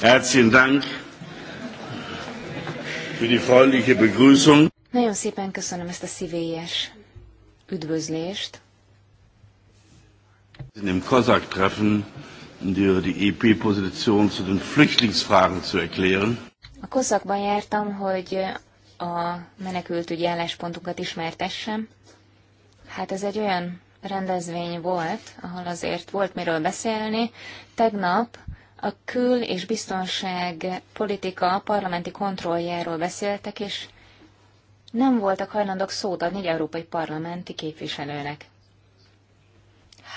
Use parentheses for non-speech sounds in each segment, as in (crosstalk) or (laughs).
Herzlichen Dank für die freundliche Begrüßung. Nagyon szépen köszönöm ezt a szívélyes üdvözlést. In dem COSAC-Treffen, die EP-Position zu den Flüchtlingsfragen zu erklären. A Kozakban jártam, hogy a menekültügyi álláspontunkat ismertessem. Hát ez egy olyan rendezvény volt, ahol azért volt miről beszélni. Tegnap a kül- és biztonság politika parlamenti kontrolljáról beszéltek, és nem voltak hajlandók szót adni egy európai parlamenti képviselőnek.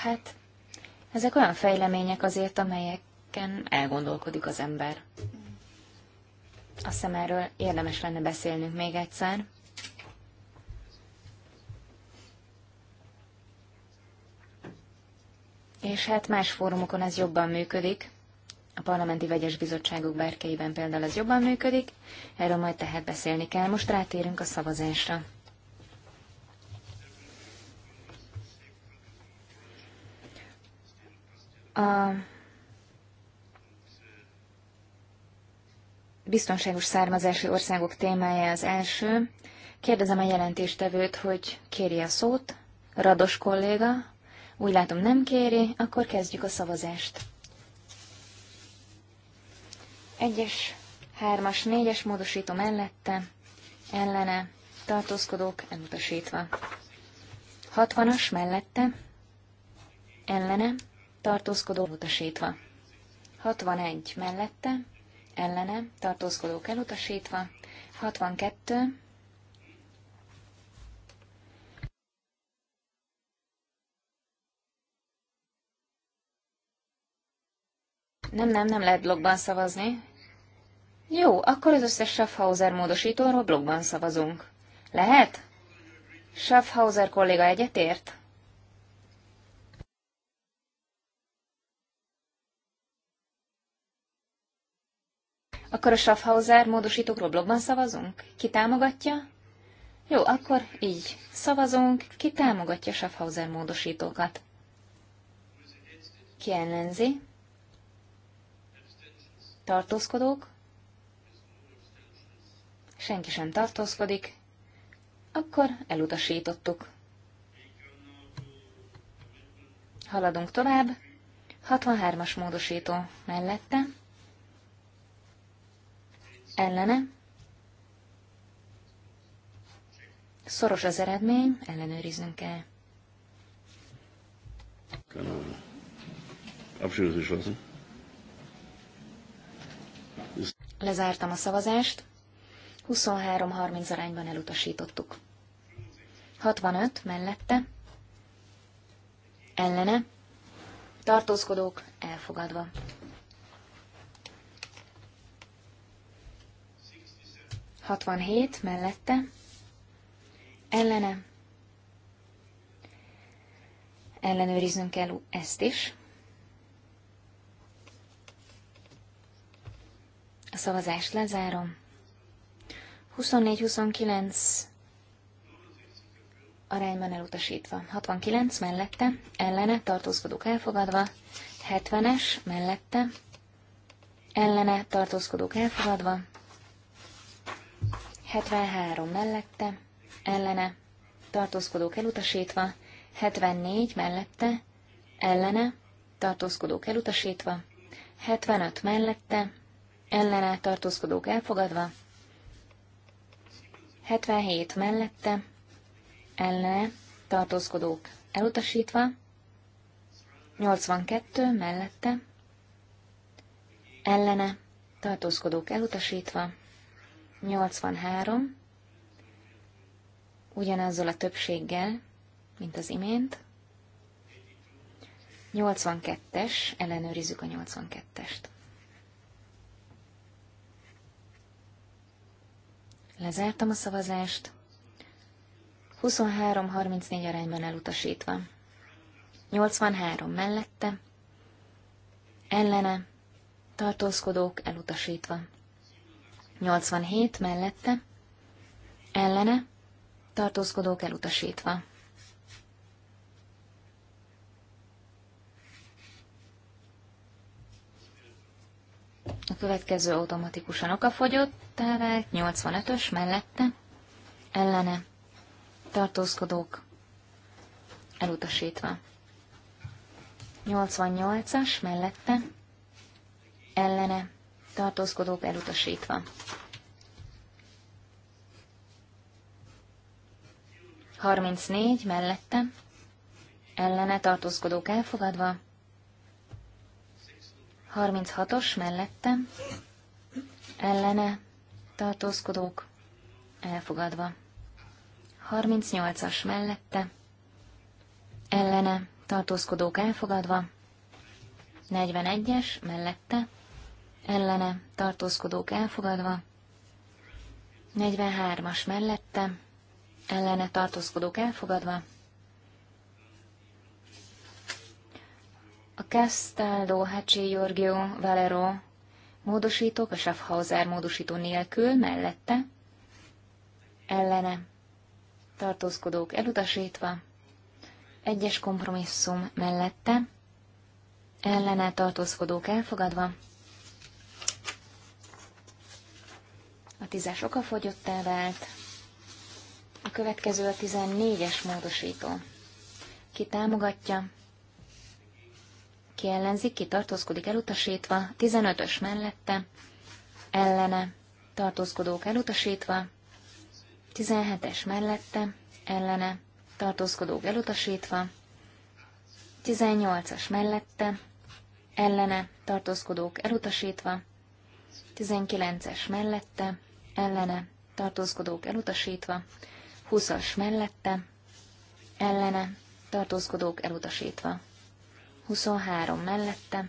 Hát, ezek olyan fejlemények azért, amelyeken elgondolkodik az ember. Azt hiszem erről érdemes lenne beszélnünk még egyszer. És hát más fórumokon ez jobban működik. A parlamenti vegyes bizottságok bárkeiben például ez jobban működik. Erről majd tehát beszélni kell. Most rátérünk a szavazásra. A biztonságos származási országok témája az első. Kérdezem a jelentéstevőt, hogy kéri a szót. Rados kolléga, úgy látom nem kéri, akkor kezdjük a szavazást. Egyes, hármas, négyes módosítom mellette, ellene, tartózkodók elutasítva. Hatvanas mellette, ellene, tartózkodók, elutasítva. Hatvanegy mellette, ellene, tartózkodók elutasítva. Hatvankettő, Nem, nem, nem lehet blogban szavazni. Jó, akkor az összes Schaffhauser módosítóról blogban szavazunk. Lehet? Schaffhauser kolléga egyetért? Akkor a Schaffhauser módosítókról blogban szavazunk? Ki támogatja? Jó, akkor így szavazunk. Ki támogatja Schaffhauser módosítókat? Ki ellenzi? tartózkodók, senki sem tartózkodik, akkor elutasítottuk. Haladunk tovább, 63-as módosító mellette, ellene, szoros az eredmény, ellenőriznünk kell. Abszolút is Lezártam a szavazást. 23-30 arányban elutasítottuk. 65 mellette. Ellene. Tartózkodók elfogadva. 67 mellette. Ellene. Ellenőriznünk kell ezt is. A szavazást lezárom. 24-29 arányban elutasítva. 69 mellette, ellene, tartózkodók elfogadva. 70-es mellette, ellene, tartózkodók elfogadva. 73 mellette, ellene, tartózkodók elutasítva. 74 mellette, ellene, tartózkodók elutasítva. 75 mellette, ellene tartózkodók elfogadva, 77 mellette, ellene tartózkodók elutasítva, 82 mellette, ellene tartózkodók elutasítva, 83 ugyanazzal a többséggel, mint az imént, 82-es, ellenőrizzük a 82-est. Lezártam a szavazást. 23-34 arányban elutasítva. 83 mellette. Ellene. Tartózkodók elutasítva. 87 mellette. Ellene. Tartózkodók elutasítva. A következő automatikusan okafogyott, Tehát 85-ös mellette, ellene, tartózkodók, elutasítva. 88-as mellette, ellene, tartózkodók elutasítva. Harmincnégy mellette, ellene tartózkodók elfogadva, 36-os mellette ellene tartózkodók elfogadva. 38-as mellette ellene tartózkodók elfogadva. 41-es mellette ellene tartózkodók elfogadva. 43-as mellette ellene tartózkodók elfogadva. A Castaldo, Hacsi, Giorgio, Valero módosítók, a Schaffhauser módosító nélkül, mellette, ellene, tartózkodók elutasítva, egyes kompromisszum mellette, ellene tartózkodók elfogadva, a tízes fogyott vált, a következő a tizennégyes módosító. Ki támogatja, ki ellenzik, ki tartózkodik elutasítva, 15-ös mellette, ellene, tartózkodók elutasítva, 17-es mellette, ellene, tartózkodók elutasítva, 18-as mellette, ellene, tartózkodók elutasítva, 19-es mellette, ellene, tartózkodók elutasítva, 20-as mellette, ellene, tartózkodók elutasítva. 23 mellette,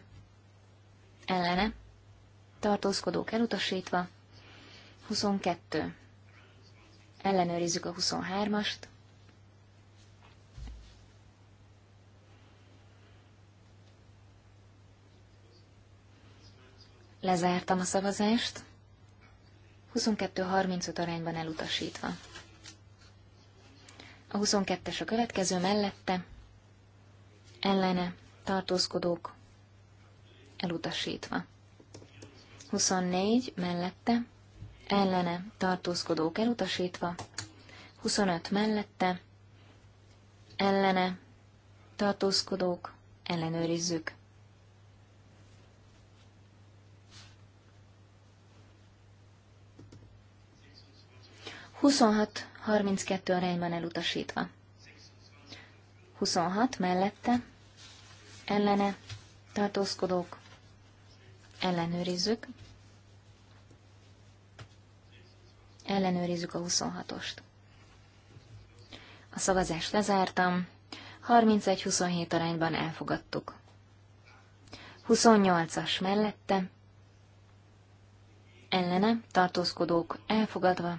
ellene, tartózkodók elutasítva, 22. Ellenőrizzük a 23-ast. Lezártam a szavazást. 22-35 arányban elutasítva. A 22-es a következő mellette, ellene, tartózkodók elutasítva. 24 mellette, ellene tartózkodók elutasítva, 25 mellette, ellene tartózkodók ellenőrizzük. Huszonhat, harminckettő arányban elutasítva. 26 mellette, ellene tartózkodók ellenőrizzük. Ellenőrizzük a 26-ost. A szavazást lezártam. 31-27 arányban elfogadtuk. 28-as mellette. Ellene tartózkodók elfogadva.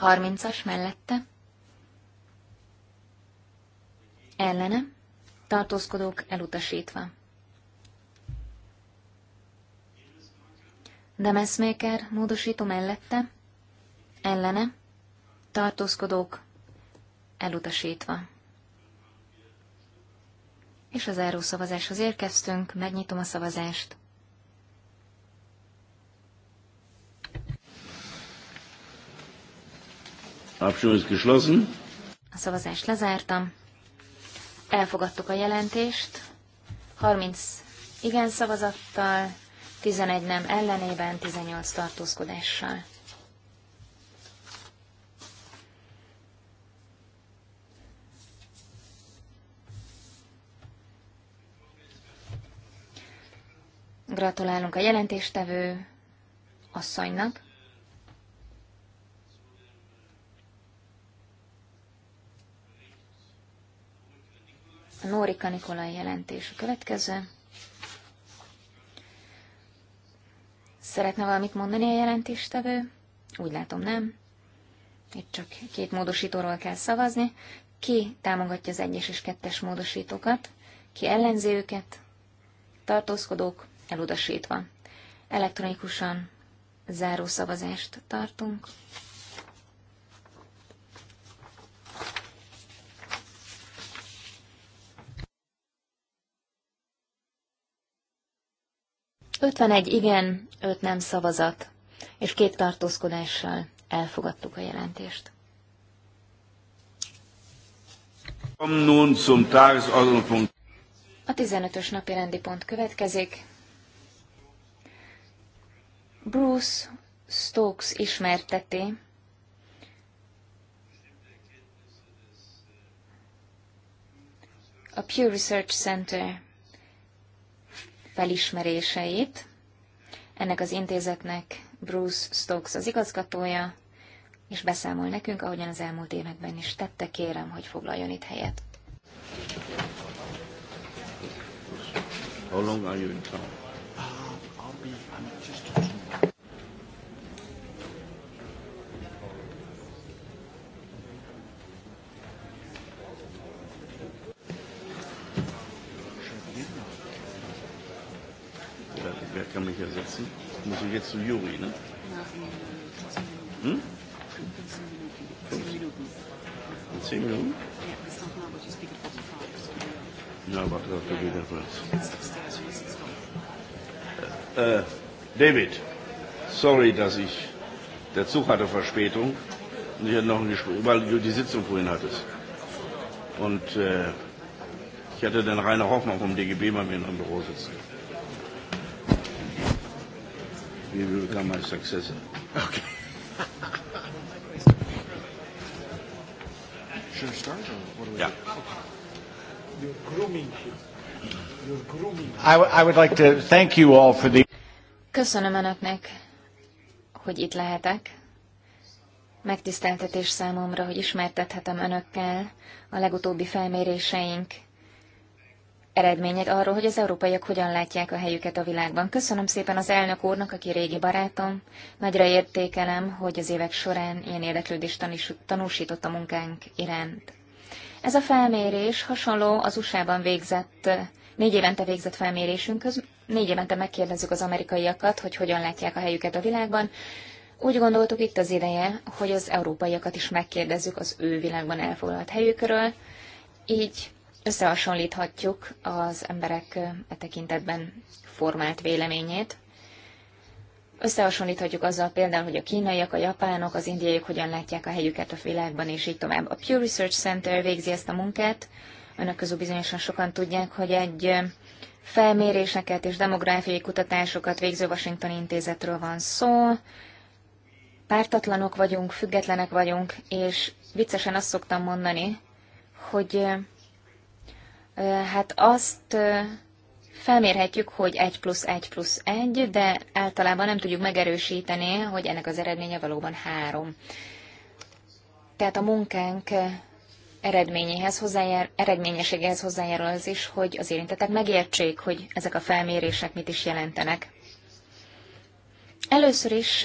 30-as mellette ellene, tartózkodók elutasítva. Demeszméker módosító mellette, ellene, tartózkodók elutasítva. És az szavazáshoz érkeztünk, megnyitom a szavazást. Abstimmung ist geschlossen. A szavazást lezártam. Elfogadtuk a jelentést. 30 igen szavazattal, 11 nem ellenében, 18 tartózkodással. Gratulálunk a jelentéstevő asszonynak. A Nórika Nikolai jelentés a következő. Szeretne valamit mondani a jelentéstevő? Úgy látom, nem. Itt csak két módosítóról kell szavazni. Ki támogatja az egyes és kettes módosítókat? Ki ellenzi őket? Tartózkodók elutasítva. Elektronikusan záró szavazást tartunk. 51 igen, 5 nem szavazat, és két tartózkodással elfogadtuk a jelentést. A 15-ös napi rendi pont következik. Bruce Stokes ismerteti a Pew Research Center felismeréseit. Ennek az intézetnek Bruce Stokes az igazgatója, és beszámol nekünk, ahogyan az elmúlt években is tette, kérem, hogy foglaljon itt helyet. How long are you in town? nicht ersetzen. Muss ich jetzt zu Juri, ne? Hm? 15 Minuten. 10 Minuten? Ja, it's not now, but you speak at 45. David, sorry, dass ich. Der Zug hatte Verspätung. Und ich hatte noch ein Gespräch, weil du die Sitzung vorhin hattest. Und äh, ich hatte dann Rainer Hoffmann vom um DGB bei mir in einem Büro sitzen will become my successor. Okay. Should I start or what do we yeah. do? You're grooming. You're grooming. I, I would like to thank you all for the... Köszönöm Önöknek, hogy itt lehetek. Megtiszteltetés számomra, hogy ismertethetem Önökkel a legutóbbi felméréseink eredmények arról, hogy az európaiak hogyan látják a helyüket a világban. Köszönöm szépen az elnök úrnak, aki régi barátom. Nagyra értékelem, hogy az évek során ilyen érdeklődést tanúsított a munkánk iránt. Ez a felmérés hasonló az USA-ban végzett, négy évente végzett felmérésünkhöz. Négy évente megkérdezzük az amerikaiakat, hogy hogyan látják a helyüket a világban. Úgy gondoltuk itt az ideje, hogy az európaiakat is megkérdezzük az ő világban elfoglalt helyükről. Így összehasonlíthatjuk az emberek e tekintetben formált véleményét. Összehasonlíthatjuk azzal például, hogy a kínaiak, a japánok, az indiaiak hogyan látják a helyüket a világban, és így tovább. A Pew Research Center végzi ezt a munkát. Önök közül bizonyosan sokan tudják, hogy egy felméréseket és demográfiai kutatásokat végző Washington intézetről van szó. Pártatlanok vagyunk, függetlenek vagyunk, és viccesen azt szoktam mondani, hogy Hát azt felmérhetjük, hogy 1 plusz 1 plusz 1, de általában nem tudjuk megerősíteni, hogy ennek az eredménye valóban 3. Tehát a munkánk eredményéhez hozzájár, eredményességéhez hozzájárul az is, hogy az érintettek megértsék, hogy ezek a felmérések mit is jelentenek. Először is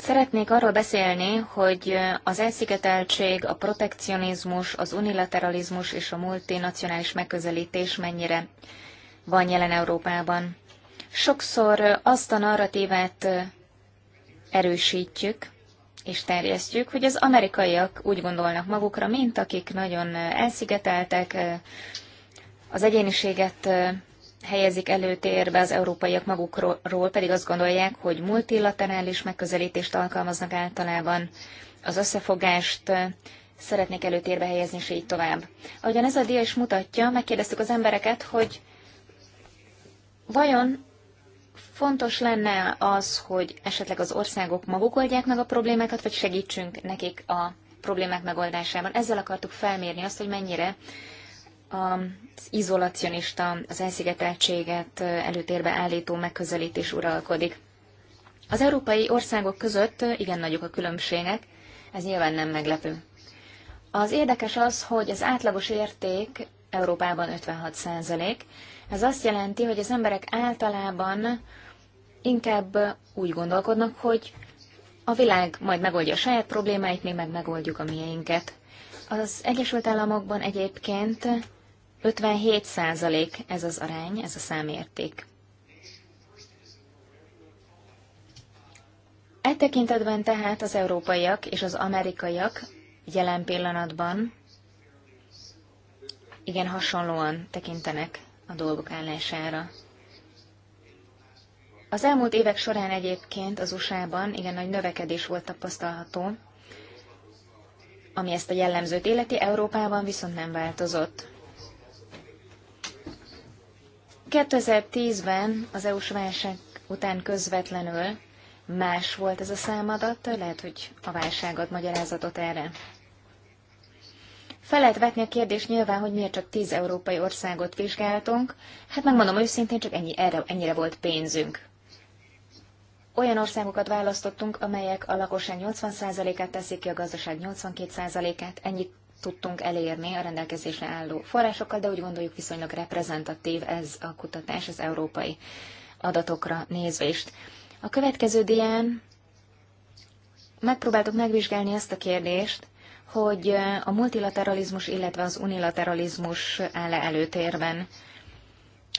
Szeretnék arról beszélni, hogy az elszigeteltség, a protekcionizmus, az unilateralizmus és a multinacionális megközelítés mennyire van jelen Európában. Sokszor azt a narratívát erősítjük és terjesztjük, hogy az amerikaiak úgy gondolnak magukra, mint akik nagyon elszigeteltek, az egyéniséget helyezik előtérbe az európaiak magukról, pedig azt gondolják, hogy multilaterális megközelítést alkalmaznak általában, az összefogást szeretnék előtérbe helyezni, és így tovább. Ahogyan ez a dia is mutatja, megkérdeztük az embereket, hogy vajon fontos lenne az, hogy esetleg az országok maguk oldják meg a problémákat, vagy segítsünk nekik a problémák megoldásában. Ezzel akartuk felmérni azt, hogy mennyire az izolacionista, az elszigeteltséget előtérbe állító megközelítés uralkodik. Az európai országok között igen nagyok a különbségek, ez nyilván nem meglepő. Az érdekes az, hogy az átlagos érték Európában 56 százalék. Ez azt jelenti, hogy az emberek általában inkább úgy gondolkodnak, hogy a világ majd megoldja a saját problémáit, mi meg megoldjuk a miénket. Az Egyesült Államokban egyébként 57 százalék ez az arány, ez a számérték. E tekintetben tehát az európaiak és az amerikaiak jelen pillanatban igen hasonlóan tekintenek a dolgok állására. Az elmúlt évek során egyébként az USA-ban igen nagy növekedés volt tapasztalható, ami ezt a jellemzőt életi Európában viszont nem változott. 2010-ben az EU-s válság után közvetlenül más volt ez a számadat, lehet, hogy a válság ad magyarázatot erre. Fel lehet vetni a kérdés nyilván, hogy miért csak 10 európai országot vizsgáltunk. Hát megmondom őszintén, csak ennyi, erre, ennyire volt pénzünk. Olyan országokat választottunk, amelyek a lakosság 80%-át teszik ki, a gazdaság 82%-át, ennyi tudtunk elérni a rendelkezésre álló forrásokkal, de úgy gondoljuk viszonylag reprezentatív ez a kutatás az európai adatokra nézvést. A következő dián megpróbáltuk megvizsgálni ezt a kérdést, hogy a multilateralizmus, illetve az unilateralizmus áll -e előtérben.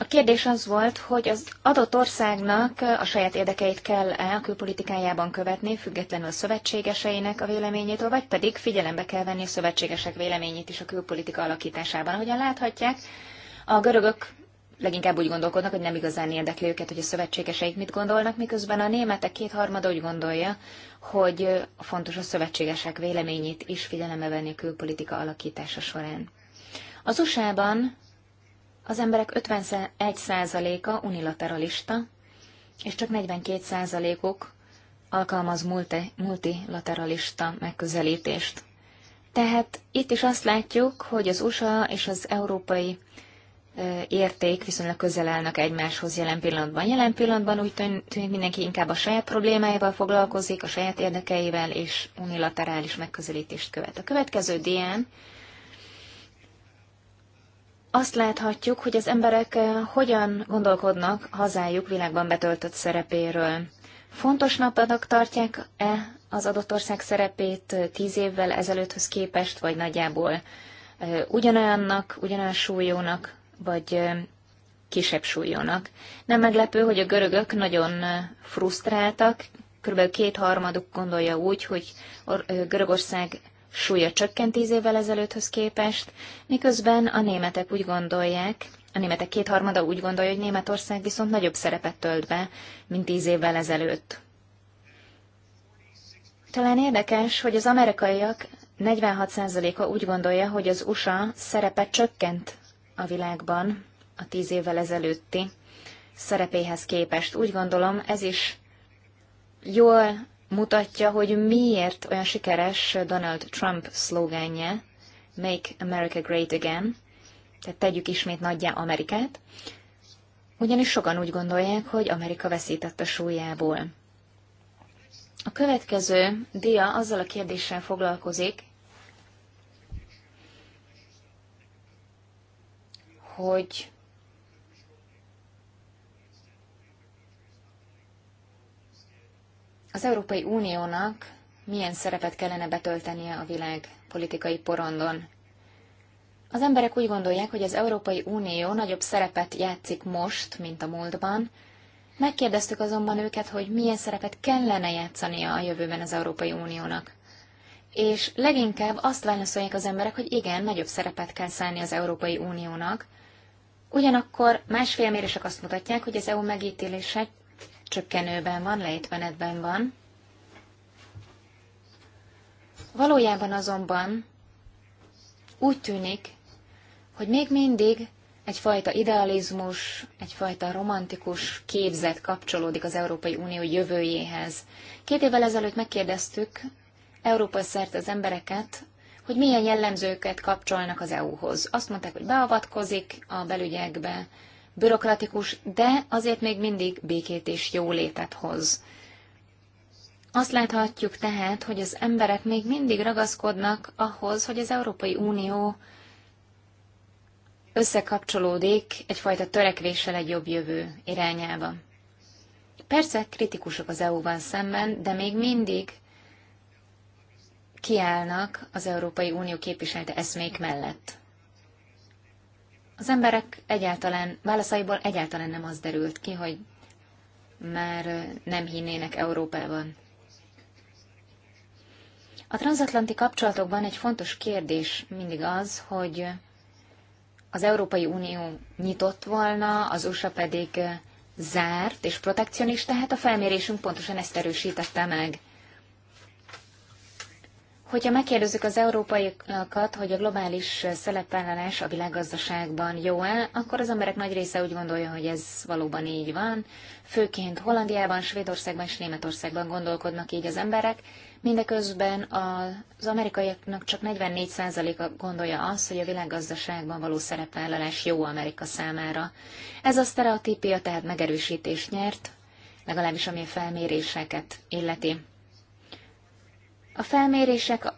A kérdés az volt, hogy az adott országnak a saját érdekeit kell-e a külpolitikájában követni, függetlenül a szövetségeseinek a véleményétől, vagy pedig figyelembe kell venni a szövetségesek véleményét is a külpolitika alakításában. Ahogyan láthatják, a görögök leginkább úgy gondolkodnak, hogy nem igazán érdekli őket, hogy a szövetségeseik mit gondolnak, miközben a németek kétharmada úgy gondolja, hogy fontos a szövetségesek véleményét is figyelembe venni a külpolitika alakítása során. Az USA-ban az emberek 51%-a unilateralista, és csak 42%-uk alkalmaz multi, multilateralista megközelítést. Tehát itt is azt látjuk, hogy az USA és az európai érték viszonylag közel állnak egymáshoz jelen pillanatban. Jelen pillanatban úgy tűnik mindenki inkább a saját problémáival foglalkozik, a saját érdekeivel és unilaterális megközelítést követ. A következő dián azt láthatjuk, hogy az emberek eh, hogyan gondolkodnak hazájuk világban betöltött szerepéről. Fontos napadak tartják-e az adott ország szerepét eh, tíz évvel ezelőtthöz képest, vagy nagyjából eh, ugyanolyannak, ugyanolyan súlyónak, vagy kisebb súlyónak. Nem meglepő, hogy a görögök nagyon frusztráltak, kb. kétharmaduk gondolja úgy, hogy Görögország súlya csökkent tíz évvel ezelőtthöz képest, miközben a németek úgy gondolják, a németek kétharmada úgy gondolja, hogy Németország viszont nagyobb szerepet tölt be, mint tíz évvel ezelőtt. Talán érdekes, hogy az amerikaiak 46%-a úgy gondolja, hogy az USA szerepe csökkent a világban a tíz évvel ezelőtti szerepéhez képest. Úgy gondolom, ez is jól mutatja, hogy miért olyan sikeres Donald Trump szlogánja, Make America Great Again, tehát tegyük ismét nagyjá Amerikát, ugyanis sokan úgy gondolják, hogy Amerika veszített a súlyából. A következő dia azzal a kérdéssel foglalkozik, hogy az Európai Uniónak milyen szerepet kellene betöltenie a világ politikai porondon. Az emberek úgy gondolják, hogy az Európai Unió nagyobb szerepet játszik most, mint a múltban. Megkérdeztük azonban őket, hogy milyen szerepet kellene játszania a jövőben az Európai Uniónak. És leginkább azt válaszolják az emberek, hogy igen, nagyobb szerepet kell szállni az Európai Uniónak. Ugyanakkor más mérések azt mutatják, hogy az EU megítélése csökkenőben van, lejtmenetben van. Valójában azonban úgy tűnik, hogy még mindig egyfajta idealizmus, egyfajta romantikus képzet kapcsolódik az Európai Unió jövőjéhez. Két évvel ezelőtt megkérdeztük Európa szerte az embereket, hogy milyen jellemzőket kapcsolnak az EU-hoz. Azt mondták, hogy beavatkozik a belügyekbe, bürokratikus, de azért még mindig békét és jólétet hoz. Azt láthatjuk tehát, hogy az emberek még mindig ragaszkodnak ahhoz, hogy az Európai Unió összekapcsolódik egyfajta törekvéssel egy jobb jövő irányába. Persze kritikusok az eu val szemben, de még mindig kiállnak az Európai Unió képviselte eszmék mellett. Az emberek egyáltalán, válaszaiból egyáltalán nem az derült ki, hogy már nem hinnének Európában. A transatlanti kapcsolatokban egy fontos kérdés mindig az, hogy az Európai Unió nyitott volna, az USA pedig zárt és protekcionista, tehát a felmérésünk pontosan ezt erősítette meg. Hogyha megkérdezzük az európaiakat, hogy a globális szerepvállalás a világgazdaságban jó-e, akkor az emberek nagy része úgy gondolja, hogy ez valóban így van. Főként Hollandiában, Svédországban és Németországban gondolkodnak így az emberek. Mindeközben az amerikaiaknak csak 44%-a gondolja azt, hogy a világgazdaságban való szerepvállalás jó Amerika számára. Ez a sztereotípia tehát megerősítést nyert, legalábbis ami a felméréseket illeti. A felmérések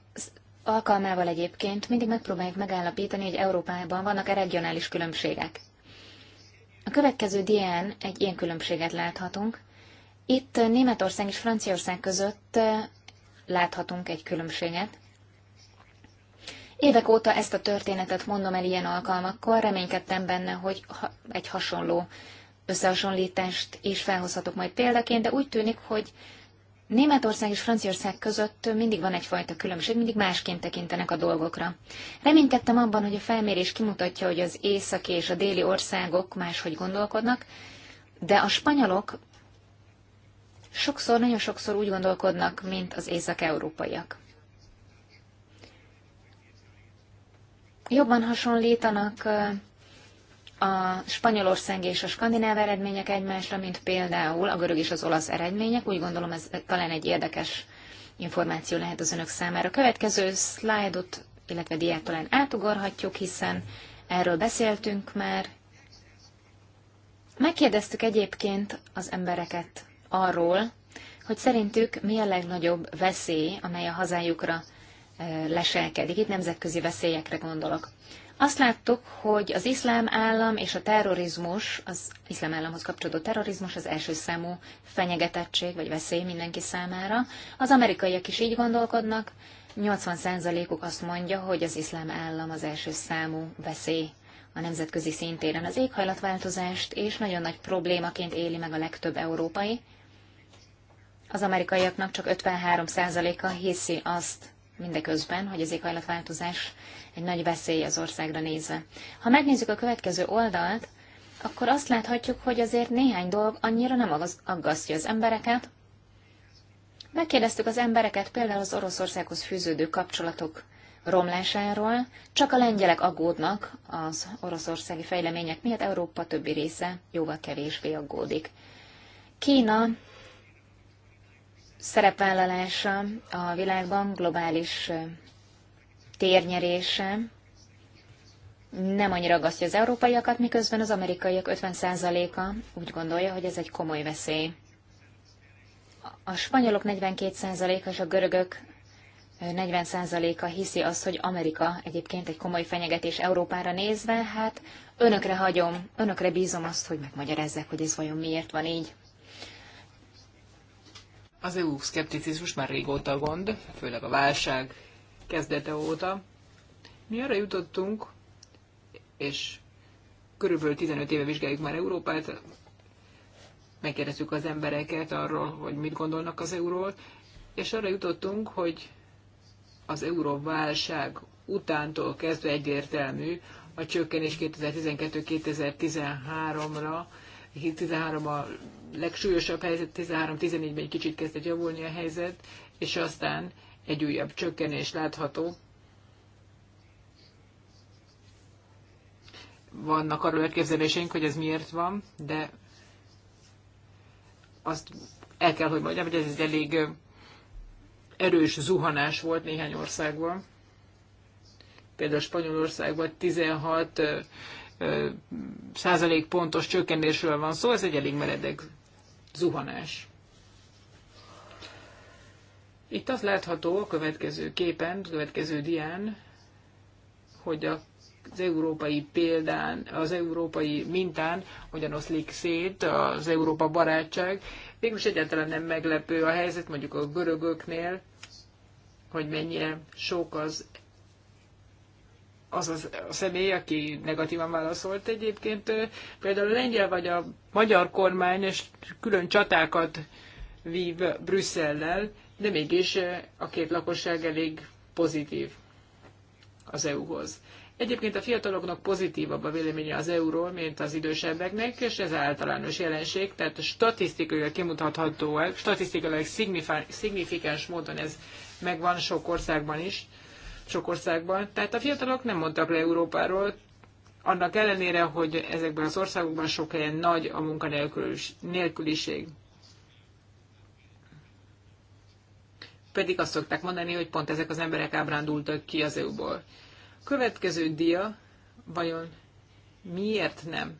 alkalmával egyébként mindig megpróbáljuk megállapítani, hogy Európában vannak-e regionális különbségek. A következő dián egy ilyen különbséget láthatunk. Itt Németország és Franciaország között láthatunk egy különbséget. Évek óta ezt a történetet mondom el ilyen alkalmakkor, reménykedtem benne, hogy egy hasonló összehasonlítást is felhozhatok majd példaként, de úgy tűnik, hogy Németország és Franciaország között mindig van egyfajta különbség, mindig másként tekintenek a dolgokra. Reménykedtem abban, hogy a felmérés kimutatja, hogy az északi és a déli országok máshogy gondolkodnak, de a spanyolok sokszor, nagyon sokszor úgy gondolkodnak, mint az észak-európaiak. Jobban hasonlítanak a Spanyolország és a skandináv eredmények egymásra, mint például a görög és az olasz eredmények. Úgy gondolom, ez talán egy érdekes információ lehet az önök számára. A következő szlájdot, illetve diát talán átugorhatjuk, hiszen erről beszéltünk már. Megkérdeztük egyébként az embereket arról, hogy szerintük mi a legnagyobb veszély, amely a hazájukra eh, leselkedik. Itt nemzetközi veszélyekre gondolok. Azt láttuk, hogy az iszlám állam és a terrorizmus, az iszlám államhoz kapcsolódó terrorizmus az első számú fenyegetettség vagy veszély mindenki számára. Az amerikaiak is így gondolkodnak, 80%-uk azt mondja, hogy az iszlám állam az első számú veszély a nemzetközi szintéren. Az éghajlatváltozást és nagyon nagy problémaként éli meg a legtöbb európai. Az amerikaiaknak csak 53%-a hiszi azt mindeközben, hogy az éghajlatváltozás egy nagy veszély az országra nézve. Ha megnézzük a következő oldalt, akkor azt láthatjuk, hogy azért néhány dolog annyira nem aggasztja az embereket. Megkérdeztük az embereket például az Oroszországhoz fűződő kapcsolatok romlásáról, csak a lengyelek aggódnak az oroszországi fejlemények miatt, Európa többi része jóval kevésbé aggódik. Kína szerepvállalása a világban globális térnyerése nem annyira gazdja az európaiakat, miközben az amerikaiak 50%-a úgy gondolja, hogy ez egy komoly veszély. A spanyolok 42%-a és a görögök 40%-a hiszi azt, hogy Amerika egyébként egy komoly fenyegetés Európára nézve, hát önökre hagyom, önökre bízom azt, hogy megmagyarázzák, hogy ez vajon miért van így. Az EU szkepticizmus már régóta gond, főleg a válság kezdete óta. Mi arra jutottunk, és körülbelül 15 éve vizsgáljuk már Európát, megkérdeztük az embereket arról, hogy mit gondolnak az euróról, és arra jutottunk, hogy az euróválság utántól kezdve egyértelmű a csökkenés 2012-2013-ra, 13 a legsúlyosabb helyzet, 13-14-ben egy kicsit kezdett javulni a helyzet, és aztán egy újabb csökkenés látható. Vannak arról elképzeléseink, hogy ez miért van, de azt el kell, hogy mondjam, hogy ez egy elég erős zuhanás volt néhány országban. Például Spanyolországban 16 százalék pontos csökkenésről van szó, ez egy elég meredek zuhanás. Itt az látható a következő képen, a következő dián, hogy az európai példán, az európai mintán hogyan oszlik szét az Európa barátság. Végülis egyáltalán nem meglepő a helyzet mondjuk a görögöknél, hogy mennyire sok az az a személy, aki negatívan válaszolt egyébként. Például a lengyel vagy a magyar kormány és külön csatákat vív Brüsszellel, de mégis eh, a két lakosság elég pozitív az EU-hoz. Egyébként a fiataloknak pozitívabb a véleménye az euról, mint az idősebbeknek, és ez általános jelenség, tehát statisztikailag kimutatható, statisztikailag szignifikáns módon ez megvan sok országban is, sok országban. Tehát a fiatalok nem mondtak le Európáról, annak ellenére, hogy ezekben az országokban sok helyen nagy a munkanélküliség. pedig azt szokták mondani, hogy pont ezek az emberek ábrándultak ki az EU-ból. Következő dia, vajon miért nem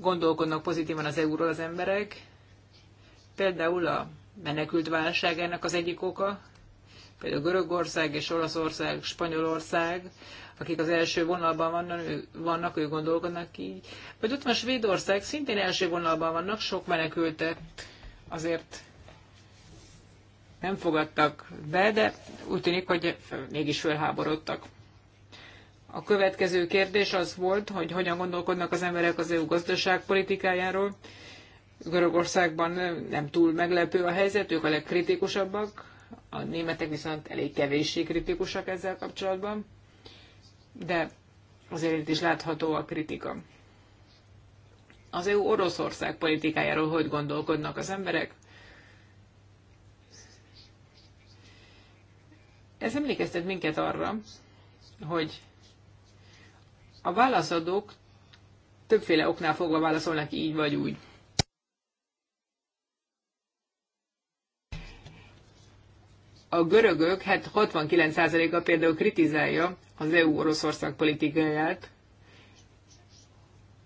gondolkodnak pozitívan az EU-ról az emberek? Például a menekült válságának az egyik oka, például Görögország és Olaszország, Spanyolország, akik az első vonalban vannak, ő, vannak, ők gondolkodnak így. Vagy ott van Svédország, szintén első vonalban vannak, sok menekültet azért nem fogadtak be, de úgy tűnik, hogy mégis fölháborodtak. A következő kérdés az volt, hogy hogyan gondolkodnak az emberek az EU gazdaságpolitikájáról. Görögországban nem túl meglepő a helyzet, ők a legkritikusabbak, a németek viszont elég kevéssé kritikusak ezzel kapcsolatban, de azért itt is látható a kritika. Az EU Oroszország politikájáról hogy gondolkodnak az emberek? Ez emlékeztet minket arra, hogy a válaszadók többféle oknál fogva válaszolnak így vagy úgy. A görögök, hát 69%-a például kritizálja az EU-Oroszország politikáját.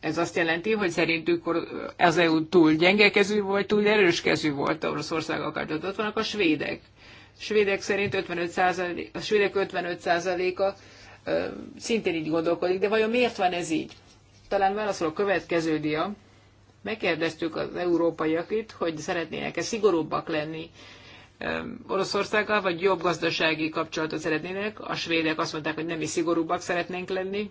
Ez azt jelenti, hogy szerintük az EU túl gyengekezű volt, túl erőskezű volt Oroszországgal kapcsolatban. Ott vannak a svédek, svédek szerint 55 a svédek 55%-a szintén így gondolkodik, de vajon miért van ez így? Talán válaszol a következő dia. Megkérdeztük az európaiak itt, hogy szeretnének-e szigorúbbak lenni Oroszországgal, vagy jobb gazdasági kapcsolatot szeretnének. A svédek azt mondták, hogy nem is szigorúbbak szeretnénk lenni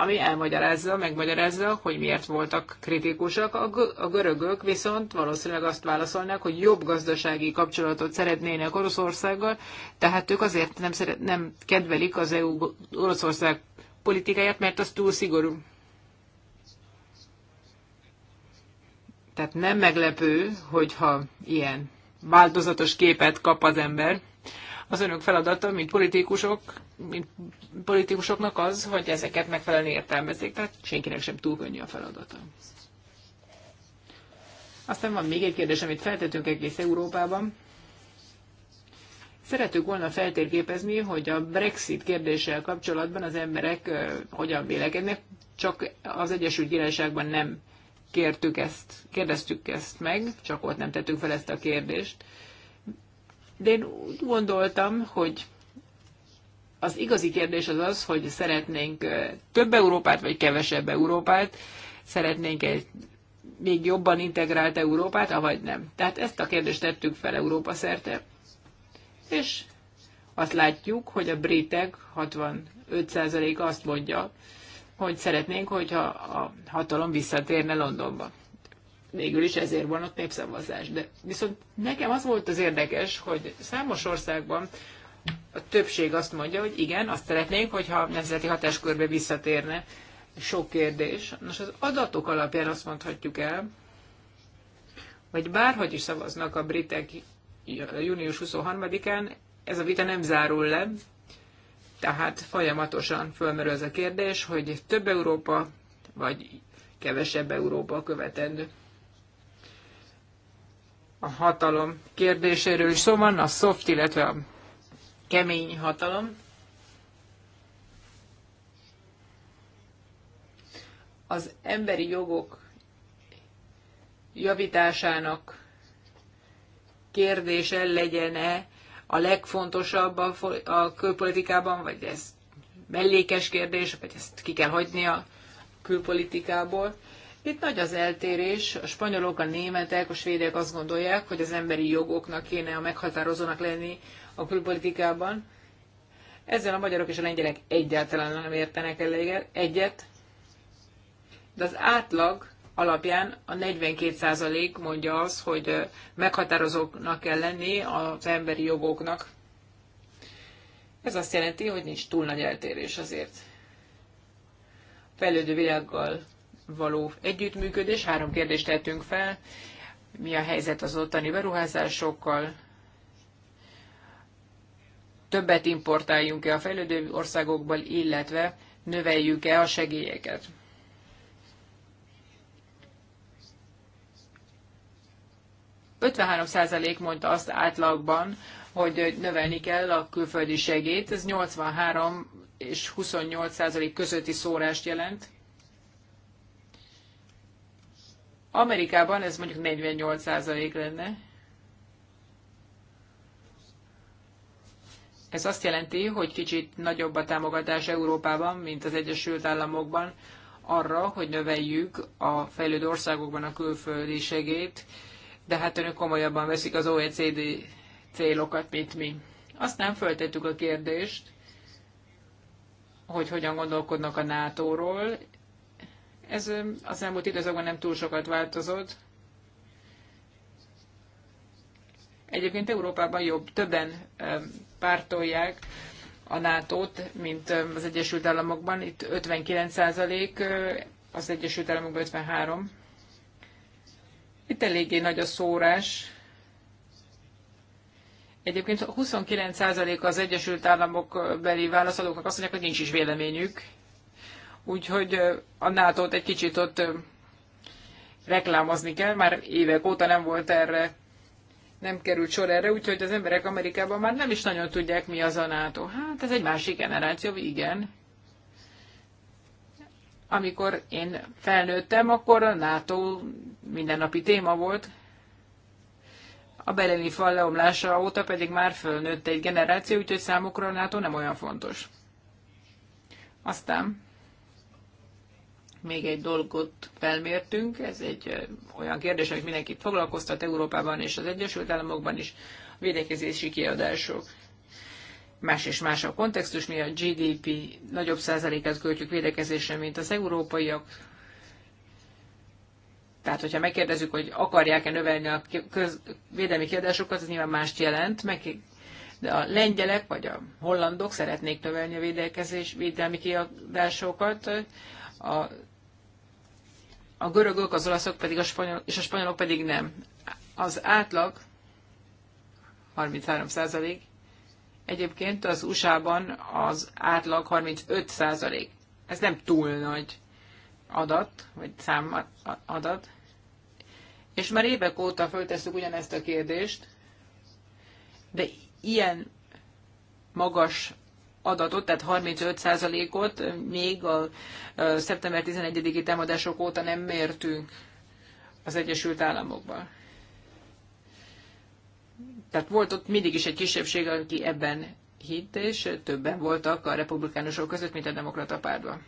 ami elmagyarázza, megmagyarázza, hogy miért voltak kritikusak. A görögök viszont valószínűleg azt válaszolnák, hogy jobb gazdasági kapcsolatot szeretnének Oroszországgal, tehát ők azért nem, szeret, nem kedvelik az EU-Oroszország politikáját, mert az túl szigorú. Tehát nem meglepő, hogyha ilyen változatos képet kap az ember, az önök feladata, mint politikusok, mint politikusoknak az, hogy ezeket megfelelően értelmezzék, tehát senkinek sem túl könnyű a feladata. Aztán van még egy kérdés, amit feltettünk egész Európában. Szeretük volna feltérképezni, hogy a Brexit kérdéssel kapcsolatban az emberek hogyan vélekednek, csak az Egyesült Királyságban nem kértük ezt, kérdeztük ezt meg, csak ott nem tettük fel ezt a kérdést. De én úgy gondoltam, hogy az igazi kérdés az az, hogy szeretnénk több Európát, vagy kevesebb Európát, szeretnénk egy még jobban integrált Európát, avagy nem. Tehát ezt a kérdést tettük fel Európa szerte, és azt látjuk, hogy a britek 65%-a azt mondja, hogy szeretnénk, hogyha a hatalom visszatérne Londonba végül is ezért van ott népszavazás. De viszont nekem az volt az érdekes, hogy számos országban a többség azt mondja, hogy igen, azt szeretnénk, hogyha nemzeti hatáskörbe visszatérne sok kérdés. Nos, az adatok alapján azt mondhatjuk el, vagy bárhogy is szavaznak a britek június 23-án, ez a vita nem zárul le, tehát folyamatosan fölmerül ez a kérdés, hogy több Európa, vagy kevesebb Európa követendő a hatalom kérdéséről is szó van, a soft, illetve a kemény hatalom. Az emberi jogok javításának kérdése legyen-e a legfontosabb a, a külpolitikában, vagy ez mellékes kérdés, vagy ezt ki kell hagyni a külpolitikából. Itt nagy az eltérés, a spanyolok, a németek, a svédek azt gondolják, hogy az emberi jogoknak kéne a meghatározónak lenni a külpolitikában. Ezzel a magyarok és a lengyelek egyáltalán nem értenek elég egyet, de az átlag alapján a 42% mondja az, hogy meghatározóknak kell lenni az emberi jogoknak. Ez azt jelenti, hogy nincs túl nagy eltérés azért. A fejlődő világgal való együttműködés. Három kérdést tettünk fel. Mi a helyzet az ottani beruházásokkal? Többet importáljunk-e a fejlődő országokból, illetve növeljük-e a segélyeket? százalék mondta azt átlagban, hogy növelni kell a külföldi segélyt. Ez 83 és 28 százalék közötti szórást jelent. Amerikában ez mondjuk 48% lenne. Ez azt jelenti, hogy kicsit nagyobb a támogatás Európában, mint az Egyesült Államokban arra, hogy növeljük a fejlődő országokban a külföldi segét, de hát önök komolyabban veszik az OECD célokat, mint mi. Aztán föltettük a kérdést, hogy hogyan gondolkodnak a NATO-ról, ez az elmúlt időszakban nem túl sokat változott. Egyébként Európában jobb, többen pártolják a NATO-t, mint az Egyesült Államokban. Itt 59 százalék, az Egyesült Államokban 53. Itt eléggé nagy a szórás. Egyébként 29% az Egyesült Államok beli válaszadóknak azt mondják, hogy nincs is véleményük úgyhogy a nato egy kicsit ott reklámozni kell, már évek óta nem volt erre, nem került sor erre, úgyhogy az emberek Amerikában már nem is nagyon tudják, mi az a NATO. Hát ez egy másik generáció, igen. Amikor én felnőttem, akkor a NATO mindennapi téma volt, a bereni fal leomlása óta pedig már felnőtt egy generáció, úgyhogy számukra a NATO nem olyan fontos. Aztán még egy dolgot felmértünk, ez egy olyan kérdés, amit mindenkit foglalkoztat Európában és az Egyesült Államokban is, a védekezési kiadások. Más és más a kontextus, mi a GDP nagyobb százalékát költjük védekezésre, mint az európaiak. Tehát, hogyha megkérdezzük, hogy akarják-e növelni a köz- védelmi kiadásokat, az nyilván mást jelent, meg de a lengyelek vagy a hollandok szeretnék növelni a védelmi kiadásokat, a a görögök, az olaszok pedig a spanyol, és a spanyolok pedig nem. Az átlag 33 százalék, egyébként az USA-ban az átlag 35 százalék. Ez nem túl nagy adat, vagy szám adat. És már évek óta föltesszük ugyanezt a kérdést, de ilyen magas adatot, tehát 35%-ot még a szeptember 11-i támadások óta nem mértünk az Egyesült Államokban. Tehát volt ott mindig is egy kisebbség, aki ebben hitt, és többen voltak a republikánusok között, mint a demokrata pártban.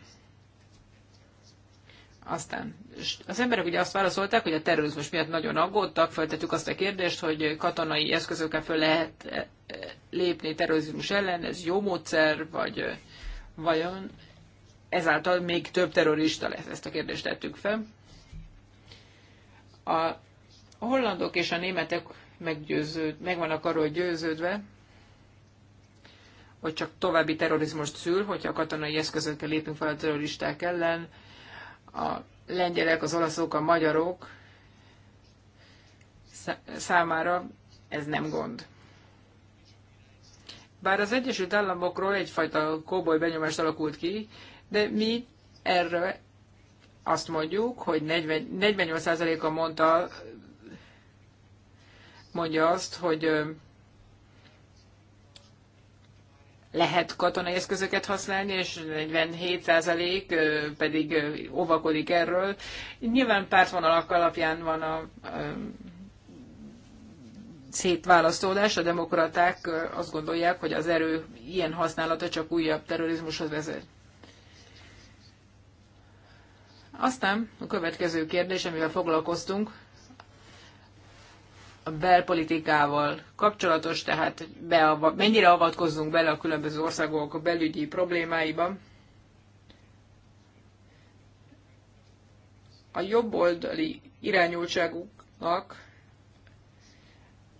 Aztán az emberek ugye azt válaszolták, hogy a terrorizmus miatt nagyon aggódtak, feltettük azt a kérdést, hogy katonai eszközökkel föl lehet e, e, lépni terrorizmus ellen, ez jó módszer, vagy vajon ezáltal még több terrorista lesz, ezt a kérdést tettük fel. A hollandok és a németek meggyőződ, meg vannak arról győződve, hogy csak további terrorizmust szül, hogyha a katonai eszközökkel lépünk fel a terroristák ellen, a lengyelek, az olaszok, a magyarok számára ez nem gond. Bár az Egyesült Államokról egyfajta kóboly benyomást alakult ki, de mi erről azt mondjuk, hogy 40, 48%-a mondta, mondja azt, hogy lehet katonai eszközöket használni, és 47% pedig óvakodik erről. Nyilván pártvonalak alapján van a, a szétválasztódás, a demokraták azt gondolják, hogy az erő ilyen használata csak újabb terrorizmushoz vezet. Aztán a következő kérdés, amivel foglalkoztunk, a belpolitikával kapcsolatos, tehát beava, mennyire avatkozzunk bele a különböző országok a belügyi problémáiba. A jobboldali irányultságuknak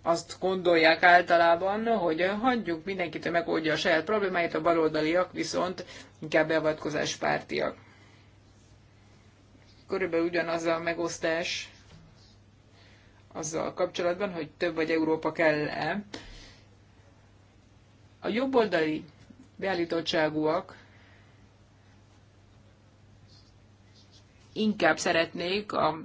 azt gondolják általában, hogy hagyjuk mindenkit, hogy megoldja a saját problémáit, a baloldaliak viszont inkább beavatkozás pártiak. Körülbelül ugyanaz a megosztás azzal kapcsolatban, hogy több vagy Európa kell-e. A jobboldali beállítottságúak inkább szeretnék a,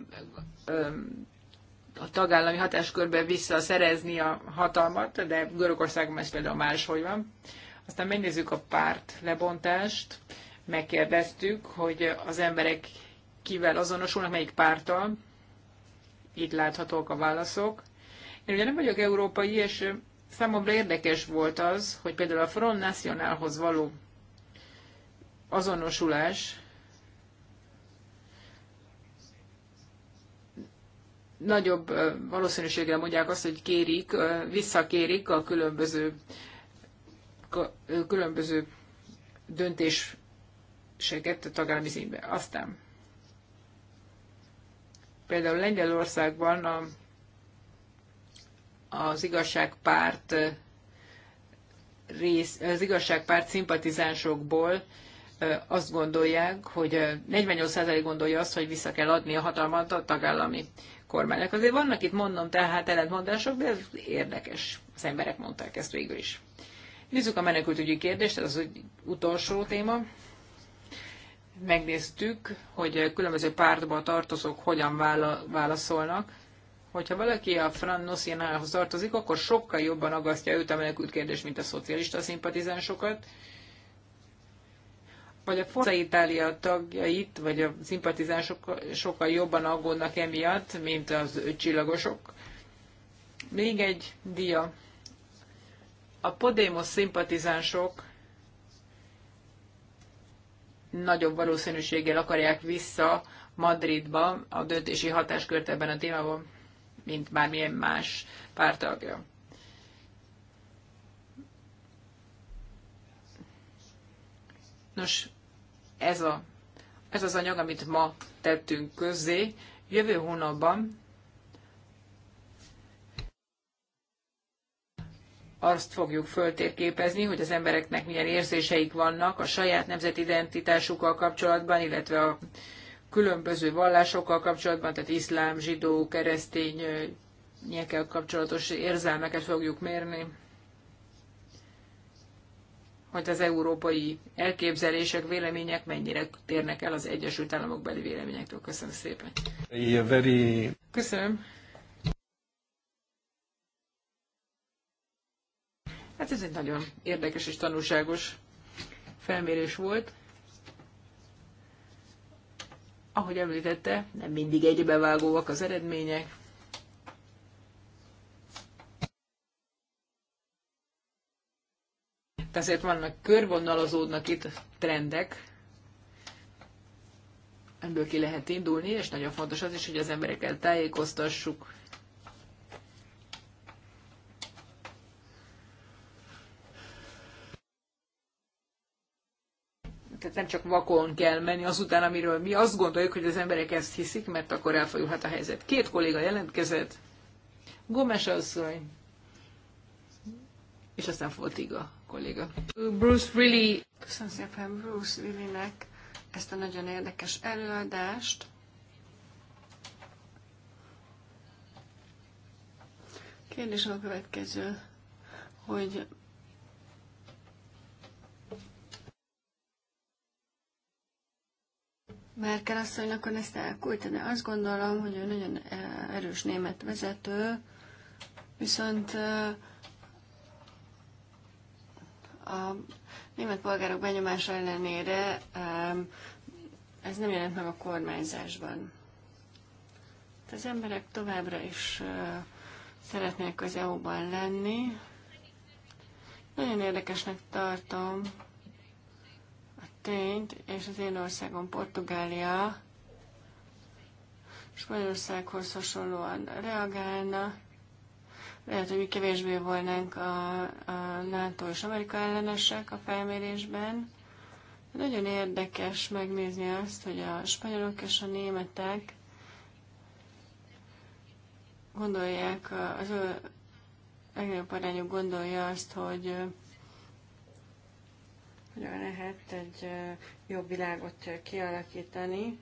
a tagállami hatáskörbe visszaszerezni a hatalmat, de Görögországban ez például máshogy van. Aztán megnézzük a párt lebontást, megkérdeztük, hogy az emberek kivel azonosulnak, melyik pártal, itt láthatók a válaszok. Én ugye nem vagyok európai, és számomra érdekes volt az, hogy például a Front Nationalhoz való azonosulás nagyobb valószínűséggel mondják azt, hogy kérik, visszakérik a különböző, különböző döntéseket a tagállami színbe. Aztán Például Lengyelországban a, az igazságpárt rész, az igazságpárt szimpatizánsokból azt gondolják, hogy 48% gondolja azt, hogy vissza kell adni a hatalmat a tagállami kormánynak. Azért vannak itt, mondom, tehát ellentmondások, de ez érdekes. Az emberek mondták ezt végül is. Nézzük a menekültügyi kérdést, ez az utolsó téma megnéztük, hogy különböző pártba tartozók hogyan válaszolnak. Hogyha valaki a Fran Nocionához tartozik, akkor sokkal jobban agasztja őt a menekült kérdés, mint a szocialista szimpatizánsokat. Vagy a Forza Itália tagjait, vagy a szimpatizánsok sokkal jobban aggódnak emiatt, mint az csillagosok. Még egy dia. A Podemos szimpatizánsok nagyobb valószínűséggel akarják vissza Madridba a döntési hatáskört ebben a témában, mint bármilyen más pártagja. Nos, ez, a, ez az anyag, amit ma tettünk közzé. Jövő hónapban azt fogjuk föltérképezni, hogy az embereknek milyen érzéseik vannak a saját nemzeti identitásukkal kapcsolatban, illetve a különböző vallásokkal kapcsolatban, tehát iszlám, zsidó, keresztény, nyekkel kapcsolatos érzelmeket fogjuk mérni, hogy az európai elképzelések, vélemények mennyire térnek el az Egyesült Államok beli véleményektől. Köszönöm szépen. Köszönöm. Hát ez egy nagyon érdekes és tanulságos felmérés volt. Ahogy említette, nem mindig egybevágóak az eredmények, azért vannak, körvonalazódnak itt trendek, ebből ki lehet indulni, és nagyon fontos az is, hogy az embereket tájékoztassuk tehát nem csak vakon kell menni azután, amiről mi azt gondoljuk, hogy az emberek ezt hiszik, mert akkor elfajulhat a helyzet. Két kolléga jelentkezett, Gomes asszony, és aztán Fotiga kolléga. Bruce Willi. Köszönöm szépen Bruce Willinek ezt a nagyon érdekes előadást. Kérdés a következő, hogy Merkel asszonynak ön ezt elküldte, de azt gondolom, hogy ő nagyon eh, erős német vezető, viszont eh, a német polgárok benyomása ellenére eh, ez nem jelent meg a kormányzásban. Hát az emberek továbbra is szeretnék az EU-ban lenni. Nagyon érdekesnek tartom történt, és az én országom Portugália Spanyolországhoz hasonlóan reagálna. Lehet, hogy mi kevésbé volnánk a, a NATO és Amerika ellenesek a felmérésben. De nagyon érdekes megnézni azt, hogy a spanyolok és a németek gondolják, az ő legnagyobb arányú gondolja azt, hogy hogyan lehet egy jobb világot kialakítani.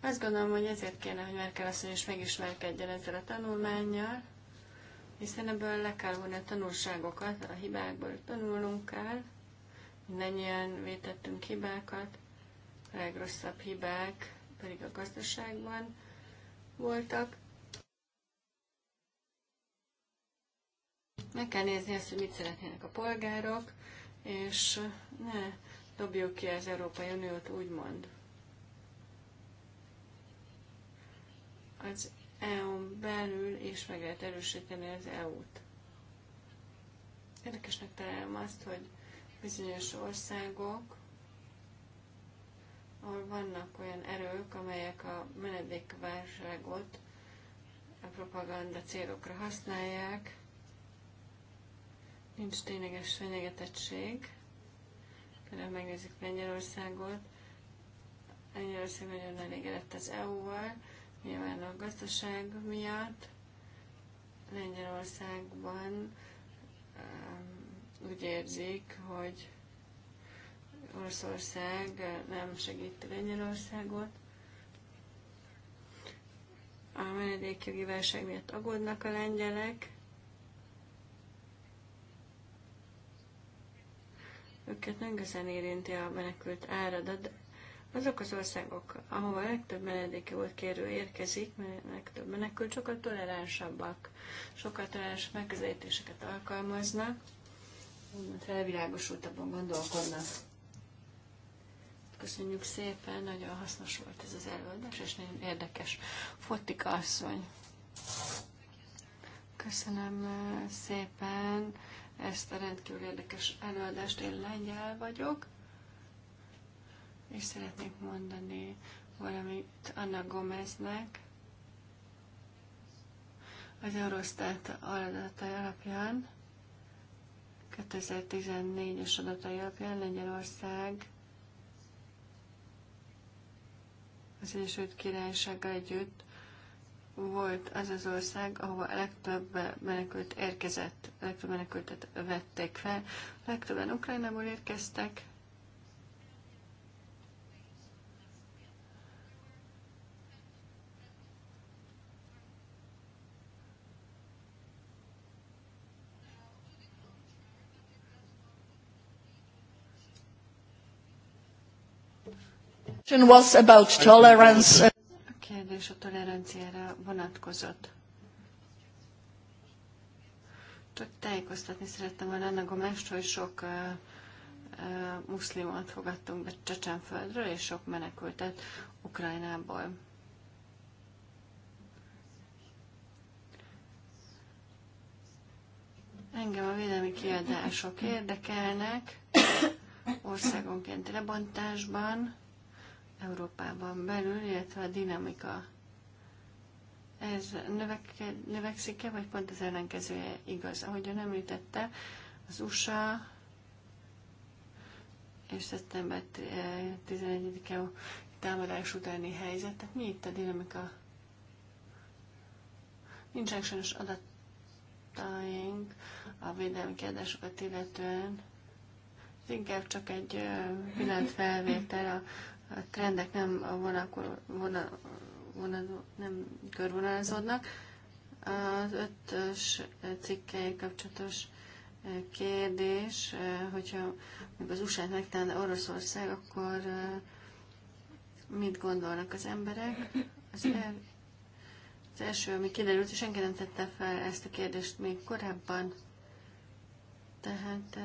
Azt gondolom, hogy ezért kéne, hogy Merkel asszony is megismerkedjen ezzel a tanulmányjal, hiszen ebből le kell vonni a tanulságokat, a hibákból tanulnunk kell, mindannyian vétettünk hibákat, a legrosszabb hibák pedig a gazdaságban voltak, Meg kell nézni azt, hogy mit szeretnének a polgárok, és ne dobjuk ki az Európai Uniót, úgymond. Az EU-n belül is meg lehet erősíteni az EU-t. Érdekesnek találom azt, hogy bizonyos országok, ahol vannak olyan erők, amelyek a menedékválságot a propaganda célokra használják, nincs tényleges fenyegetettség. Például megnézzük Lengyelországot. Lengyelország nagyon elégedett az EU-val, nyilván a gazdaság miatt. Lengyelországban um, úgy érzik, hogy Oroszország nem segíti Lengyelországot. A menedékjogi válság miatt aggódnak a lengyelek, őket nem igazán érinti a menekült áradat. Azok az országok, ahova legtöbb menedéki volt kérő érkezik, a legtöbb menekült, sokkal toleránsabbak, sokkal toleráns megközelítéseket alkalmaznak, felvilágosultabban gondolkodnak. Köszönjük szépen, nagyon hasznos volt ez az előadás, és nagyon érdekes. Fotika asszony. Köszönöm szépen ezt a rendkívül érdekes előadást. Én lengyel vagyok, és szeretnék mondani valamit Anna Gomeznek, az Eurostat adatai alapján, 2014-es adatai alapján Lengyelország az Egyesült Királysággal együtt volt az az ország, ahol a legtöbb menekült érkezett, a legtöbb menekültet vették fel. A legtöbben Ukrajnából érkeztek. was about tolerance és a toleranciára vonatkozott. Csak tájékoztatni szerettem volna Anna mást, hogy sok muszlimot fogadtunk be Csecsenföldről, és sok menekültet Ukrajnából. Engem a védelmi kiadások érdekelnek országonkénti lebontásban. Európában belül, illetve a dinamika. Ez növekszik-e, vagy pont az ellenkezője igaz? Ahogy ön említette, az USA és szeptember 11-e eh, támadás utáni helyzet. Tehát mi itt a dinamika? Nincsenek sajnos adataink a védelmi kérdésokat illetően. Ez inkább csak egy eh, pillanatfelvétel a a trendek nem, vonakor, vona, vona, nem körvonalazódnak. Az ötös cikkei kapcsolatos eh, kérdés, eh, hogyha még az USA-t megtalálna Oroszország, akkor eh, mit gondolnak az emberek? Az, el, az első, ami kiderült, hogy senki nem tette fel ezt a kérdést még korábban, tehát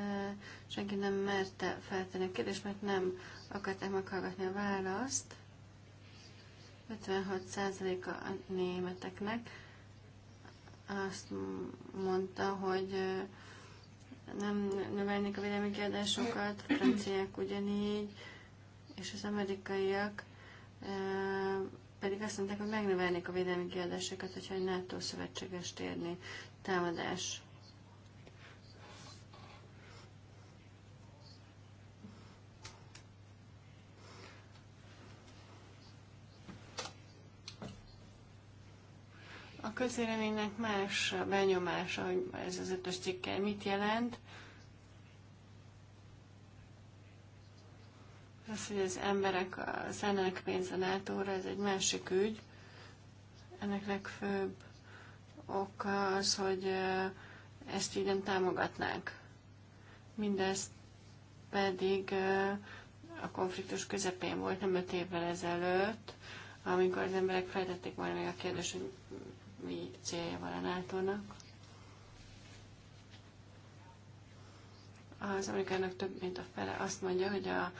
senki nem merte feltenni a kérdést, mert nem akarták meghallgatni a választ. 56%-a a németeknek azt mondta, hogy nem növelnék a védelmi kiadásokat, a franciák ugyanígy, és az amerikaiak pedig azt mondták, hogy megnövelnék a védelmi kiadásokat, hogyha egy NATO szövetséges térni támadás A közéleménynek más benyomása, hogy ez az ötös cikkel mit jelent. Az, hogy az emberek szállnak pénzt a nato ez egy másik ügy. Ennek legfőbb oka az, hogy ezt így nem támogatnák. Mindezt pedig a konfliktus közepén volt, nem öt évvel ezelőtt, amikor az emberek feltették majd meg a kérdést, hogy mi célja van a NATO-nak. Az amerikának több mint a fele azt mondja, hogy a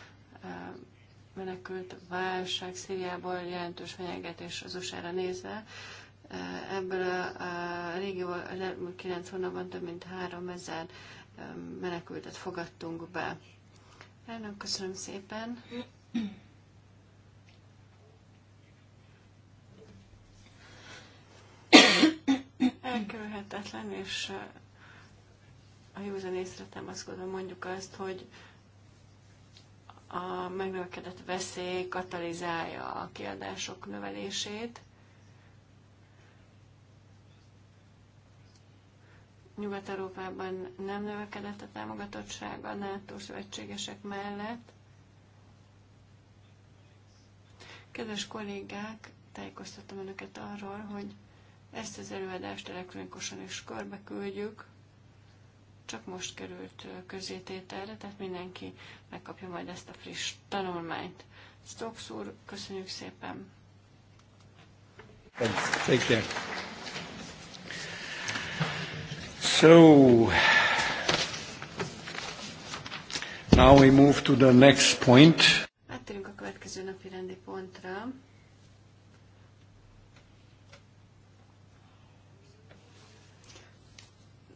menekült válság Szíriából jelentős fenyegetés az USA-ra nézve. E, ebből a, a régióból az elmúlt kilenc hónapban több mint három ezer e, menekültet fogadtunk be. Elnök, köszönöm szépen. elkerülhetetlen, és a józan észre támaszkodva mondjuk azt, hogy a megnövekedett veszély katalizálja a kiadások növelését. Nyugat-Európában nem növekedett a támogatottság a NATO szövetségesek mellett. Kedves kollégák, tájékoztatom önöket arról, hogy ezt az előadást elektronikusan is körbe küldjük. Csak most került közétételre, tehát mindenki megkapja majd ezt a friss tanulmányt. Stokes úr, köszönjük szépen! Thank you. So, now we move to the next point. Áttérünk a következő napi rendi pontra.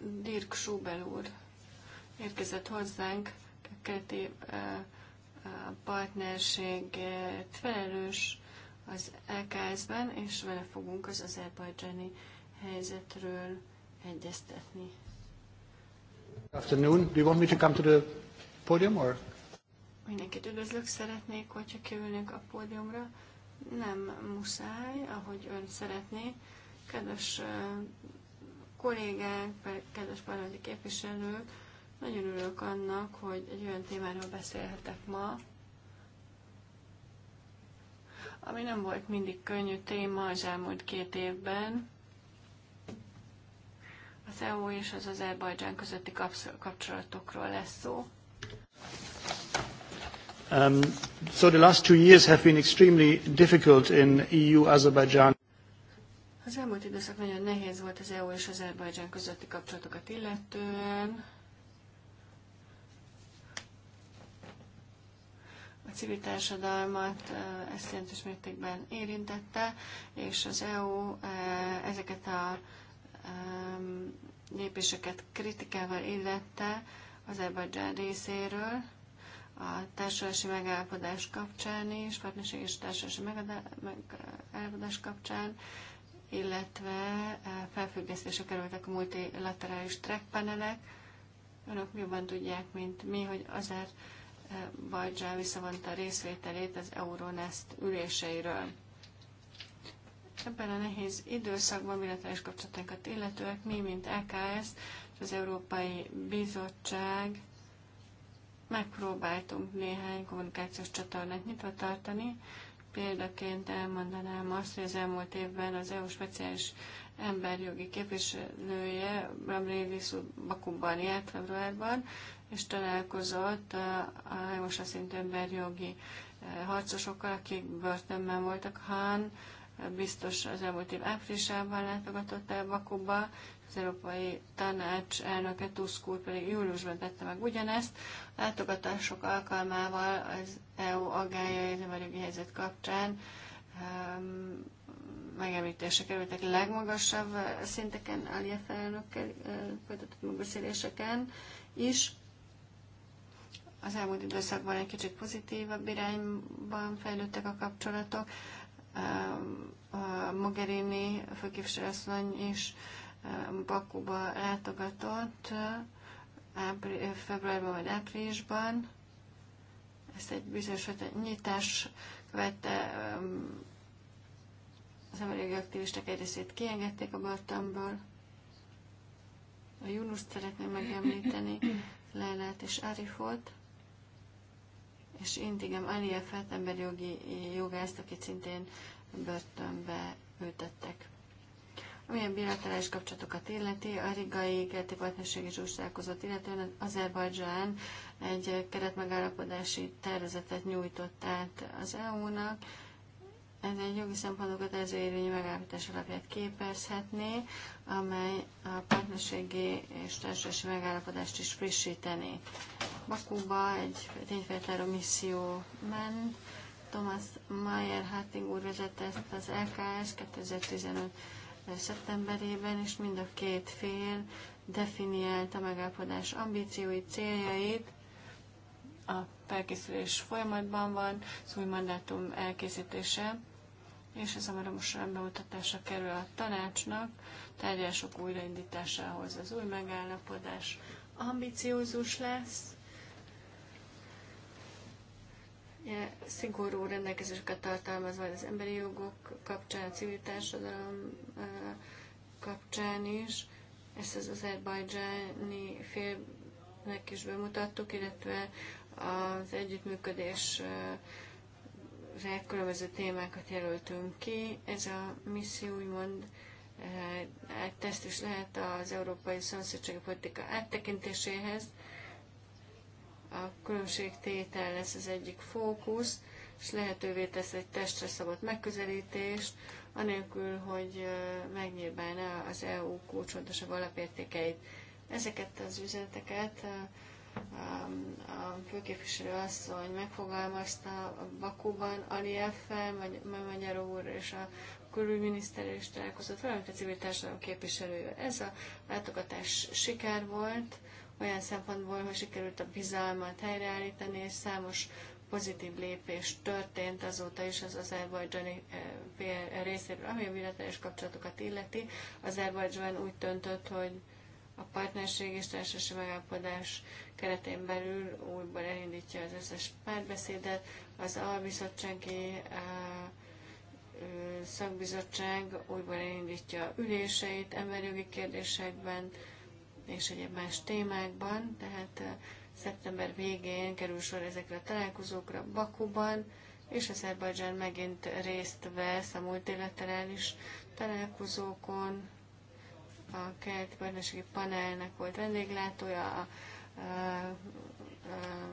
Dirk Schubel úr érkezett hozzánk, a keleti partnerségért felelős az LKS-ben, és vele fogunk az azerbajdzsáni helyzetről egyeztetni. Afternoon. Do you want me to come to the podium or? Mindenkit üdvözlök, szeretnék, hogyha kiülnék a pódiumra. Nem muszáj, ahogy ön szeretné. Kedves kollégák, kedves parlamenti képviselők, nagyon örülök annak, hogy egy olyan témáról beszélhetek ma, ami nem volt mindig könnyű téma az elmúlt két évben. Az EU és az Azerbajdzsán közötti kapcsolatokról lesz szó. Um, so the last two years have been extremely difficult in EU-Azerbaijan. Az elmúlt időszak nagyon nehéz volt az EU és az Erbajdzsán közötti kapcsolatokat illetően. A civil társadalmat ezt jelentős mértékben érintette, és az EU ezeket a lépéseket kritikával illette az Erbajdzsán részéről a társulási megállapodás kapcsán is, partnerség és társulási megállapodás kapcsán, illetve eh, felfüggesztésre kerültek a multilaterális panelek. Önök jobban tudják, mint mi, hogy azért eh, Bajdzsá visszavonta a részvételét az Euronest üléseiről. Ebben a nehéz időszakban bilaterális kapcsolatokat illetőek mi, mint EKS és az Európai Bizottság megpróbáltunk néhány kommunikációs csatornát nyitva tartani, Példaként elmondanám azt, hogy az elmúlt évben az EU speciális emberjogi képviselője Bramlédis Bakuban járt februárban, és találkozott a most e szintű emberjogi e, harcosokkal, akik börtönben voltak. Han biztos az elmúlt év áprilisában látogatott el Bakuba, az Európai Tanács elnöke Tusk úr pedig júliusban tette meg ugyanezt. A látogatások alkalmával az EU agája az a helyzet kapcsán um, megemlítésre kerültek legmagasabb szinteken, Alia felelnökkel folytatott megbeszéléseken is. Az elmúlt időszakban egy kicsit pozitívabb irányban fejlődtek a kapcsolatok. Um, a Mogherini főképviselőasszony is uh, Bakuba látogatott ábri, februárban vagy áprilisban. Ezt egy bizonyos nyitás követte az emberi aktivisták egy részét kiengedték a börtönből. A Junus szeretném megemlíteni, (coughs) Leilát és Arifot, és Intigem Aliefet, emberi jogi jogászt, akit szintén börtönbe ültettek ami a bilaterális kapcsolatokat illeti, a rigai keleti partnerség és újsághozott, illetően Azerbajdzsán egy keretmegállapodási tervezetet nyújtott át az EU-nak, ez egy jogi szempontokat ez érvényű megállapítás alapját képezhetné, amely a partnerségi és társadalmi megállapodást is frissíteni. Bakuba egy tényfeltáró misszió ment, Thomas Mayer Hatting úr vezette ezt az LKS 2015 szeptemberében, és mind a két fél definiált a megállapodás ambíciói céljait. A felkészülés folyamatban van, az új mandátum elkészítése, és ez maromosan bemutatása kerül a tanácsnak, tárgyások újraindításához az új megállapodás ambiciózus lesz, szigorú rendelkezéseket tartalmaz majd az emberi jogok kapcsán, a civil társadalom kapcsán is. Ezt az azerbajdzsáni félnek is bemutattuk, illetve az együttműködés e különböző témákat jelöltünk ki. Ez a misszió úgymond teszt is lehet az európai szomszédsági politika áttekintéséhez, a különbségtétel lesz az egyik fókusz, és lehetővé tesz egy testre szabott megközelítést, anélkül, hogy megnyilvánná az EU kulcsfontosabb alapértékeit. Ezeket az üzeneteket a főképviselő asszony megfogalmazta Bakúban, Alieffel, Magyar úr és a külügyminiszter is találkozott, valamint a civil társadalom képviselője. Ez a látogatás siker volt, olyan szempontból, hogy sikerült a bizalmat helyreállítani, és számos pozitív lépés történt azóta is az azerbajdzsani eh, részéről, ami a bilaterális kapcsolatokat illeti. Azerbajdzsán úgy döntött, hogy a partnerség és társasági megállapodás keretén belül újból elindítja az összes párbeszédet. Az albizottsági eh, szakbizottság újból elindítja üléseit emberjogi kérdésekben, és egyéb más témákban, tehát szeptember végén kerül sor ezekre a találkozókra Bakuban, és Azerbajdzsán megint részt vesz a multilaterális találkozókon. A keleti partnerségi panelnek volt vendéglátója, a, a, a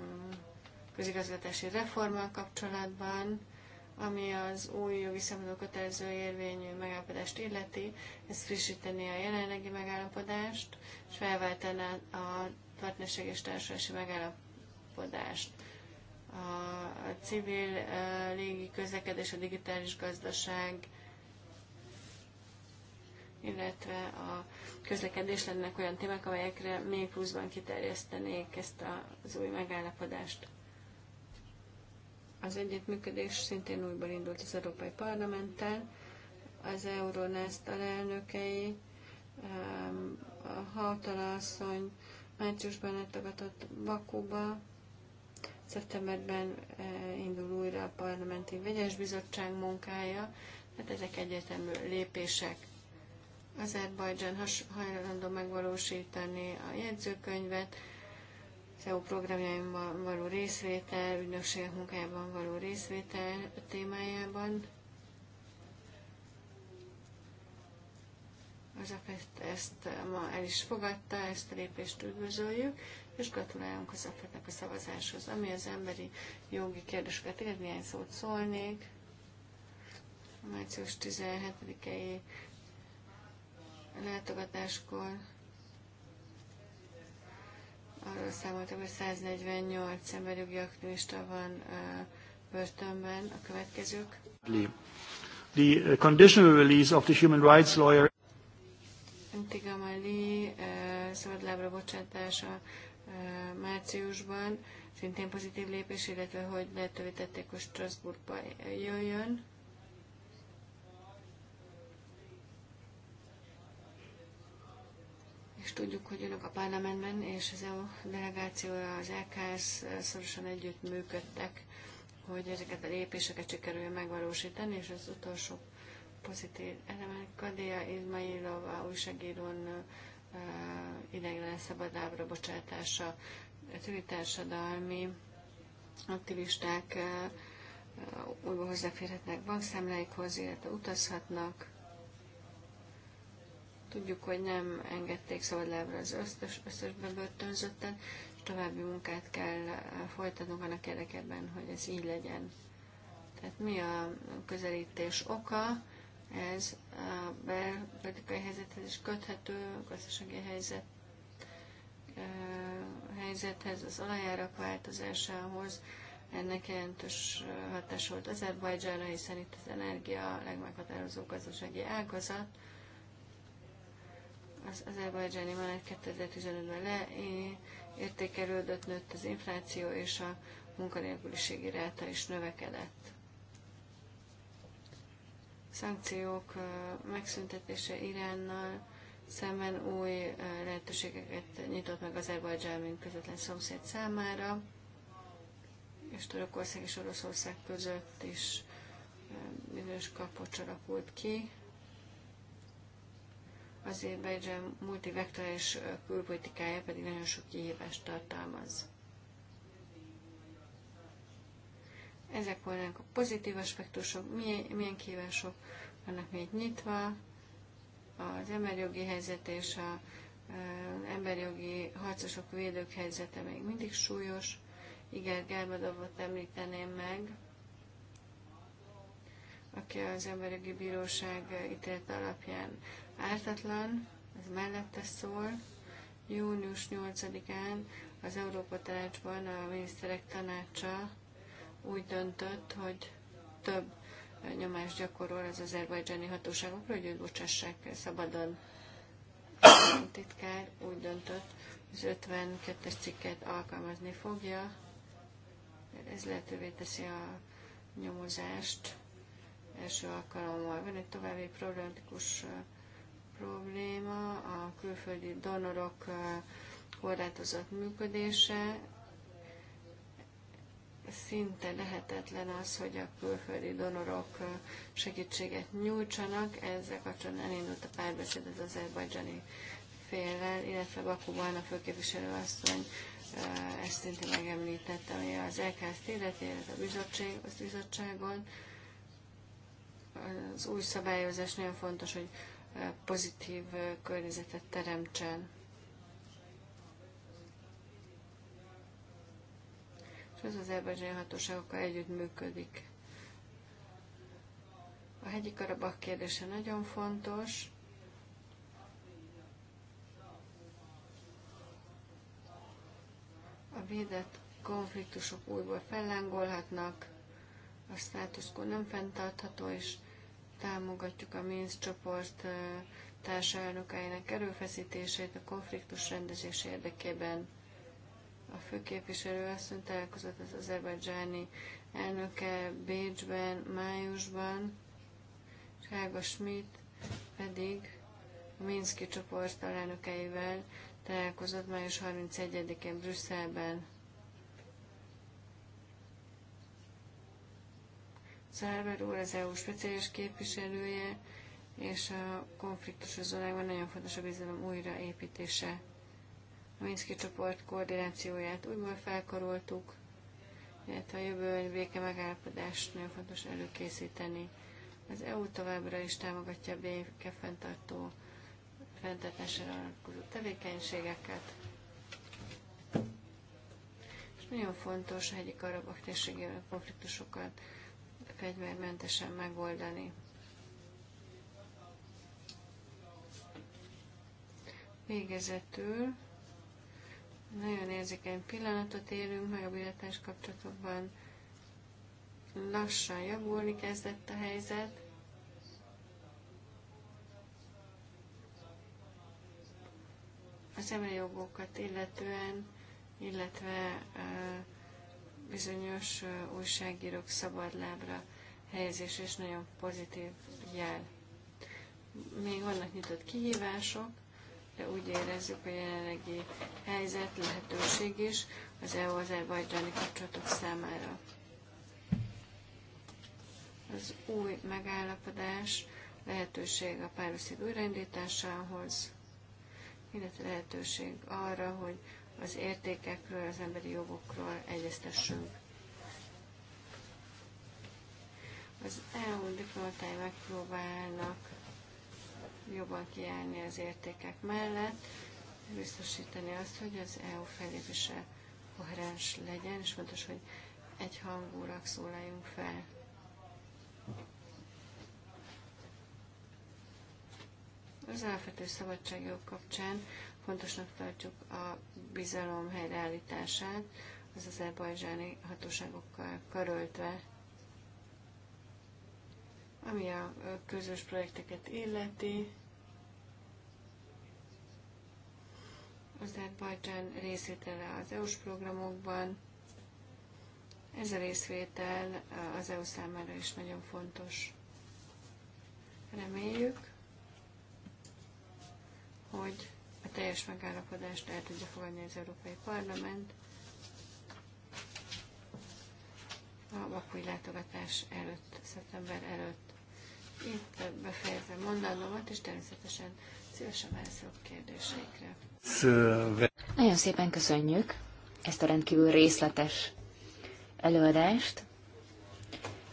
közigazgatási reformmal kapcsolatban, ami az új jogi szemben kötelező érvényű megállapodást illeti, ez frissíteni a jelenlegi megállapodást, és felváltaná a partnerség és társulási megállapodást. A civil légi közlekedés, a digitális gazdaság, illetve a közlekedés lennek olyan témák, amelyekre még pluszban kiterjesztenék ezt az új megállapodást. Az együttműködés szintén újból indult az Európai Parlamenttel, az Euronest alelnökei, um, a hatalasszony márciusban letagadott Bakuba, szeptemberben eh, indul újra a parlamenti vegyes bizottság munkája, tehát ezek egyetemű lépések. Azerbajdzsán hajlandó megvalósítani a jegyzőkönyvet, EU programjaimban való részvétel, ügynökségek munkájában való részvétel témájában. Az AFET ezt ma el is fogadta, ezt a lépést üdvözöljük, és gratulálunk az afet a szavazáshoz. Ami az emberi jogi kérdéseket érni, néhány szót szólnék. március 17-i látogatáskor arról számoltak, hogy 148 emberjogi aktivista van börtönben a következők. The conditional release of the human rights lawyer Antiga Mali szabadlábra bocsátása márciusban szintén pozitív lépés, illetve hogy lehetővé tették, hogy Strasbourgba jöjjön. és tudjuk, hogy önök a parlamentben és az EU delegációja, az EKS szorosan együtt működtek, hogy ezeket a lépéseket sikerüljön megvalósítani, és az utolsó pozitív elemek Kadia Izmailova újságírón ideiglenes szabadábra bocsátása, civil társadalmi aktivisták újból hozzáférhetnek bankszámláikhoz, illetve utazhatnak, Tudjuk, hogy nem engedték lábra az összes, összes bebörtönzötten, és további munkát kell eh, folytatnunk annak érdekében, hogy ez így legyen. Tehát mi a közelítés oka? Ez a belpolitikai helyzethez is köthető, a gazdasági helyzet, eh, helyzethez, az olajárak változásához, ennek jelentős eh, hatása volt Azerbajdzsára, hiszen itt az energia a legmeghatározó gazdasági ágazat, az azerbajdzsáni menet 2015-ben leértékelődött, nőtt az infláció, és a munkanélküliségi ráta is növekedett. Szankciók megszüntetése Iránnal szemben új lehetőségeket nyitott meg Azerbajdzsán, mint közvetlen szomszéd számára, és Törökország és Oroszország között is bizonyos kapocs alakult ki. Azerbajdzsán multivektoris külpolitikája pedig nagyon sok kihívást tartalmaz. Ezek volnának a pozitív aspektusok, milyen, milyen kihívások vannak még nyitva, az emberjogi helyzet és a emberjogi harcosok, védők helyzete még mindig súlyos. Igen, Gálbadovot említeném meg, aki az emberjogi bíróság ítélet alapján ártatlan, ez mellette szól. Június 8-án az Európa Tanácsban a miniszterek tanácsa úgy döntött, hogy több nyomást gyakorol az azerbajdzsáni hatóságokra, hogy őt bocsássák szabadon. A titkár úgy döntött, az 52-es cikket alkalmazni fogja. Ez lehetővé teszi a nyomozást első alkalommal. Van egy további problematikus uh, probléma a külföldi donorok korlátozott működése. Szinte lehetetlen az, hogy a külföldi donorok segítséget nyújtsanak. Ezzel kapcsolatban elindult a párbeszéd az azerbajdzsani féllel, illetve Bakuban a főképviselő asszony ezt szinte megemlítette, ami az LKSZ illeti, illetve a bizottság, az bizottságon. Az új szabályozás nagyon fontos, hogy pozitív környezetet teremtsen. És az az elbezsai hatóságokkal együtt működik. A hegyi karabak kérdése nagyon fontos. A védett konfliktusok újból fellángolhatnak, a státuszkó nem fenntartható, és Támogatjuk a Minsz csoport társelnökeinek erőfeszítését a konfliktus rendezés érdekében. A főképviselő asszony találkozott az azerbajdzsáni elnöke Bécsben, májusban, és Schmidt pedig a Minszki csoport találkozott május 31-én Brüsszelben. Szálber úr, az EU speciális képviselője, és a az zónákban nagyon fontos a bizalom újraépítése. A Minszki csoport koordinációját újból felkaroltuk, illetve a jövő béke megállapodást nagyon fontos előkészíteni. Az EU továbbra is támogatja a béke fenntartó fenntartásra alakuló tevékenységeket. És nagyon fontos a hegyi karabak térségével konfliktusokat fegyvermentesen megoldani. Végezetül nagyon érzékeny pillanatot élünk, nagyobb életes kapcsolatokban lassan javulni kezdett a helyzet. Az emberi jogokat illetően, illetve uh, bizonyos újságírók szabad lábra helyezése is nagyon pozitív jel. Még vannak nyitott kihívások, de úgy érezzük, hogy a jelenlegi helyzet lehetőség is az eu elbajdzsáni kapcsolatok számára. Az új megállapodás lehetőség a párbeszéd újraindításához, illetve lehetőség arra, hogy az értékekről, az emberi jogokról egyeztessünk. Az EU diplomatái megpróbálnak jobban kiállni az értékek mellett, biztosítani azt, hogy az EU felépése koherens legyen, és fontos, hogy egy hangúrak szólaljunk fel. Az alapvető szabadságjog kapcsán Fontosnak tartjuk a bizalom helyreállítását az azerbajzsáni hatóságokkal karöltve, ami a közös projekteket illeti. Azerbajdzsán részvétele az EU-s programokban. Ez a részvétel az EU számára is nagyon fontos. Reméljük, hogy a teljes megállapodást el tudja fogadni az Európai Parlament a vakúj látogatás előtt, szeptember előtt. Itt befejezem mondanomat, és természetesen szívesen válaszolok kérdéseikre. Nagyon szépen köszönjük ezt a rendkívül részletes előadást.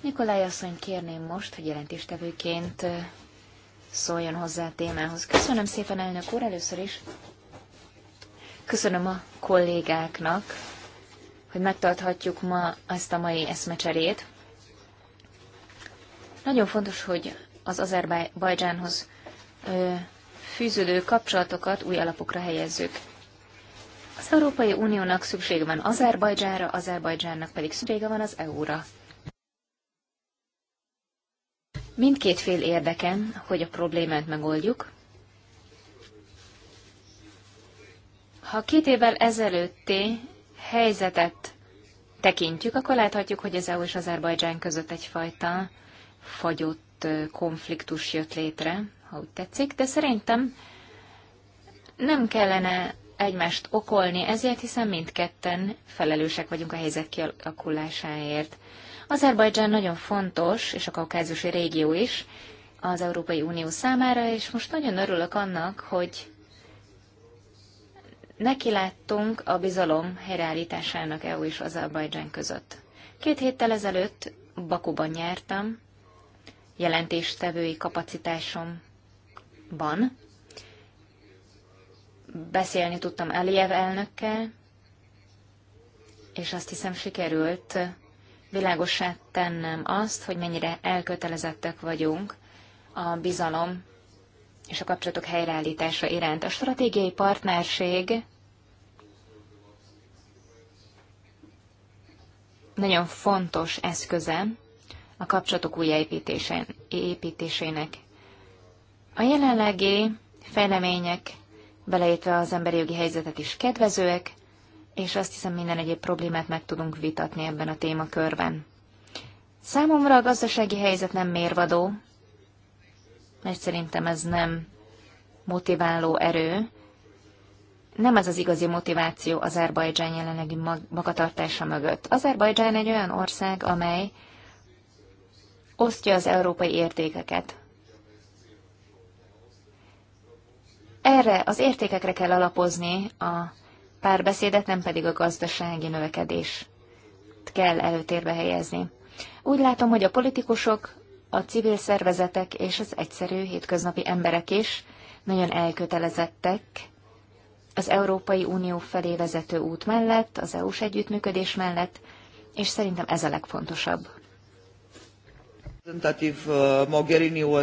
Nikolaj asszony kérném most, hogy jelentéstevőként szóljon hozzá a témához. Köszönöm szépen, elnök úr, először is. Köszönöm a kollégáknak, hogy megtarthatjuk ma ezt a mai eszmecserét. Nagyon fontos, hogy az Azerbajdzsánhoz fűződő kapcsolatokat új alapokra helyezzük. Az Európai Uniónak szüksége van Azerbajdzsánra, Azerbajdzsánnak pedig szüksége van az EU-ra. Mindkét fél érdekem, hogy a problémát megoldjuk. Ha két évvel ezelőtti helyzetet tekintjük, akkor láthatjuk, hogy az EU és Azerbajdzsán között egyfajta fagyott konfliktus jött létre, ha úgy tetszik, de szerintem nem kellene egymást okolni ezért, hiszen mindketten felelősek vagyunk a helyzet kialakulásáért. Azerbajdzsán nagyon fontos, és a kaukázusi régió is az Európai Unió számára, és most nagyon örülök annak, hogy nekiláttunk a bizalom helyreállításának EU és Azerbajdzsán között. Két héttel ezelőtt Bakuban nyertem, jelentéstevői kapacitásomban. Beszélni tudtam Eliev elnökkel, és azt hiszem sikerült világosá tennem azt, hogy mennyire elkötelezettek vagyunk a bizalom és a kapcsolatok helyreállítása iránt. A stratégiai partnerség nagyon fontos eszköze a kapcsolatok újjáépítésének. A jelenlegi fejlemények, beleértve az emberi jogi helyzetet is kedvezőek, és azt hiszem minden egyéb problémát meg tudunk vitatni ebben a témakörben. Számomra a gazdasági helyzet nem mérvadó, mert szerintem ez nem motiváló erő. Nem ez az igazi motiváció Azerbajdzsán jelenlegi magatartása mögött. Azerbajdzsán egy olyan ország, amely osztja az európai értékeket. Erre az értékekre kell alapozni a párbeszédet, nem pedig a gazdasági növekedés kell előtérbe helyezni. Úgy látom, hogy a politikusok, a civil szervezetek és az egyszerű hétköznapi emberek is nagyon elkötelezettek az Európai Unió felé vezető út mellett, az EU-s együttműködés mellett, és szerintem ez a legfontosabb. Uh, Mogherini uh,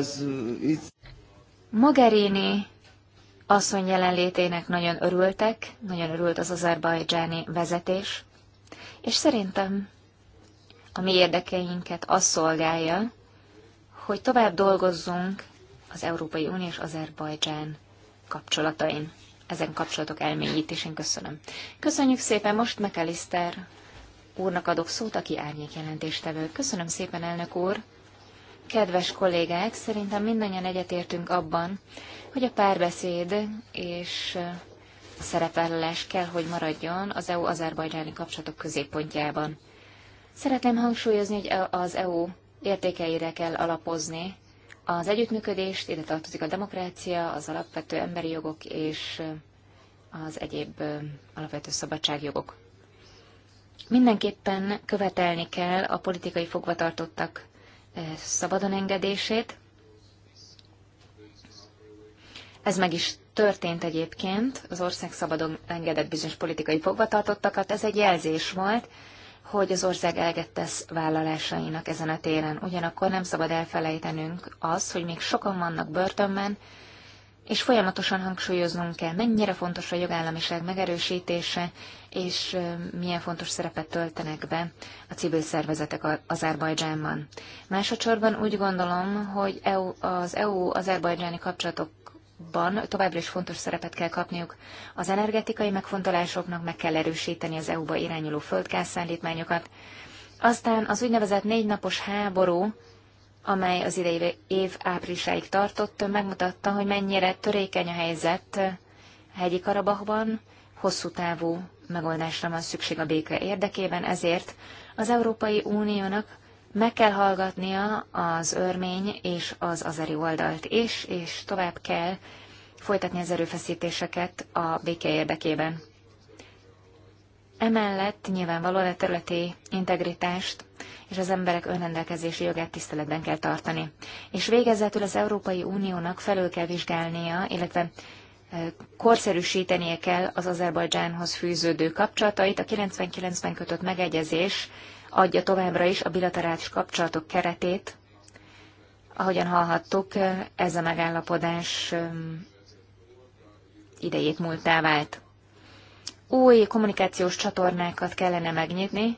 asszony jelenlétének nagyon örültek, nagyon örült az azerbajdzsáni vezetés, és szerintem a mi érdekeinket az szolgálja, hogy tovább dolgozzunk az Európai Unió és Azerbajdzsán kapcsolatain. Ezen kapcsolatok elmélyítésén köszönöm. Köszönjük szépen, most McAllister úrnak adok szót, aki árnyék jelentéstevő. Köszönöm szépen, elnök úr! Kedves kollégák, szerintem mindannyian egyetértünk abban, hogy a párbeszéd és a szerepvállalás kell, hogy maradjon az EU-azerbajdzsáni kapcsolatok középpontjában. Szeretném hangsúlyozni, hogy az EU értékeire kell alapozni az együttműködést, ide tartozik a demokrácia, az alapvető emberi jogok és az egyéb alapvető szabadságjogok. Mindenképpen követelni kell a politikai fogvatartottak E, szabadon engedését. Ez meg is történt egyébként, az ország szabadon engedett bizonyos politikai fogvatartottakat, ez egy jelzés volt, hogy az ország elgettesz vállalásainak ezen a téren. Ugyanakkor nem szabad elfelejtenünk az, hogy még sokan vannak börtönben, és folyamatosan hangsúlyoznunk kell, mennyire fontos a jogállamiság megerősítése, és milyen fontos szerepet töltenek be a civil szervezetek Azerbajdzsánban. Másodszorban úgy gondolom, hogy EU, az EU-azerbajdzsáni kapcsolatokban továbbra is fontos szerepet kell kapniuk az energetikai megfontolásoknak, meg kell erősíteni az EU-ba irányuló földgázszállítmányokat. Aztán az úgynevezett négy napos háború, amely az idei év áprilisáig tartott, megmutatta, hogy mennyire törékeny a helyzet a hegyi Karabachban, hosszú távú megoldásra van szükség a béke érdekében, ezért az Európai Uniónak meg kell hallgatnia az örmény és az azeri oldalt is, és tovább kell folytatni az erőfeszítéseket a béke érdekében. Emellett nyilvánvalóan a területi integritást és az emberek önrendelkezési jogát tiszteletben kell tartani. És végezetül az Európai Uniónak felül kell vizsgálnia, illetve korszerűsítenie kell az Azerbajdzsánhoz fűződő kapcsolatait. A 99-ben kötött megegyezés adja továbbra is a bilaterális kapcsolatok keretét. Ahogyan hallhattuk, ez a megállapodás idejét múltá vált. Új kommunikációs csatornákat kellene megnyitni,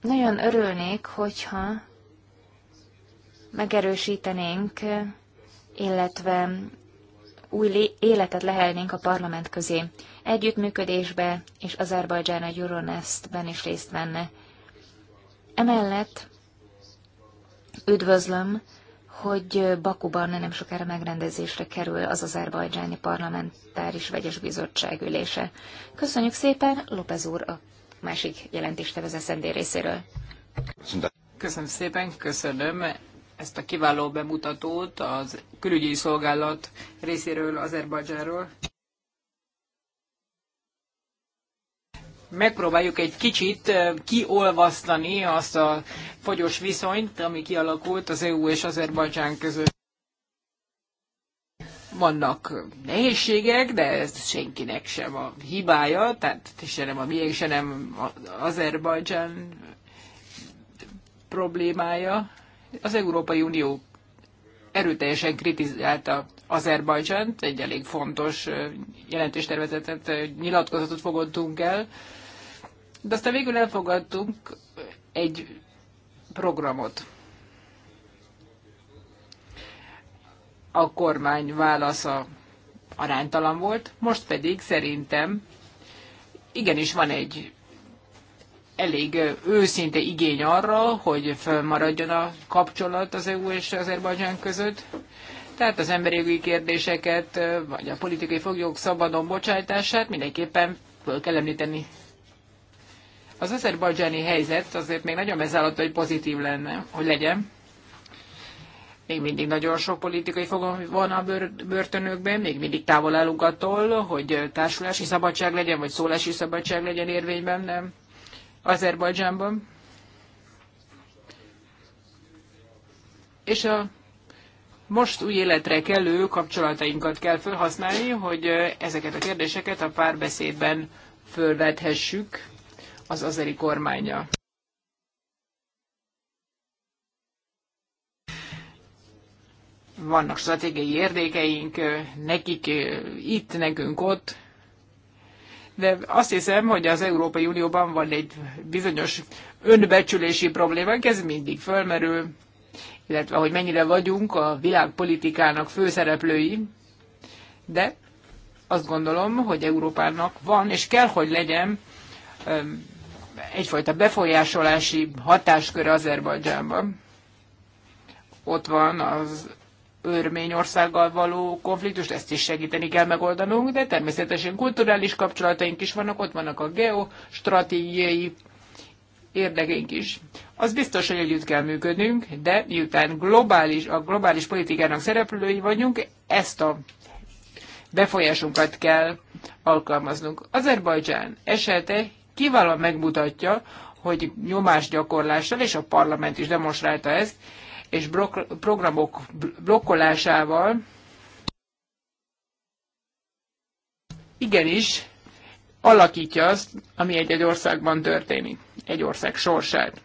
Nagyon örülnék, hogyha megerősítenénk, illetve új életet lehelnénk a parlament közé. Együttműködésbe és Azerbajdzsán a Euronest-ben is részt venne. Emellett üdvözlöm, hogy Bakuban nem sokára megrendezésre kerül az azerbajdzsáni parlamentáris vegyes bizottság ülése. Köszönjük szépen, López úr a másik jelentéstevő az SZND részéről. Köszönöm szépen, köszönöm ezt a kiváló bemutatót az külügyi szolgálat részéről Azerbajdzsáról. Megpróbáljuk egy kicsit kiolvasztani azt a fogyos viszonyt, ami kialakult az EU és Azerbajdzsán között vannak nehézségek, de ez senkinek sem a hibája, tehát se nem a miénk, se nem Azerbajdzsán problémája. Az Európai Unió erőteljesen kritizálta Azerbajdzsánt, egy elég fontos jelentéstervezetet, nyilatkozatot fogadtunk el, de aztán végül elfogadtunk egy programot. a kormány válasza aránytalan volt, most pedig szerintem igenis van egy elég őszinte igény arra, hogy fölmaradjon a kapcsolat az EU és Azerbajdzsán között. Tehát az emberi kérdéseket, vagy a politikai foglyok szabadon bocsájtását mindenképpen föl kell említeni. Az azerbajdzsáni helyzet azért még nagyon bezállott, hogy pozitív lenne, hogy legyen. Még mindig nagyon sok politikai fogom van a börtönökben, még mindig távol állunk attól, hogy társulási szabadság legyen, vagy szólási szabadság legyen érvényben, nem? Azerbajdzsánban. És a most új életre kellő kapcsolatainkat kell felhasználni, hogy ezeket a kérdéseket a párbeszédben fölvethessük az azeri kormánya. vannak stratégiai érdekeink, nekik itt, nekünk ott, de azt hiszem, hogy az Európai Unióban van egy bizonyos önbecsülési problémánk, ez mindig fölmerül, illetve hogy mennyire vagyunk a világpolitikának főszereplői, de azt gondolom, hogy Európának van, és kell, hogy legyen egyfajta befolyásolási hatásköre Azerbajdzsánban. Ott van az Örményországgal való konfliktust, ezt is segíteni kell megoldanunk, de természetesen kulturális kapcsolataink is vannak, ott vannak a geostratégiai érdekeink is. Az biztos, hogy együtt kell működnünk, de miután globális, a globális politikának szereplői vagyunk, ezt a befolyásunkat kell alkalmaznunk. Azerbajdzsán esete kiválóan megmutatja, hogy nyomásgyakorlással, és a parlament is demonstrálta ezt, és programok blokkolásával igenis alakítja azt, ami egy-egy országban történik, egy ország sorsát.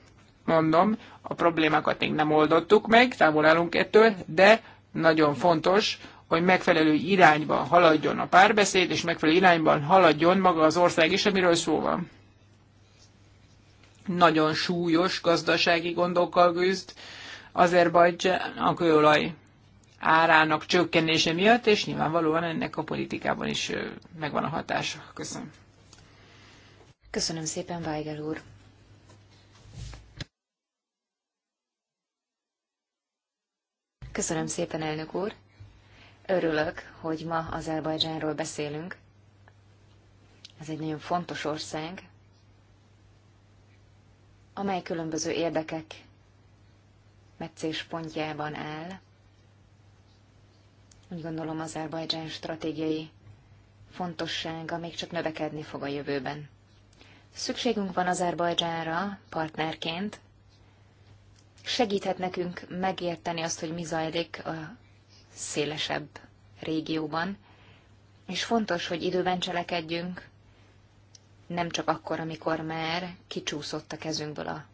Mondom, a problémákat még nem oldottuk meg, távol állunk ettől, de nagyon fontos, hogy megfelelő irányba haladjon a párbeszéd, és megfelelő irányban haladjon maga az ország is, amiről szó van. Nagyon súlyos gazdasági gondokkal küzd, Azerbajdzsán a árának csökkenése miatt, és nyilvánvalóan ennek a politikában is megvan a hatása. Köszönöm. Köszönöm szépen, Weigel úr. Köszönöm szépen, elnök úr. Örülök, hogy ma Azerbajdzsánról beszélünk. Ez egy nagyon fontos ország, amely különböző érdekek pontjában áll. Úgy gondolom az Erbajdzsán stratégiai fontossága még csak növekedni fog a jövőben. Szükségünk van Erbajdzsánra partnerként, segíthet nekünk megérteni azt, hogy mi zajlik a szélesebb régióban, és fontos, hogy időben cselekedjünk, nem csak akkor, amikor már kicsúszott a kezünkből a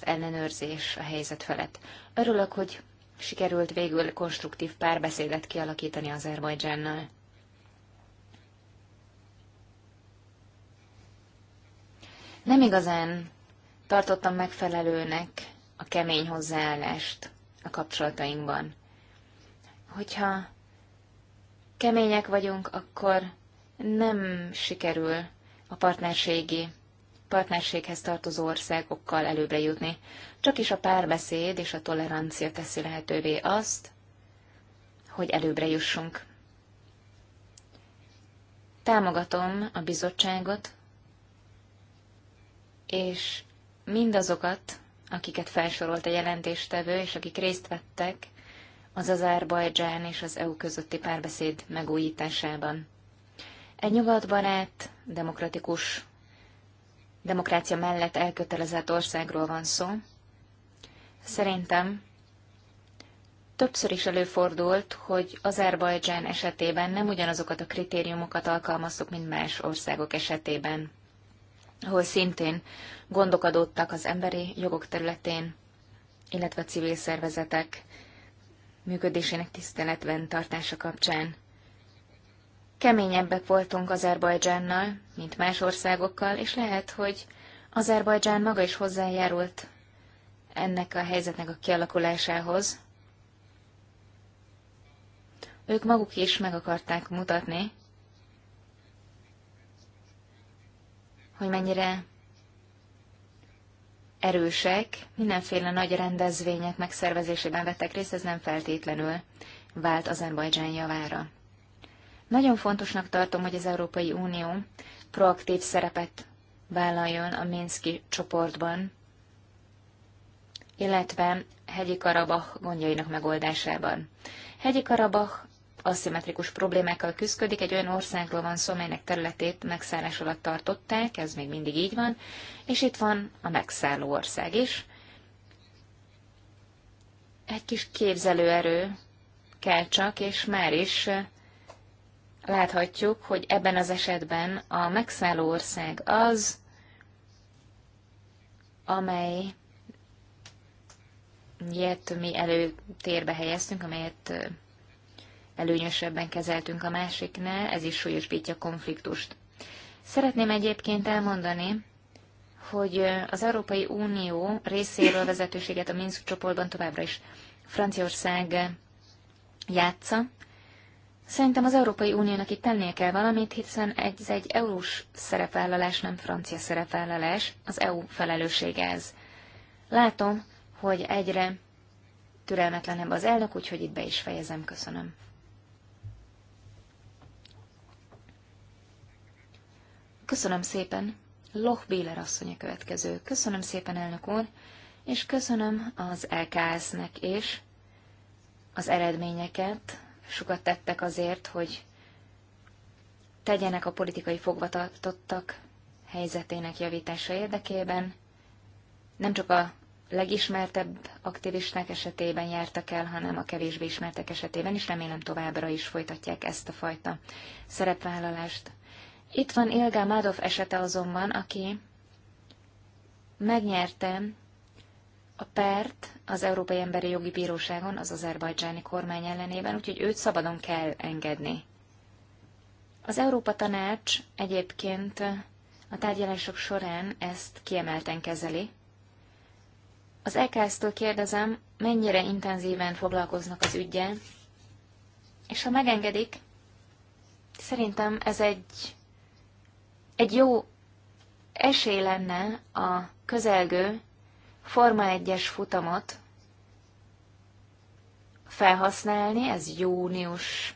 az ellenőrzés a helyzet felett. Örülök, hogy sikerült végül konstruktív párbeszédet kialakítani Azerbajdzsánnal. Nem igazán tartottam megfelelőnek a kemény hozzáállást a kapcsolatainkban. Hogyha kemények vagyunk, akkor nem sikerül a partnerségi partnerséghez tartozó országokkal előbbre jutni. Csak is a párbeszéd és a tolerancia teszi lehetővé azt, hogy előbbre jussunk. Támogatom a bizottságot, és mindazokat, akiket felsorolt a jelentéstevő, és akik részt vettek az Azerbajdzsán és az EU közötti párbeszéd megújításában. Egy nyugatbarát, demokratikus demokrácia mellett elkötelezett országról van szó. Szerintem többször is előfordult, hogy Azerbajdzsán esetében nem ugyanazokat a kritériumokat alkalmaztuk, mint más országok esetében, ahol szintén gondok adódtak az emberi jogok területén, illetve a civil szervezetek működésének tiszteletben tartása kapcsán. Keményebbek voltunk Azerbajdzsánnal, mint más országokkal, és lehet, hogy Azerbajdzsán maga is hozzájárult ennek a helyzetnek a kialakulásához. Ők maguk is meg akarták mutatni, hogy mennyire erősek, mindenféle nagy rendezvények megszervezésében vettek részt, ez nem feltétlenül vált Azerbajdzsán javára. Nagyon fontosnak tartom, hogy az Európai Unió proaktív szerepet vállaljon a Minszki csoportban, illetve hegyi Karabach gondjainak megoldásában. Hegyi Karabach aszimmetrikus problémákkal küzdik, egy olyan országról van szó, melynek területét megszállás alatt tartották, ez még mindig így van, és itt van a megszálló ország is. Egy kis képzelőerő kell csak, és már is láthatjuk, hogy ebben az esetben a megszálló ország az, amely ilyet mi előtérbe helyeztünk, amelyet előnyösebben kezeltünk a másiknál, ez is súlyosbítja a konfliktust. Szeretném egyébként elmondani, hogy az Európai Unió részéről vezetőséget a Minsk csoportban továbbra is Franciaország játsza, Szerintem az Európai Uniónak itt tennie kell valamit, hiszen egy, egy eurós szerepvállalás, nem francia szerepvállalás, az EU felelőssége ez. Látom, hogy egyre türelmetlenebb az elnök, úgyhogy itt be is fejezem, köszönöm. Köszönöm szépen. Loch Béler asszony a következő. Köszönöm szépen, elnök úr, és köszönöm az LKS-nek is az eredményeket, sokat tettek azért, hogy tegyenek a politikai fogvatartottak helyzetének javítása érdekében. Nem csak a legismertebb aktivisták esetében jártak el, hanem a kevésbé ismertek esetében is. Remélem továbbra is folytatják ezt a fajta szerepvállalást. Itt van Ilga Madov esete azonban, aki megnyerte a pert az Európai Emberi Jogi Bíróságon az azerbajdzsáni kormány ellenében, úgyhogy őt szabadon kell engedni. Az Európa Tanács egyébként a tárgyalások során ezt kiemelten kezeli. Az EKS-től kérdezem, mennyire intenzíven foglalkoznak az ügyen? és ha megengedik, szerintem ez egy, egy jó esély lenne a közelgő Forma 1-es futamot felhasználni, ez június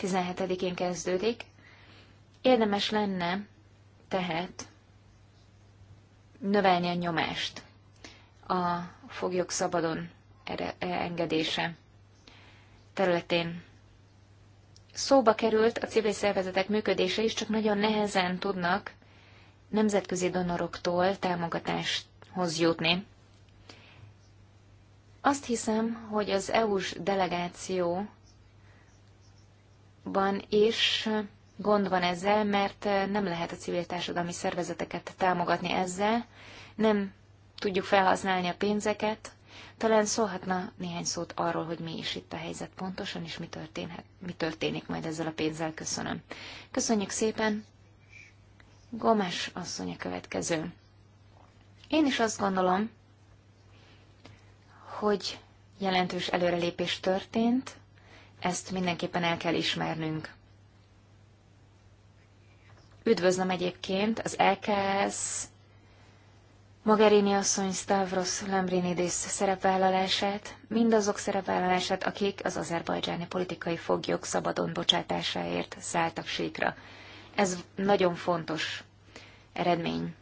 17-én kezdődik. Érdemes lenne tehát növelni a nyomást a foglyok szabadon e, engedése területén. Szóba került a civil szervezetek működése is, csak nagyon nehezen tudnak nemzetközi donoroktól támogatáshoz jutni. Azt hiszem, hogy az EU-s delegációban is gond van ezzel, mert nem lehet a civil társadalmi szervezeteket támogatni ezzel, nem tudjuk felhasználni a pénzeket. Talán szólhatna néhány szót arról, hogy mi is itt a helyzet pontosan, és mi, történhet, mi történik majd ezzel a pénzzel. Köszönöm. Köszönjük szépen. Gomes asszony a következő. Én is azt gondolom, hogy jelentős előrelépés történt, ezt mindenképpen el kell ismernünk. Üdvözlöm egyébként az EKS Magarini asszony Stavros Lambrinidis szerepvállalását, mindazok szerepvállalását, akik az azerbajdzsáni politikai foglyok szabadon bocsátásáért szálltak síkra. Ez nagyon fontos eredmény.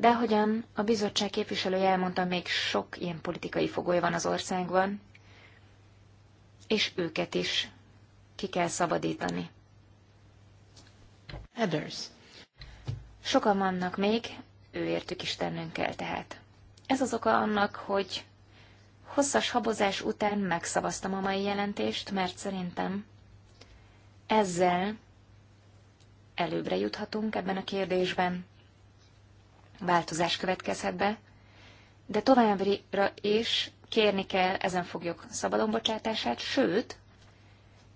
De ahogyan a bizottság képviselője elmondta, még sok ilyen politikai fogoly van az országban, és őket is ki kell szabadítani. Others. Sokan vannak még, őértük is tennünk kell tehát. Ez az oka annak, hogy hosszas habozás után megszavaztam a mai jelentést, mert szerintem ezzel előbbre juthatunk ebben a kérdésben változás következhet be, de továbbra is kérni kell ezen foglyok szabadonbocsátását, sőt,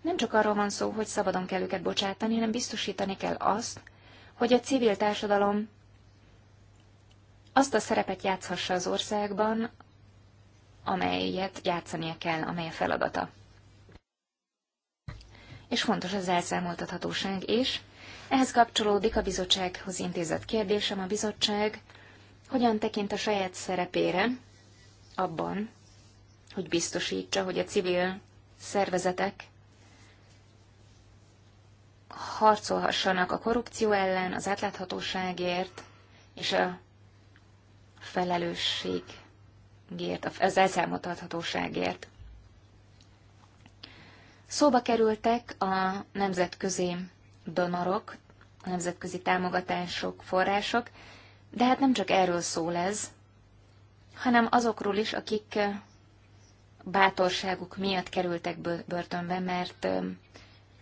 nem csak arról van szó, hogy szabadon kell őket bocsátani, hanem biztosítani kell azt, hogy a civil társadalom azt a szerepet játszhassa az országban, amelyet játszania kell, amely a feladata. És fontos az elszámoltathatóság is, ehhez kapcsolódik a bizottsághoz intézett kérdésem. A bizottság hogyan tekint a saját szerepére abban, hogy biztosítsa, hogy a civil szervezetek harcolhassanak a korrupció ellen, az átláthatóságért és a felelősségért, az elszámoltathatóságért. Szóba kerültek a nemzetközi donorok, a nemzetközi támogatások, források, de hát nem csak erről szól ez, hanem azokról is, akik bátorságuk miatt kerültek börtönbe, mert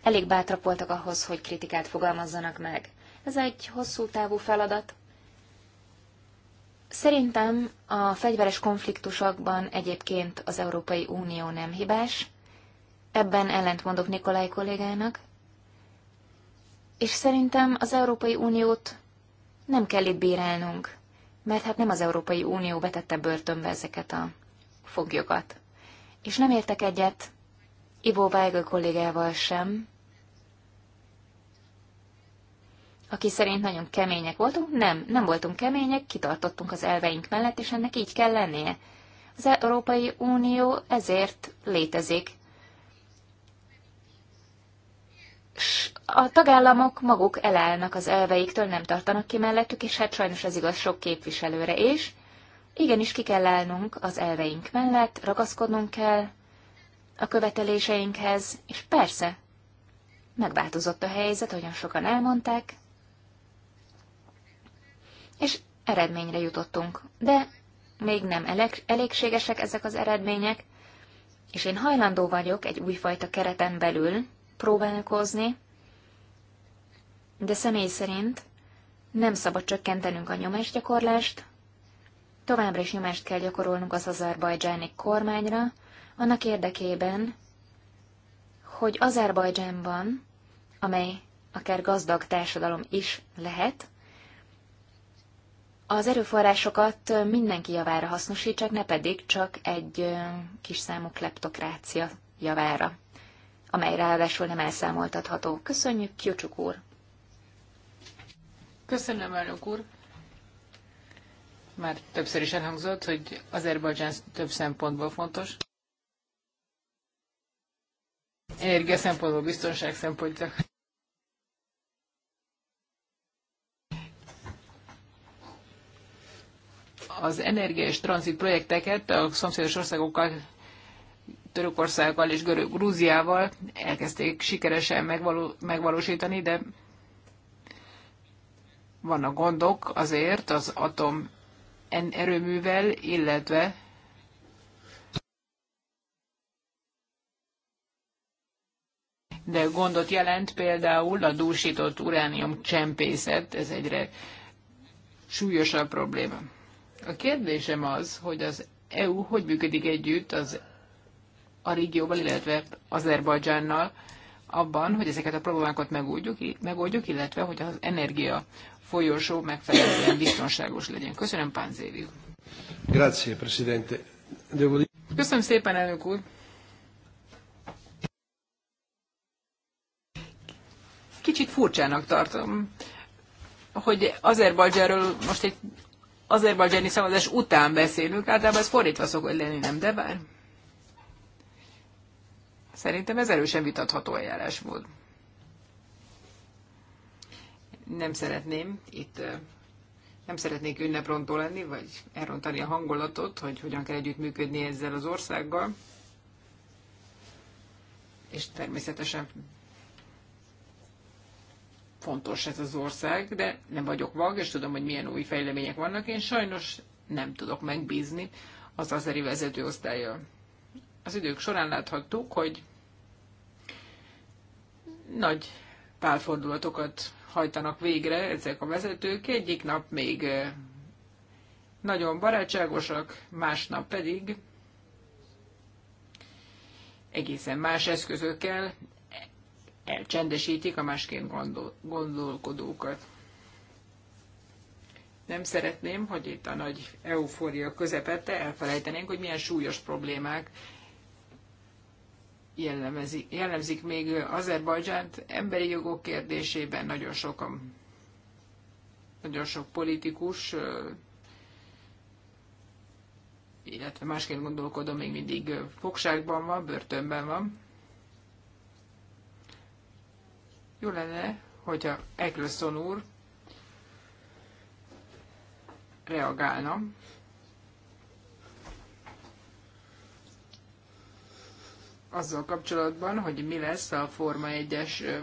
elég bátrak voltak ahhoz, hogy kritikát fogalmazzanak meg. Ez egy hosszú távú feladat. Szerintem a fegyveres konfliktusokban egyébként az Európai Unió nem hibás. Ebben ellentmondok Nikolaj kollégának. És szerintem az Európai Uniót nem kell itt bírálnunk, mert hát nem az Európai Unió vetette börtönbe ezeket a foglyokat. És nem értek egyet Ivo Weigl kollégával sem, aki szerint nagyon kemények voltunk. Nem, nem voltunk kemények, kitartottunk az elveink mellett, és ennek így kell lennie. Az Európai Unió ezért létezik. a tagállamok maguk elállnak az elveiktől, nem tartanak ki mellettük, és hát sajnos ez igaz sok képviselőre is. Igenis ki kell állnunk az elveink mellett, ragaszkodnunk kell a követeléseinkhez, és persze, megváltozott a helyzet, olyan sokan elmondták, és eredményre jutottunk. De még nem elég, elégségesek ezek az eredmények, és én hajlandó vagyok egy újfajta kereten belül próbálkozni, de személy szerint nem szabad csökkentenünk a nyomásgyakorlást, továbbra is nyomást kell gyakorolnunk az azerbajdzsáni kormányra, annak érdekében, hogy Azerbajdzsánban, amely akár gazdag társadalom is lehet, az erőforrásokat mindenki javára hasznosítsák, ne pedig csak egy kis számú kleptokrácia javára amely ráadásul nem elszámoltatható. Köszönjük, Kyocsuk úr! Köszönöm, elnök úr! Már többször is elhangzott, hogy Azerbajdzsán több szempontból fontos. Energia szempontból, biztonság szempontjából. az energia és tranzit projekteket a szomszédos országokkal Törökországgal és Görög Grúziával elkezdték sikeresen megvaló, megvalósítani, de vannak gondok azért az atom erőművel, illetve de gondot jelent például a dúsított uránium csempészet, ez egyre súlyosabb probléma. A kérdésem az, hogy az EU hogy működik együtt az a régióban, illetve Azerbajdzsánnal abban, hogy ezeket a problémákat megoldjuk, megoldjuk illetve hogy az energia folyosó megfelelően biztonságos legyen. Köszönöm, Pánzéri. Grazie, Presidente. Devo... Köszönöm szépen, elnök úr. Kicsit furcsának tartom, hogy Azerbajdzsáról most egy azerbajdzsáni szavazás után beszélünk, általában ez fordítva szokott lenni, nem de bár. Szerintem ez erősen vitatható eljárásmód. Nem szeretném itt nem szeretnék ünneprontó lenni, vagy elrontani a hangulatot, hogy hogyan kell együttműködni ezzel az országgal. És természetesen fontos ez az ország, de nem vagyok vag, és tudom, hogy milyen új fejlemények vannak. Én sajnos nem tudok megbízni az azeri vezetőosztálya. Az idők során láthattuk, hogy nagy pálfordulatokat hajtanak végre ezek a vezetők. Egyik nap még nagyon barátságosak, másnap pedig egészen más eszközökkel elcsendesítik a másként gondol- gondolkodókat. Nem szeretném, hogy itt a nagy eufória közepette elfelejtenénk, hogy milyen súlyos problémák jellemzik még Azerbajdzsánt emberi jogok kérdésében nagyon sokan, nagyon sok politikus, illetve másként gondolkodom, még mindig fogságban van, börtönben van. Jó lenne, hogyha Eccleston úr reagálna azzal kapcsolatban, hogy mi lesz a Forma 1-es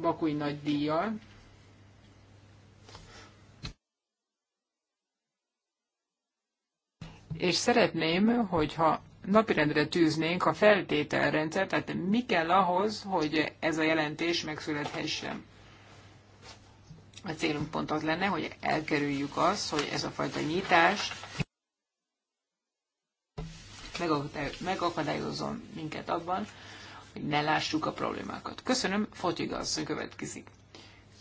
Bakúi nagy díjjal. És szeretném, hogyha napirendre tűznénk a feltételrendszer, tehát mi kell ahhoz, hogy ez a jelentés megszülethessen. A célunk pont az lenne, hogy elkerüljük azt, hogy ez a fajta nyitás megakadályozzon minket abban, hogy ne lássuk a problémákat. Köszönöm, Fotiga asszony következik.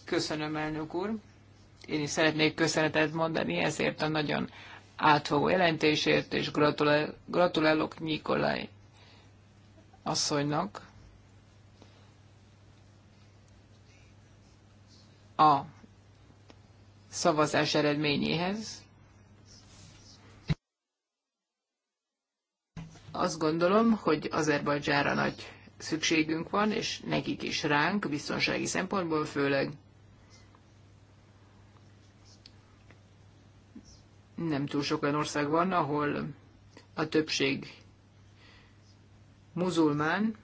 Köszönöm, elnök úr. Én is szeretnék köszönetet mondani ezért a nagyon átfogó jelentésért, és gratulál, gratulálok Nikolaj asszonynak. A szavazás eredményéhez. Azt gondolom, hogy Azerbajdzsára nagy szükségünk van, és nekik is ránk, biztonsági szempontból főleg. Nem túl sok olyan ország van, ahol a többség muzulmán,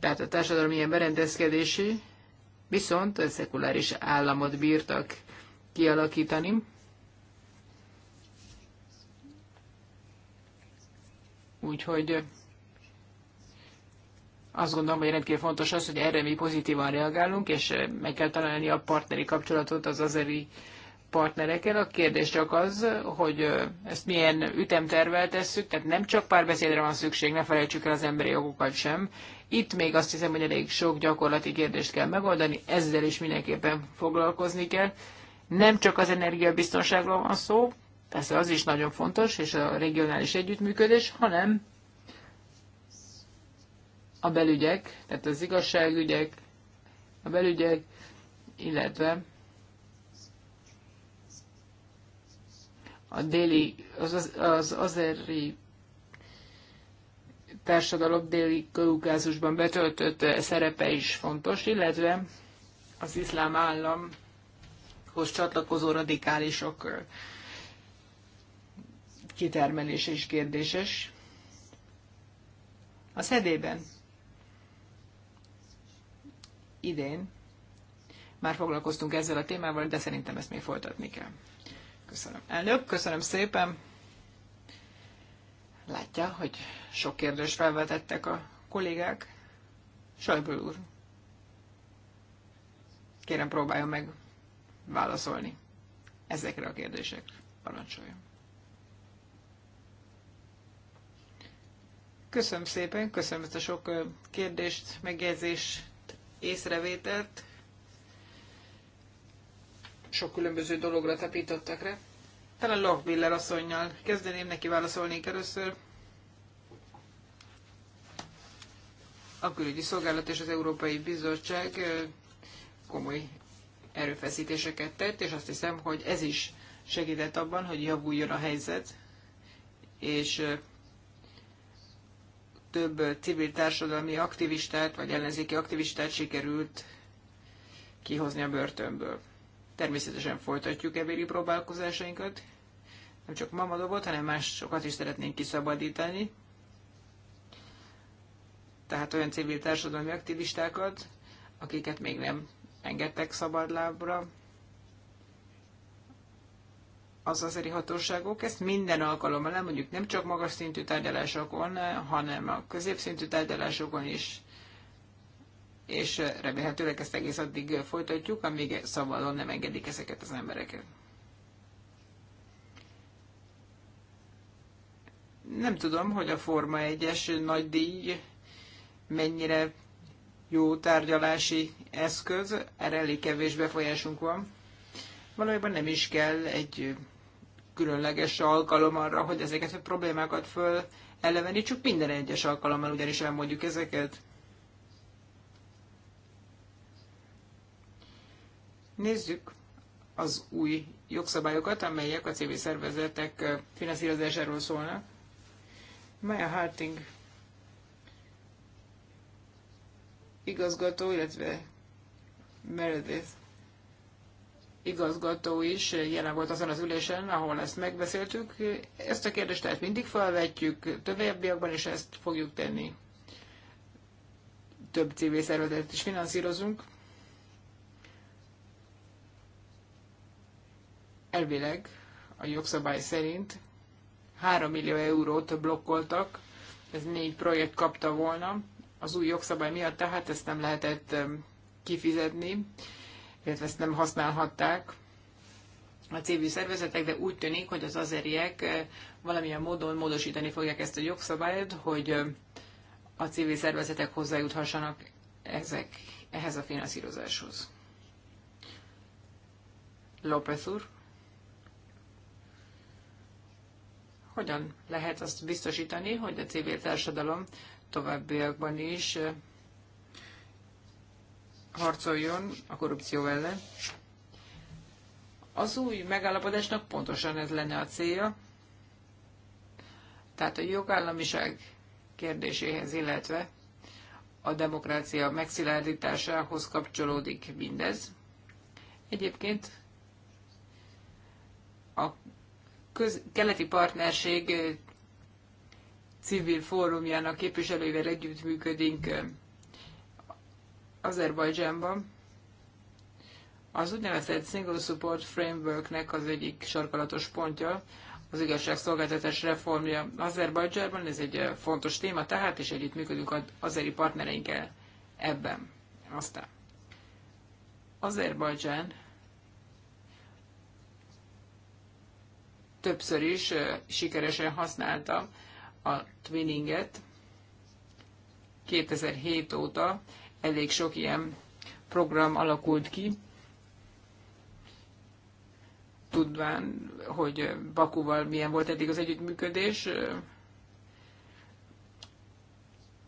tehát a társadalom ilyen berendezkedési, viszont a szekuláris államot bírtak kialakítani. Úgyhogy azt gondolom, hogy rendkívül fontos az, hogy erre mi pozitívan reagálunk, és meg kell találni a partneri kapcsolatot az azeri partnerekkel. A kérdés csak az, hogy ezt milyen ütemtervel tesszük, tehát nem csak párbeszédre van szükség, ne felejtsük el az emberi jogokat sem. Itt még azt hiszem, hogy elég sok gyakorlati kérdést kell megoldani, ezzel is mindenképpen foglalkozni kell. Nem csak az energiabiztonságról van szó, persze az is nagyon fontos, és a regionális együttműködés, hanem a belügyek, tehát az igazságügyek, a belügyek, illetve a déli, az, az, az azeri társadalom déli kaukázusban betöltött eh, szerepe is fontos, illetve az iszlám állam erőszakhoz csatlakozó radikálisok kitermelése is kérdéses. A szedében idén már foglalkoztunk ezzel a témával, de szerintem ezt még folytatni kell. Köszönöm. Elnök, köszönöm szépen. Látja, hogy sok kérdést felvetettek a kollégák. Sajból úr. Kérem, próbálja meg válaszolni ezekre a kérdésekre. Parancsoljon! Köszönöm szépen, köszönöm ezt a sok kérdést, megjegyzést, észrevételt. Sok különböző dologra tapítottak rá. Talán Lochbiller asszonynal kezdeném neki válaszolni először. A külügyi szolgálat és az Európai Bizottság komoly erőfeszítéseket tett, és azt hiszem, hogy ez is segített abban, hogy javuljon a helyzet, és több civil társadalmi aktivistát, vagy ellenzéki aktivistát sikerült kihozni a börtönből. Természetesen folytatjuk ebéli próbálkozásainkat, nem csak Mamadovot, hanem másokat is szeretnénk kiszabadítani. Tehát olyan civil társadalmi aktivistákat, akiket még nem engedtek szabadlábra az azeri hatóságok ezt minden alkalommal, nem mondjuk nem csak magas szintű tárgyalásokon, hanem a középszintű tárgyalásokon is, és remélhetőleg ezt egész addig folytatjuk, amíg szabadon nem engedik ezeket az embereket. Nem tudom, hogy a Forma 1-es nagy díj mennyire jó tárgyalási eszköz, erre elég kevés befolyásunk van. Valójában nem is kell egy különleges alkalom arra, hogy ezeket a problémákat föl elevenítsük minden egyes alkalommal, ugyanis elmondjuk ezeket. Nézzük az új jogszabályokat, amelyek a civil szervezetek finanszírozásáról szólnak. Maya Harting igazgató, illetve Meredith igazgató is jelen volt azon az ülésen, ahol ezt megbeszéltük. Ezt a kérdést tehát mindig felvetjük továbbiakban, és ezt fogjuk tenni. Több civil szervezetet is finanszírozunk. Elvileg a jogszabály szerint 3 millió eurót blokkoltak, ez négy projekt kapta volna, az új jogszabály miatt, tehát ezt nem lehetett kifizetni, illetve ezt nem használhatták a civil szervezetek, de úgy tűnik, hogy az azeriek valamilyen módon módosítani fogják ezt a jogszabályt, hogy a civil szervezetek hozzájuthassanak ezek, ehhez a finanszírozáshoz. López úr, hogyan lehet azt biztosítani, hogy a civil társadalom továbbiakban is harcoljon a korrupció ellen. Az új megállapodásnak pontosan ez lenne a célja, tehát a jogállamiság kérdéséhez, illetve a demokrácia megszilárdításához kapcsolódik mindez. Egyébként a keleti partnerség civil fórumjának képviselőivel együttműködünk Azerbajdzsánban. Az úgynevezett Single Support Frameworknek az egyik sarkalatos pontja az igazságszolgáltatás reformja Azerbajdzsánban. Ez egy fontos téma, tehát és együttműködünk az azeri partnereinkkel ebben. Aztán Azerbajdzsán többször is sikeresen használta a twinninget. 2007 óta elég sok ilyen program alakult ki, tudván, hogy Bakuval milyen volt eddig az együttműködés,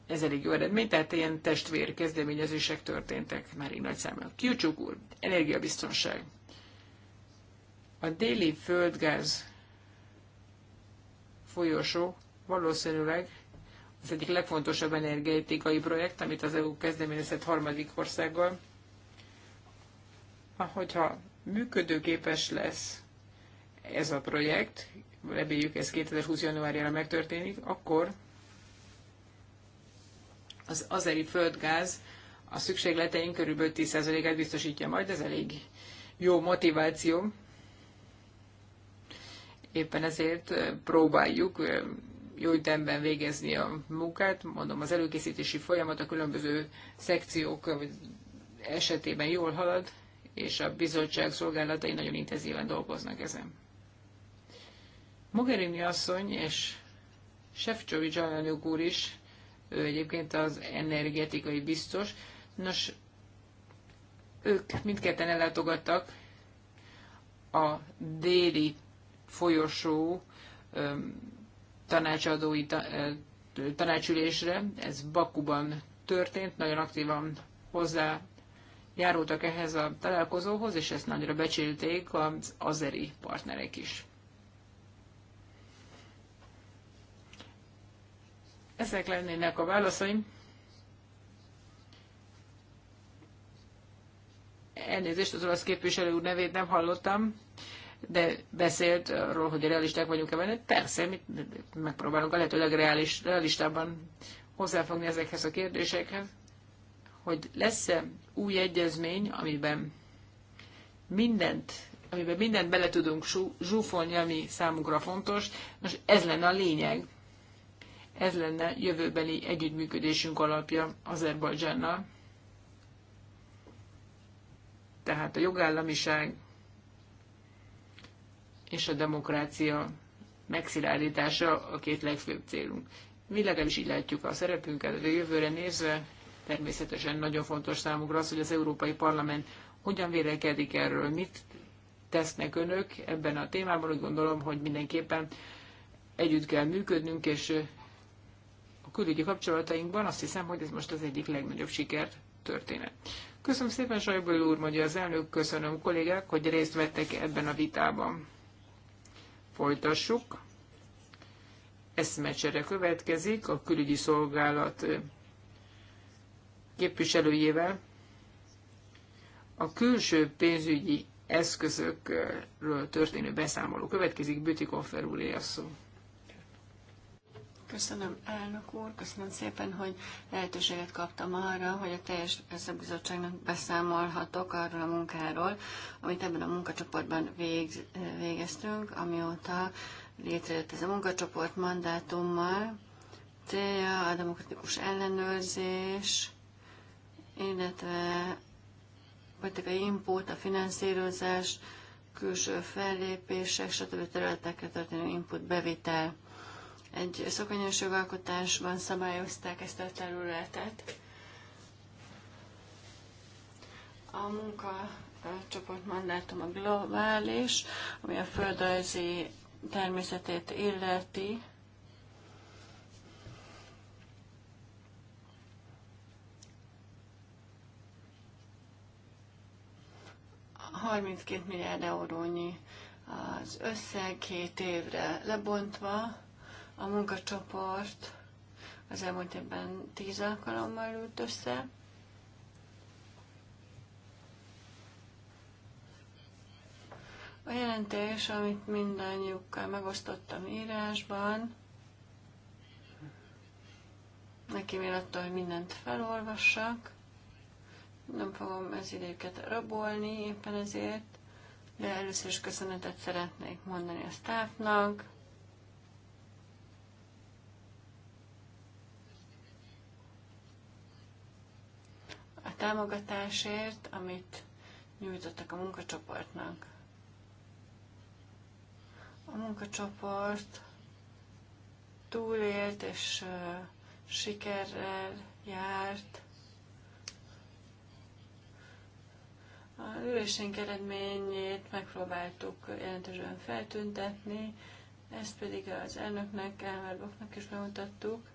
ez elég jó eredmény, tehát ilyen testvér kezdeményezések történtek már így nagy számban. Kyucsuk úr, energiabiztonság. A déli földgáz folyosó valószínűleg az egyik legfontosabb energetikai projekt, amit az EU kezdeményezett harmadik országgal. Hogyha működőképes lesz ez a projekt, reméljük ez 2020. januárjára megtörténik, akkor az azeri földgáz a szükségleteink körülbelül 10%-át biztosítja majd, ez elég jó motiváció. Éppen ezért próbáljuk jó ütemben végezni a munkát. Mondom, az előkészítési folyamat a különböző szekciók esetében jól halad, és a bizottság szolgálatai nagyon intenzíven dolgoznak ezen. Mogherini asszony és Sefcsovics alelnök úr is, ő egyébként az energetikai biztos. Nos, ők mindketten ellátogattak a déli folyosó öm, tanácsadói tanácsülésre. Ez Bakuban történt, nagyon aktívan hozzá járultak ehhez a találkozóhoz, és ezt nagyra becsülték az azeri partnerek is. Ezek lennének a válaszaim. Elnézést, az olasz képviselő úr nevét nem hallottam de beszélt arról, hogy realisták vagyunk-e benne. Persze, mi megpróbálunk a lehetőleg reális, realistában hozzáfogni ezekhez a kérdésekhez, hogy lesz-e új egyezmény, amiben mindent amiben mindent bele tudunk zsúfolni, ami számunkra fontos. Most ez lenne a lényeg. Ez lenne jövőbeli együttműködésünk alapja Azerbajdzsánnal. Tehát a jogállamiság, és a demokrácia megszilárdítása a két legfőbb célunk. Mi legalábbis így látjuk a szerepünket, a jövőre nézve természetesen nagyon fontos számukra az, hogy az Európai Parlament hogyan vélekedik erről, mit tesznek önök ebben a témában. Úgy gondolom, hogy mindenképpen együtt kell működnünk, és a külügyi kapcsolatainkban azt hiszem, hogy ez most az egyik legnagyobb siker történet. Köszönöm szépen, Sajból úr, mondja az elnök, köszönöm kollégák, hogy részt vettek ebben a vitában folytassuk. Eszmecsere következik a külügyi szolgálat képviselőjével. A külső pénzügyi eszközökről történő beszámoló következik, Bütikoffer úr szó. Köszönöm, elnök úr, köszönöm szépen, hogy lehetőséget kaptam arra, hogy a teljes összebizottságnak beszámolhatok arról a munkáról, amit ebben a munkacsoportban vég, végeztünk, amióta létrejött ez a munkacsoport mandátummal. Célja a demokratikus ellenőrzés, illetve politikai input, a finanszírozás, külső fellépések, stb. területekre történő input bevitel egy szokványos jogalkotásban szabályozták ezt a területet. A munkacsoport a globális, ami a földrajzi természetét illeti. A 32 milliárd eurónyi az összeg két évre lebontva. A munkacsoport az elmúlt évben tíz alkalommal ült össze. A jelentés, amit mindannyiukkal megosztottam írásban, neki még attól, hogy mindent felolvassak. Nem fogom ez időket rabolni éppen ezért, de először is köszönetet szeretnék mondani a sztáfnak, támogatásért, amit nyújtottak a munkacsoportnak. A munkacsoport túlélt és sikerrel járt. A ülésünk eredményét megpróbáltuk jelentősen feltüntetni, ezt pedig az elnöknek, elmárboknak is bemutattuk,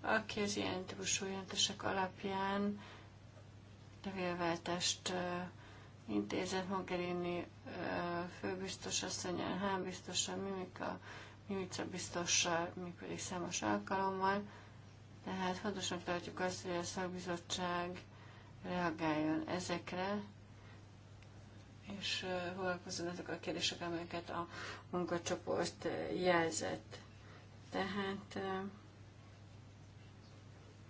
aki az ilyen típusú jelentések alapján levélváltást intézett Mogherini főbiztos asszonyán, Hán biztosan, Mimika, Mimica biztossal, is számos alkalommal. Tehát fontosnak tartjuk azt, hogy a szakbizottság reagáljon ezekre, és foglalkozzon azok a kérdések, amelyeket a munkacsoport jelzett. Tehát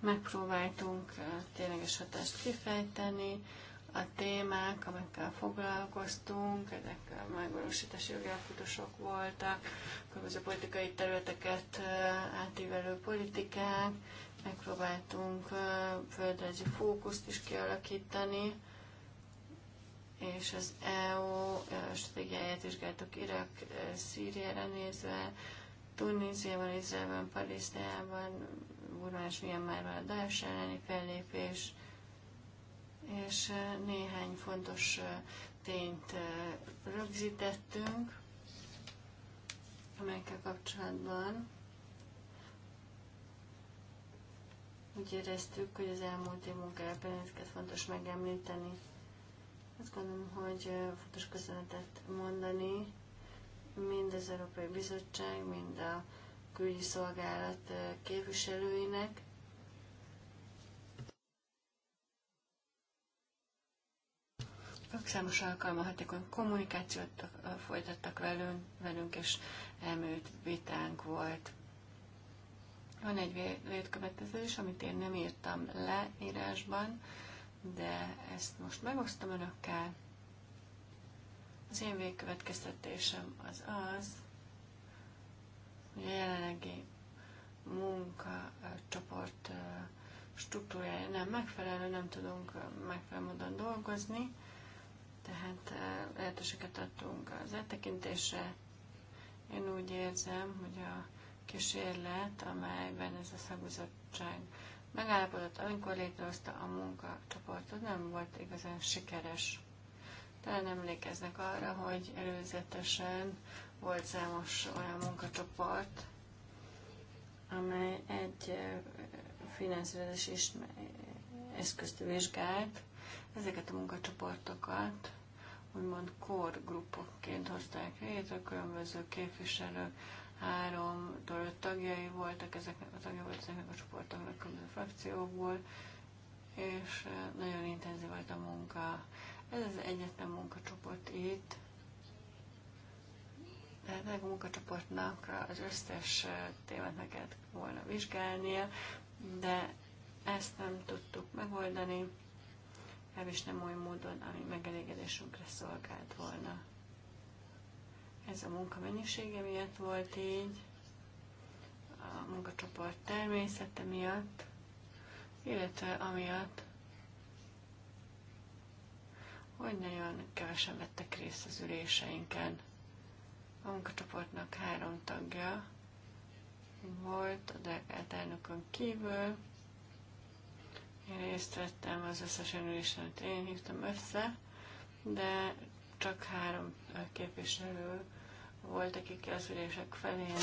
Megpróbáltunk tényleges hatást kifejteni, a témák, amikkel foglalkoztunk, ezek megvalósítási jogalkotósok voltak, különböző politikai területeket átívelő politikák, megpróbáltunk földrajzi fókuszt is kialakítani, és az EU stratégiáját vizsgáltuk Irak, Szíriára nézve, Tunéziában, Izraelben, Palisztájában, Burma és már a Daesh elleni fellépés, és néhány fontos tényt rögzítettünk, amelyekkel kapcsolatban úgy éreztük, hogy az elmúlt év munkájában ezeket fontos megemlíteni. Azt gondolom, hogy fontos köszönetet mondani mind az Európai Bizottság, mind a külügyi szolgálat képviselőinek. Ők számos alkalma hatékony kommunikációt folytattak velünk, velünk és elműlt vitánk volt. Van egy létkövetkezés, amit én nem írtam le írásban, de ezt most megosztom önökkel. Az én végkövetkeztetésem az az, a jelenlegi munkacsoport struktúrája nem megfelelő, nem tudunk megfelelő módon dolgozni, tehát lehetőséget adtunk az eltekintésre. Én úgy érzem, hogy a kísérlet, amelyben ez a szakbizottság megállapodott, amikor létrehozta a munkacsoportot, nem volt igazán sikeres. Talán emlékeznek arra, hogy előzetesen volt számos olyan munkacsoport, amely egy finanszírozási eszközt vizsgált. Ezeket a munkacsoportokat úgymond korgrupokként hozták létre, különböző képviselők, három öt tagjai voltak ezeknek a tagjai volt ezeknek a csoportoknak, különböző frakciókból, és nagyon intenzív volt a munka. Ez az egyetlen munkacsoport itt, tehát meg a munkacsoportnak az összes témát meg kellett volna vizsgálnia, de ezt nem tudtuk megoldani, legalábbis nem olyan módon, ami megelégedésünkre szolgált volna. Ez a munka mennyisége miatt volt így, a munkacsoport természete miatt, illetve amiatt, hogy nagyon kevesen vettek részt az üléseinken. A munkacsoportnak három tagja volt a delegált elnökön kívül. Én részt vettem az összes ülésen, amit én hívtam össze, de csak három képviselő volt, akik az ülések felén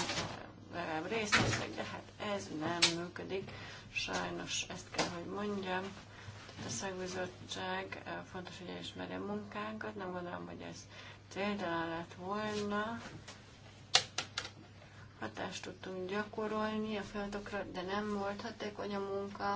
legalább részt veszek, de hát ez nem működik. Sajnos ezt kell, hogy mondjam. A szakbizottság fontos, hogy elismerje munkánkat, nem gondolom, hogy ez céltalan lett volna, hatást tudtunk gyakorolni a feladatokra, de nem volt hatékony a munka.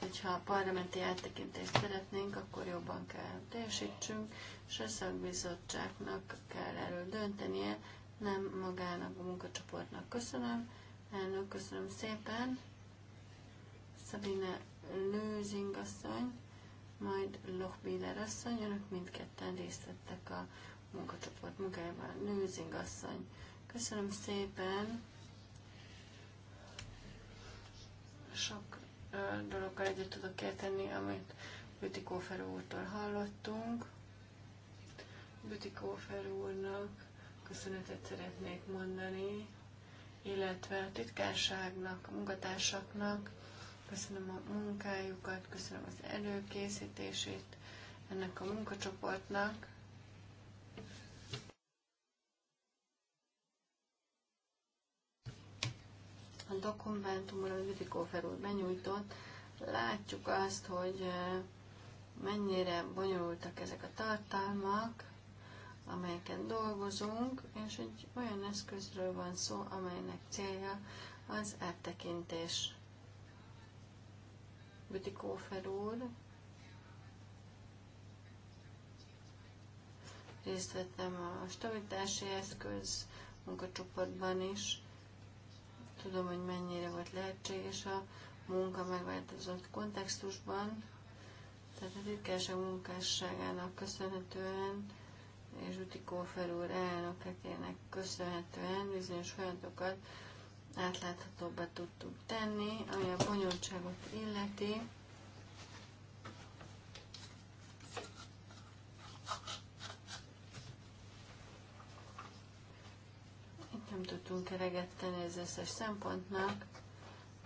Hogyha a parlamenti áttekintést szeretnénk, akkor jobban kell teljesítsünk, és a szakbizottságnak kell erről döntenie, nem magának a munkacsoportnak. Köszönöm, elnök, köszönöm szépen. Szabine Lőzing asszony majd Lochbiller asszony, önök mindketten részt vettek a munkacsoport munkájában. Nőzing asszony, köszönöm szépen. Sok uh, dologgal egyet tudok érteni, amit Bütikófer úrtól hallottunk. Bütikófer úrnak köszönetet szeretnék mondani, illetve a titkárságnak, a munkatársaknak, köszönöm a munkájukat, köszönöm az előkészítését ennek a munkacsoportnak. A dokumentumra amit Vitikófer felúr benyújtott, látjuk azt, hogy eh, mennyire bonyolultak ezek a tartalmak, amelyeken dolgozunk, és egy olyan eszközről van szó, amelynek célja az áttekintés. Bütikófer úr részt vettem a stabilitási eszköz munkacsoportban is. Tudom, hogy mennyire volt lehetséges a munka megváltozott kontextusban. Tehát a titkárság munkásságának köszönhetően és Utikófer úr elnöketének köszönhetően bizonyos folyamatokat átláthatóbbá tudtuk tenni, ami a bonyolultságot illeti. Itt nem tudtunk eleget tenni az összes szempontnak,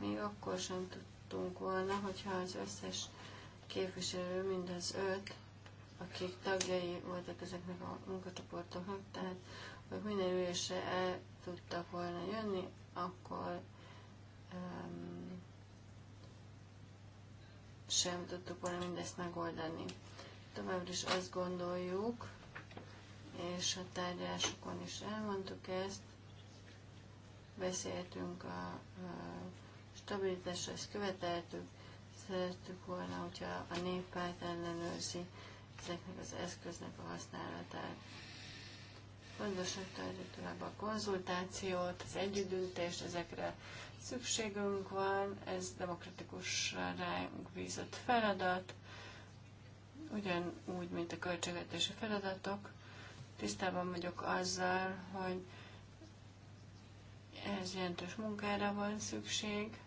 még akkor sem tudtunk volna, hogyha az összes képviselő, mind az öt, akik tagjai voltak ezeknek a munkacsoportoknak, tehát hogy minden ülésre el tudtak volna jönni, akkor um, sem tudtuk volna mindezt megoldani. Továbbra is azt gondoljuk, és a tárgyalásokon is elmondtuk ezt, beszéltünk a, a stabilitásra, ezt követeltük, szerettük volna, hogyha a néppárt ellenőrzi ezeknek az eszköznek a használatát pontosan tartjuk tovább a konzultációt, az együttdöntést, ezekre szükségünk van, ez demokratikus ránk bízott feladat, ugyanúgy, mint a költségvetési feladatok. Tisztában vagyok azzal, hogy ez jelentős munkára van szükség,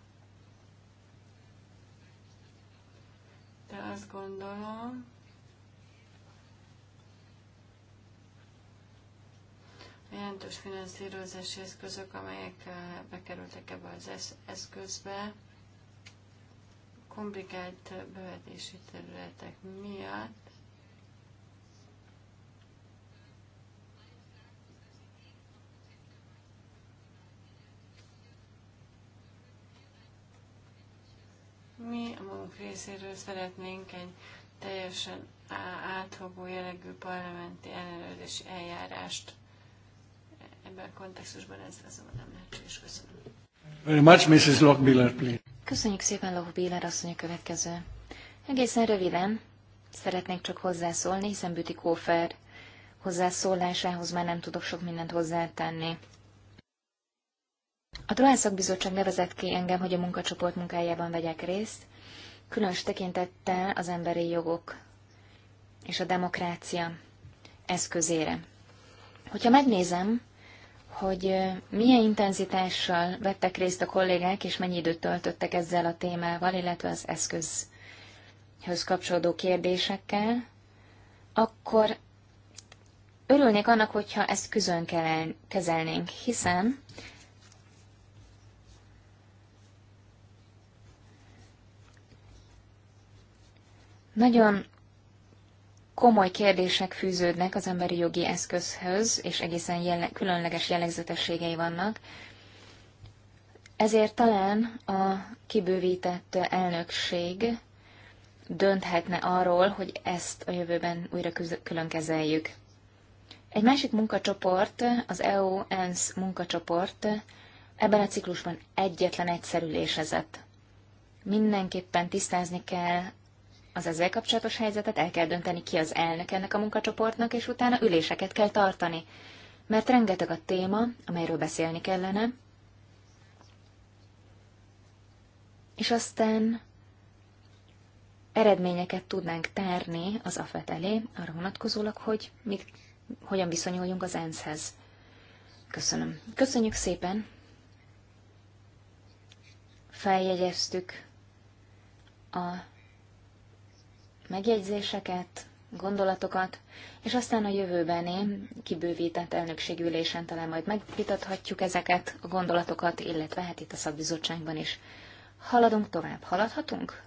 de azt gondolom, jelentős finanszírozási eszközök, amelyek eh, bekerültek ebbe az eszközbe, komplikált bevetési területek miatt Mi a magunk részéről szeretnénk egy teljesen áthogó jellegű parlamenti ellenőrzési eljárást Ebben a kontextusban ez lehetséges. Köszönöm. Very much, Mrs. Lockbiller, please. Köszönjük szépen, Lockbiller asszony a következő. Egészen röviden szeretnék csak hozzászólni, hiszen Büti Kófer hozzászólásához már nem tudok sok mindent hozzátenni. A Bizottság nevezett ki engem, hogy a munkacsoport munkájában vegyek részt, különös tekintettel az emberi jogok és a demokrácia eszközére. Hogyha megnézem hogy milyen intenzitással vettek részt a kollégák, és mennyi időt töltöttek ezzel a témával, illetve az eszközhöz kapcsolódó kérdésekkel, akkor örülnék annak, hogyha ezt küzön kezelnénk, hiszen nagyon komoly kérdések fűződnek az emberi jogi eszközhöz, és egészen jelle- különleges jellegzetességei vannak. Ezért talán a kibővített elnökség dönthetne arról, hogy ezt a jövőben újra külön kezeljük. Egy másik munkacsoport, az EU-ENSZ munkacsoport ebben a ciklusban egyetlen egyszerülésezett. Mindenképpen tisztázni kell az ezzel kapcsolatos helyzetet, el kell dönteni ki az elnök ennek a munkacsoportnak, és utána üléseket kell tartani. Mert rengeteg a téma, amelyről beszélni kellene, és aztán eredményeket tudnánk tárni az AFET elé, arra vonatkozólag, hogy mit, hogyan viszonyuljunk az ENSZ-hez. Köszönöm. Köszönjük szépen. Feljegyeztük a megjegyzéseket, gondolatokat, és aztán a én kibővített elnökségülésen talán majd megvitathatjuk ezeket a gondolatokat, illetve hát itt a szakbizottságban is. Haladunk tovább, haladhatunk?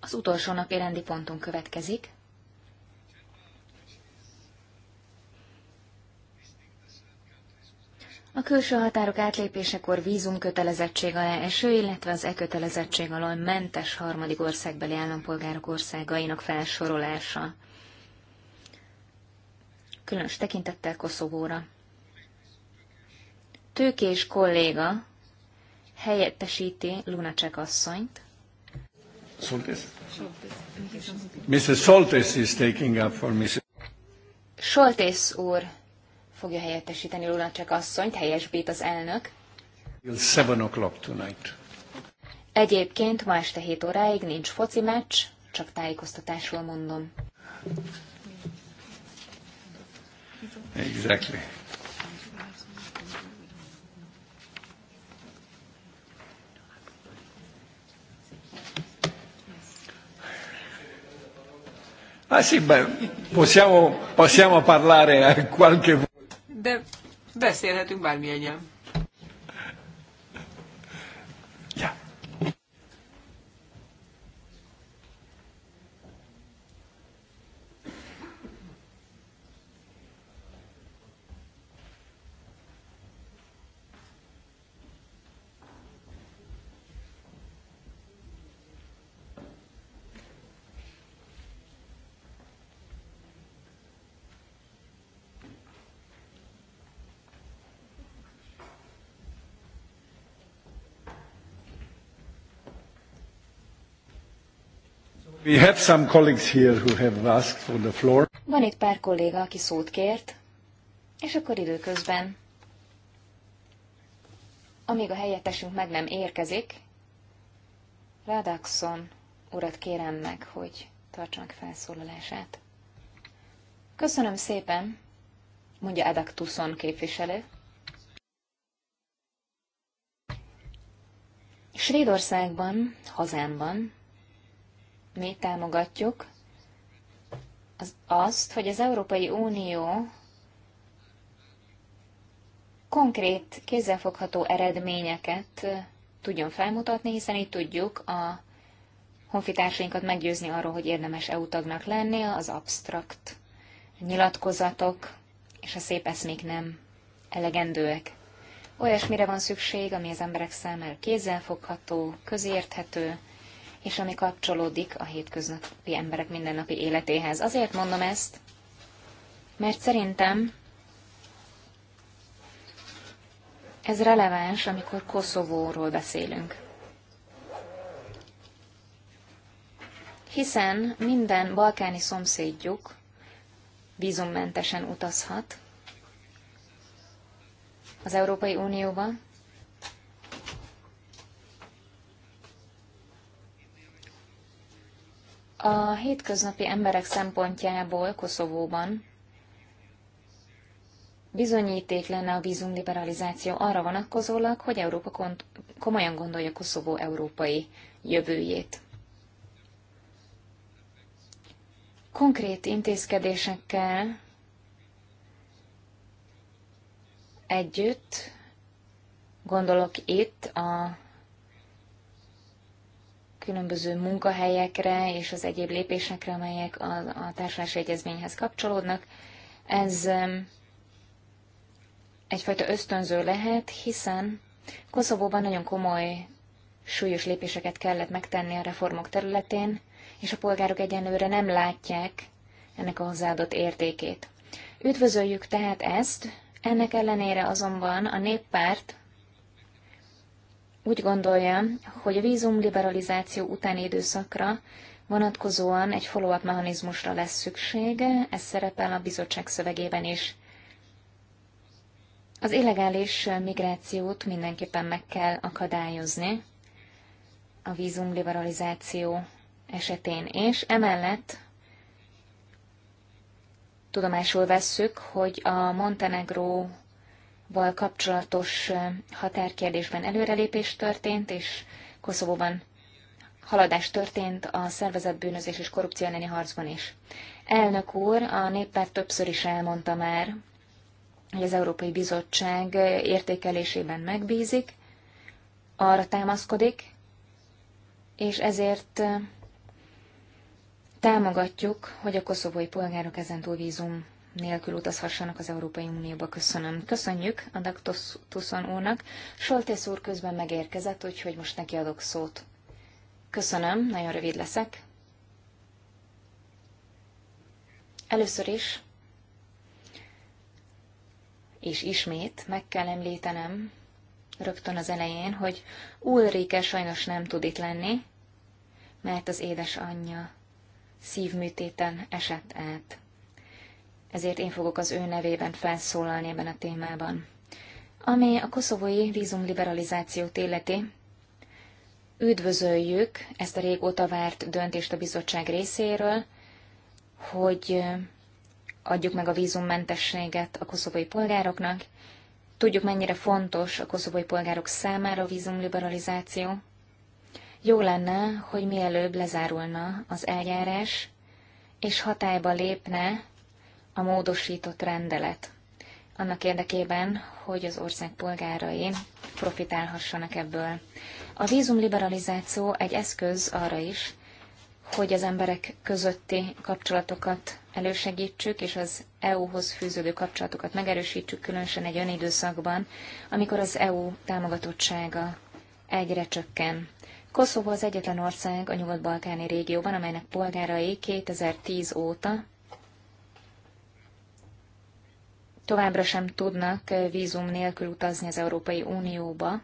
Az utolsó napi rendi pontunk következik. A külső határok átlépésekor vízum kötelezettség alá eső, illetve az e kötelezettség alól mentes harmadik országbeli állampolgárok országainak felsorolása. Különös tekintettel Koszovóra. Tőkés kolléga helyettesíti Lunacek asszonyt. Soltes. Mrs. Soltes is taking up for Mrs. Soltes úr fogja helyettesíteni Lunacek asszonyt, helyesbít az elnök. Seven o'clock tonight. Egyébként ma este 7 óráig nincs foci meccs, csak tájékoztatásról mondom. Exactly. Ah sì, beh, possiamo, possiamo parlare a qualche beszélhetünk bármilyen. We have some colleagues here who have asked for the floor. Van itt pár kolléga, aki szót kért, és akkor időközben, amíg a helyettesünk meg nem érkezik, Radaxon urat kérem meg, hogy tartsanak felszólalását. Köszönöm szépen, mondja Adaktuson képviselő. Svédországban, hazámban mi támogatjuk az, azt, hogy az Európai Unió konkrét, kézzelfogható eredményeket tudjon felmutatni, hiszen így tudjuk a honfitársainkat meggyőzni arról, hogy érdemes EU tagnak lenni, az abstrakt nyilatkozatok és a szép eszmék nem elegendőek. Olyasmire van szükség, ami az emberek számára kézzelfogható, közérthető, és ami kapcsolódik a hétköznapi emberek mindennapi életéhez. Azért mondom ezt, mert szerintem ez releváns, amikor Koszovóról beszélünk. Hiszen minden balkáni szomszédjuk vízummentesen utazhat az Európai Unióba, A hétköznapi emberek szempontjából Koszovóban bizonyíték lenne a vízumliberalizáció arra vonatkozólag, hogy Európa komolyan gondolja Koszovó európai jövőjét. Konkrét intézkedésekkel együtt gondolok itt a különböző munkahelyekre és az egyéb lépésekre, amelyek a, a társulási egyezményhez kapcsolódnak. Ez egyfajta ösztönző lehet, hiszen Koszovóban nagyon komoly, súlyos lépéseket kellett megtenni a reformok területén, és a polgárok egyenlőre nem látják ennek a hozzáadott értékét. Üdvözöljük tehát ezt, ennek ellenére azonban a néppárt úgy gondolja, hogy a vízum liberalizáció utáni időszakra vonatkozóan egy follow-up mechanizmusra lesz szüksége, ez szerepel a bizottság szövegében is. Az illegális migrációt mindenképpen meg kell akadályozni a vízum liberalizáció esetén, és emellett tudomásul vesszük, hogy a Montenegró val kapcsolatos határkérdésben előrelépés történt, és Koszovóban haladás történt a szervezett bűnözés és korrupció elleni harcban is. Elnök úr, a néppárt többször is elmondta már, hogy az Európai Bizottság értékelésében megbízik, arra támaszkodik, és ezért támogatjuk, hogy a koszovói polgárok ezentúl vízum nélkül utazhassanak az Európai Unióba. Köszönöm. Köszönjük a Daktuszon úrnak. Soltész úr közben megérkezett, úgyhogy most neki adok szót. Köszönöm, nagyon rövid leszek. Először is, és ismét meg kell említenem rögtön az elején, hogy Ulrike sajnos nem tud itt lenni, mert az édesanyja szívműtéten esett át ezért én fogok az ő nevében felszólalni ebben a témában. Ami a koszovói vízumliberalizációt illeti, üdvözöljük ezt a régóta várt döntést a bizottság részéről, hogy adjuk meg a vízummentességet a koszovói polgároknak. Tudjuk, mennyire fontos a koszovói polgárok számára a vízumliberalizáció. Jó lenne, hogy mielőbb lezárulna az eljárás, és hatályba lépne a módosított rendelet annak érdekében, hogy az ország polgárai profitálhassanak ebből. A vízumliberalizáció egy eszköz arra is, hogy az emberek közötti kapcsolatokat elősegítsük, és az EU-hoz fűződő kapcsolatokat megerősítsük, különösen egy olyan időszakban, amikor az EU támogatottsága egyre csökken. Koszovó az egyetlen ország a nyugat-balkáni régióban, amelynek polgárai 2010 óta továbbra sem tudnak eh, vízum nélkül utazni az Európai Unióba,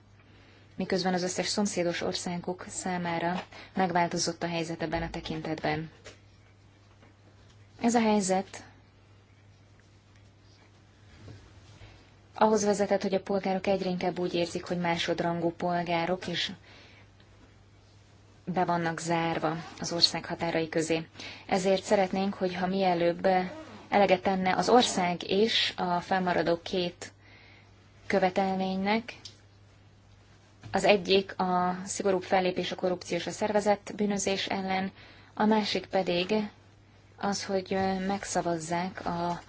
miközben az összes szomszédos országok számára megváltozott a helyzet ebben a tekintetben. Ez a helyzet ahhoz vezetett, hogy a polgárok egyre inkább úgy érzik, hogy másodrangú polgárok, és be vannak zárva az ország határai közé. Ezért szeretnénk, hogyha mielőbb eleget tenne az ország és a felmaradó két követelménynek. Az egyik a szigorúbb fellépés a korrupció és a szervezett bűnözés ellen, a másik pedig az, hogy megszavazzák a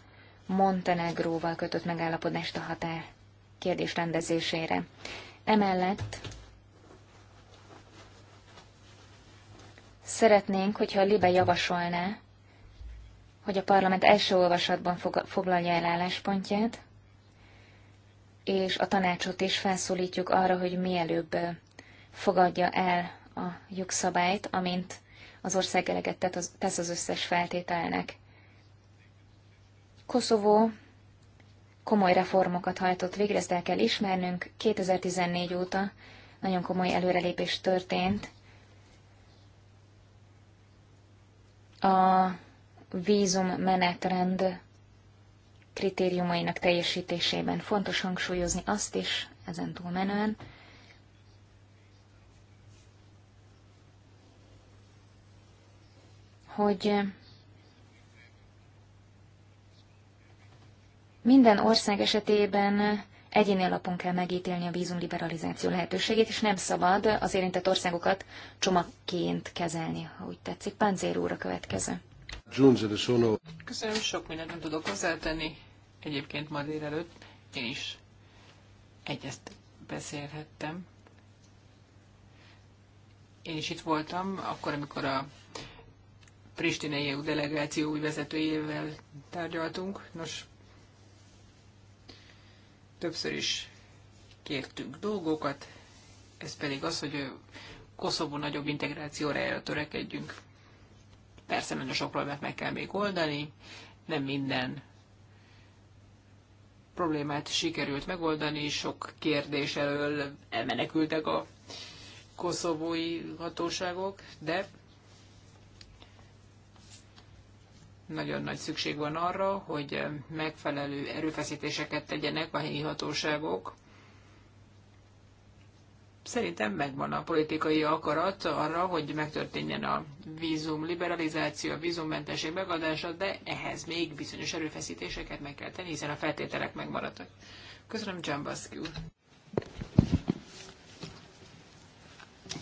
Montenegróval kötött megállapodást a határ kérdés rendezésére. Emellett szeretnénk, hogyha a Libe javasolná, hogy a parlament első olvasatban foglalja el álláspontját, és a tanácsot is felszólítjuk arra, hogy mielőbb fogadja el a jogszabályt, amint az ország eleget tesz az összes feltételnek. Koszovó komoly reformokat hajtott végre, ezt el kell ismernünk. 2014 óta nagyon komoly előrelépés történt. A vízum menetrend kritériumainak teljesítésében. Fontos hangsúlyozni azt is, ezen túlmenően, hogy minden ország esetében egyéni alapon kell megítélni a vízumliberalizáció lehetőségét, és nem szabad az érintett országokat csomagként kezelni, ha úgy tetszik. Panzér úr a következő. Köszönöm, sok mindent nem tudok hozzátenni. Egyébként ma délelőtt én is egyezt beszélhettem. Én is itt voltam, akkor, amikor a pristinei EU delegáció új vezetőjével tárgyaltunk. Nos, többször is kértünk dolgokat, ez pedig az, hogy Koszovó nagyobb integrációra törekedjünk. Persze nagyon sok problémát meg kell még oldani, nem minden problémát sikerült megoldani, sok kérdés elől elmenekültek a koszovói hatóságok, de nagyon nagy szükség van arra, hogy megfelelő erőfeszítéseket tegyenek a helyi hatóságok szerintem megvan a politikai akarat arra, hogy megtörténjen a vízum liberalizáció, a vízummentesség megadása, de ehhez még bizonyos erőfeszítéseket meg kell tenni, hiszen a feltételek megmaradtak. Köszönöm, Baszky úr.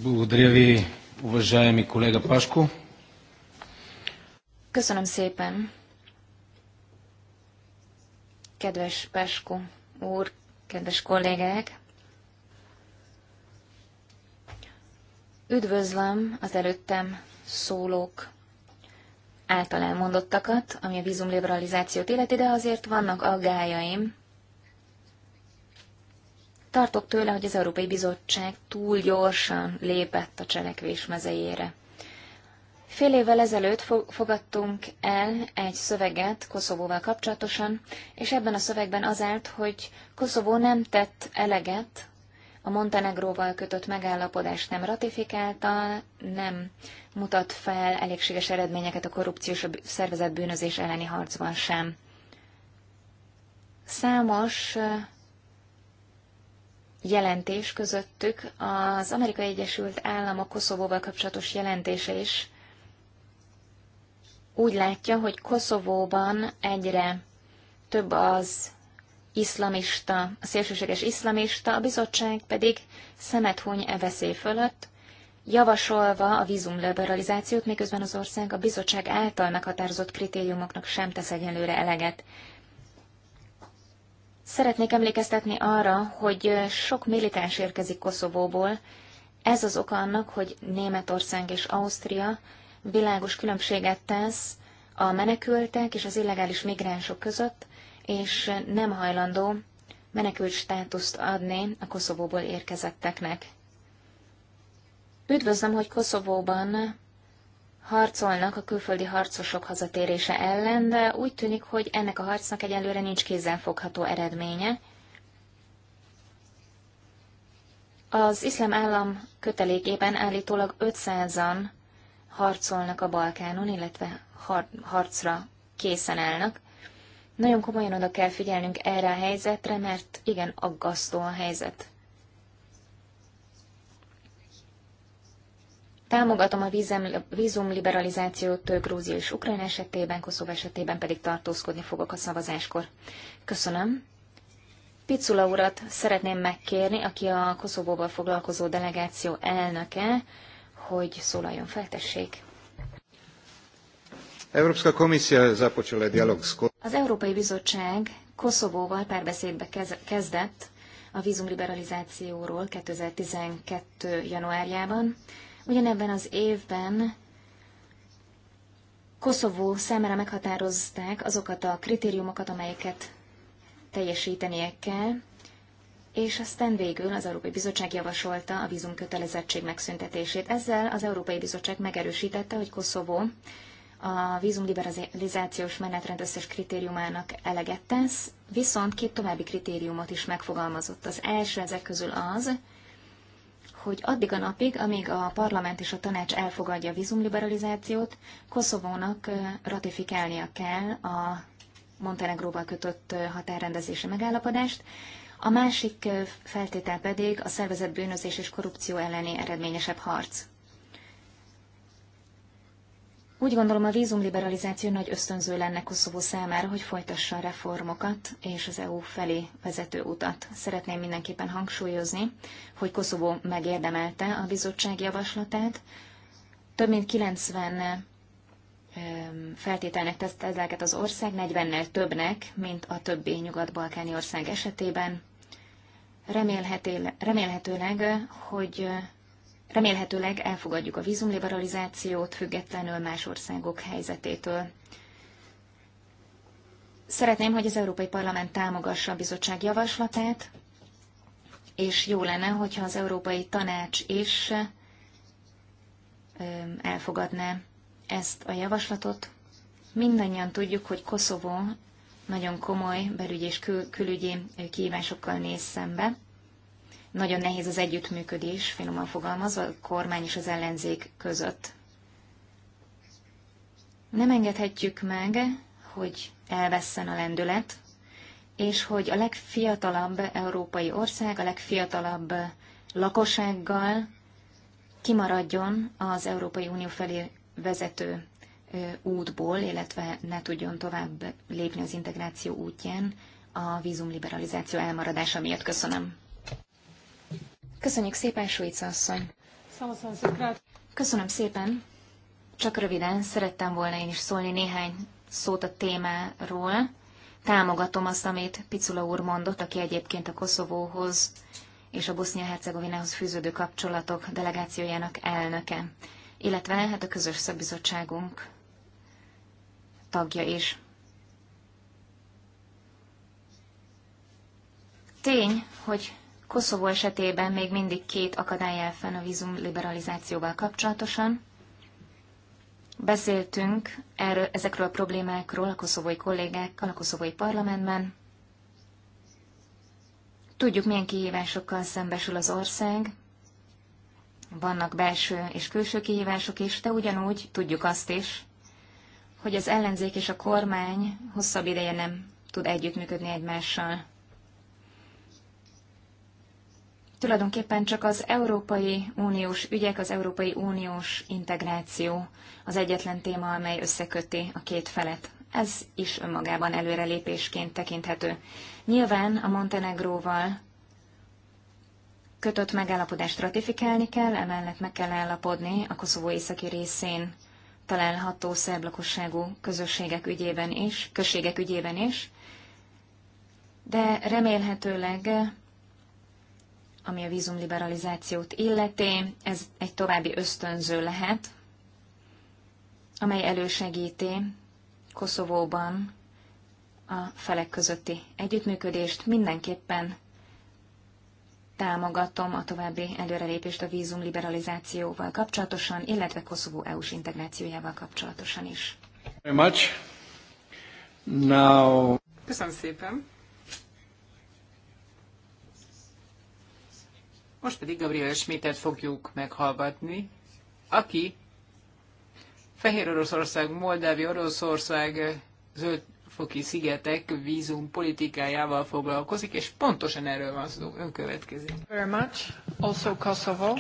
Благодаря ви, Köszönöm szépen. Kedves Pesku úr, kedves kollégák! Üdvözlöm az előttem szólók által elmondottakat, ami a vízumliberalizációt illeti, de azért vannak aggájaim. Tartok tőle, hogy az Európai Bizottság túl gyorsan lépett a cselekvés mezejére. Fél évvel ezelőtt fogadtunk el egy szöveget Koszovóval kapcsolatosan, és ebben a szövegben az állt, hogy Koszovó nem tett eleget a Montenegróval kötött megállapodást nem ratifikálta, nem mutat fel elégséges eredményeket a korrupciós szervezet bűnözés elleni harcban sem. Számos jelentés közöttük az Amerikai Egyesült Államok Koszovóval kapcsolatos jelentése is úgy látja, hogy Koszovóban egyre több az iszlamista, a szélsőséges iszlamista, a bizottság pedig szemet huny e veszély fölött, javasolva a vízum liberalizációt, miközben az ország a bizottság által meghatározott kritériumoknak sem tesz egyenlőre eleget. Szeretnék emlékeztetni arra, hogy sok militáns érkezik Koszovóból. Ez az oka annak, hogy Németország és Ausztria világos különbséget tesz a menekültek és az illegális migránsok között, és nem hajlandó menekült státuszt adni a Koszovóból érkezetteknek. Üdvözlöm, hogy Koszovóban harcolnak a külföldi harcosok hazatérése ellen, de úgy tűnik, hogy ennek a harcnak egyelőre nincs kézzelfogható eredménye. Az iszlám állam kötelékében állítólag 500-an harcolnak a Balkánon, illetve har- harcra készen állnak. Nagyon komolyan oda kell figyelnünk erre a helyzetre, mert igen, aggasztó a helyzet. Támogatom a vízumliberalizációt Grúzia és Ukrajna esetében, Koszov esetében pedig tartózkodni fogok a szavazáskor. Köszönöm. Picula urat szeretném megkérni, aki a Koszovóval foglalkozó delegáció elnöke, hogy szólaljon fel, tessék. Az Európai Bizottság Koszovóval párbeszédbe kezdett a vízumliberalizációról 2012. januárjában. Ugyanebben az évben Koszovó számára meghatározták azokat a kritériumokat, amelyeket teljesítenie kell, és aztán végül az Európai Bizottság javasolta a vízumkötelezettség megszüntetését. Ezzel az Európai Bizottság megerősítette, hogy Koszovó a vízumliberalizációs menetrend összes kritériumának eleget tesz, viszont két további kritériumot is megfogalmazott. Az első ezek közül az, hogy addig a napig, amíg a parlament és a tanács elfogadja a vízumliberalizációt, Koszovónak ratifikálnia kell a Montenegróval kötött határrendezési megállapodást, a másik feltétel pedig a szervezett bűnözés és korrupció elleni eredményesebb harc. Úgy gondolom, a vízumliberalizáció nagy ösztönző lenne Koszovó számára, hogy folytassa a reformokat és az EU felé vezető utat. Szeretném mindenképpen hangsúlyozni, hogy Koszovó megérdemelte a bizottság javaslatát. Több mint 90 feltételnek tett ezeket az ország, 40-nel többnek, mint a többi nyugat-balkáni ország esetében. Remélhetőleg, hogy Remélhetőleg elfogadjuk a vízumliberalizációt függetlenül más országok helyzetétől. Szeretném, hogy az Európai Parlament támogassa a bizottság javaslatát, és jó lenne, hogyha az Európai Tanács is elfogadná ezt a javaslatot. Mindannyian tudjuk, hogy Koszovó nagyon komoly belügy és kül- külügyi kihívásokkal néz szembe. Nagyon nehéz az együttműködés, finoman fogalmazva, a kormány és az ellenzék között. Nem engedhetjük meg, hogy elvesszen a lendület, és hogy a legfiatalabb európai ország, a legfiatalabb lakossággal kimaradjon az Európai Unió felé vezető útból, illetve ne tudjon tovább lépni az integráció útján a vízumliberalizáció elmaradása miatt. Köszönöm. Köszönjük szépen, Suica asszony! Köszönöm szépen! Csak röviden szerettem volna én is szólni néhány szót a témáról. Támogatom azt, amit Picula úr mondott, aki egyébként a Koszovóhoz és a Bosznia-Hercegovinához fűződő kapcsolatok delegációjának elnöke, illetve hát a közös szabizottságunk tagja is. Tény, hogy Koszovó esetében még mindig két akadály áll fenn a vízum liberalizációval kapcsolatosan. Beszéltünk erről, ezekről a problémákról a koszovói kollégákkal a koszovói parlamentben. Tudjuk, milyen kihívásokkal szembesül az ország. Vannak belső és külső kihívások is, de ugyanúgy tudjuk azt is, hogy az ellenzék és a kormány hosszabb ideje nem tud együttműködni egymással. tulajdonképpen csak az Európai Uniós ügyek, az Európai Uniós integráció az egyetlen téma, amely összeköti a két felet. Ez is önmagában előrelépésként tekinthető. Nyilván a Montenegróval kötött megállapodást ratifikálni kell, emellett meg kell állapodni a Koszovó északi részén található szerb lakosságú közösségek ügyében is, községek ügyében is, de remélhetőleg ami a vízumliberalizációt illeti, ez egy további ösztönző lehet, amely elősegíti Koszovóban a felek közötti együttműködést. Mindenképpen támogatom a további előrelépést a vízumliberalizációval kapcsolatosan, illetve Koszovó EU-s integrációjával kapcsolatosan is. Köszönöm szépen. Most pedig Gabriel schmidt fogjuk meghallgatni, aki Fehér Oroszország, Moldávia, Oroszország, zöld foki szigetek vízum politikájával foglalkozik, és pontosan erről van szó. Ön következik. Very much. Also Kosovo.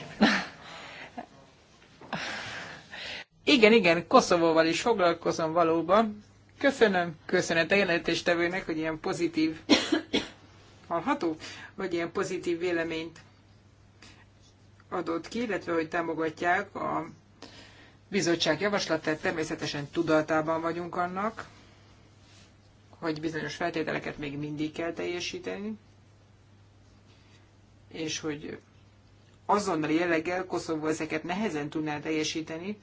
igen, igen, Koszovóval is foglalkozom valóban. Köszönöm, köszönet a jelentéstevőnek, hogy ilyen pozitív hallható, vagy ilyen pozitív véleményt adott ki, illetve hogy támogatják a bizottság javaslatát. Természetesen tudatában vagyunk annak, hogy bizonyos feltételeket még mindig kell teljesíteni, és hogy azonnal jelleggel Koszovó ezeket nehezen tudná teljesíteni,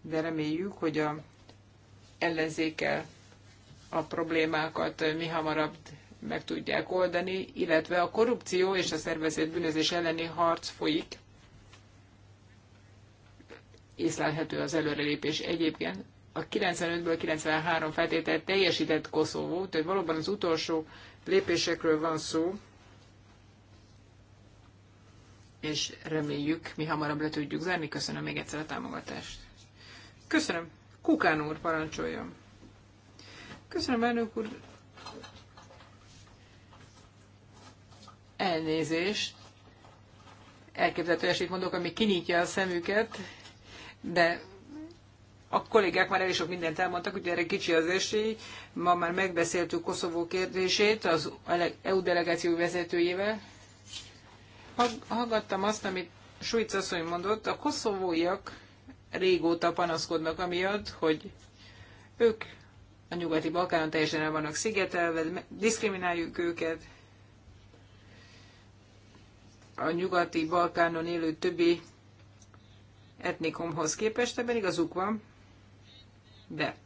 de reméljük, hogy a ellenzékkel a problémákat mi hamarabb meg tudják oldani, illetve a korrupció és a szervezett bűnözés elleni harc folyik észlelhető az előrelépés egyébként. A 95-ből 93 feltételt teljesített Koszovó, tehát valóban az utolsó lépésekről van szó, és reméljük, mi hamarabb le tudjuk zárni. Köszönöm még egyszer a támogatást. Köszönöm. Kukán úr, parancsoljon. Köszönöm, elnök úr. Elnézést. Elképzelhető esélyt mondok, ami kinyitja a szemüket, de a kollégák már elég sok mindent elmondtak, hogy erre kicsi az esély. Ma már megbeszéltük Koszovó kérdését az EU e delegáció vezetőjével. Hallgattam azt, amit Svájc asszony mondott, a koszovóiak régóta panaszkodnak amiatt, hogy ők a nyugati Balkánon teljesen el vannak szigetelve, diszkrimináljuk őket. A nyugati Balkánon élő többi etnikumhoz képest, ebben igazuk van, de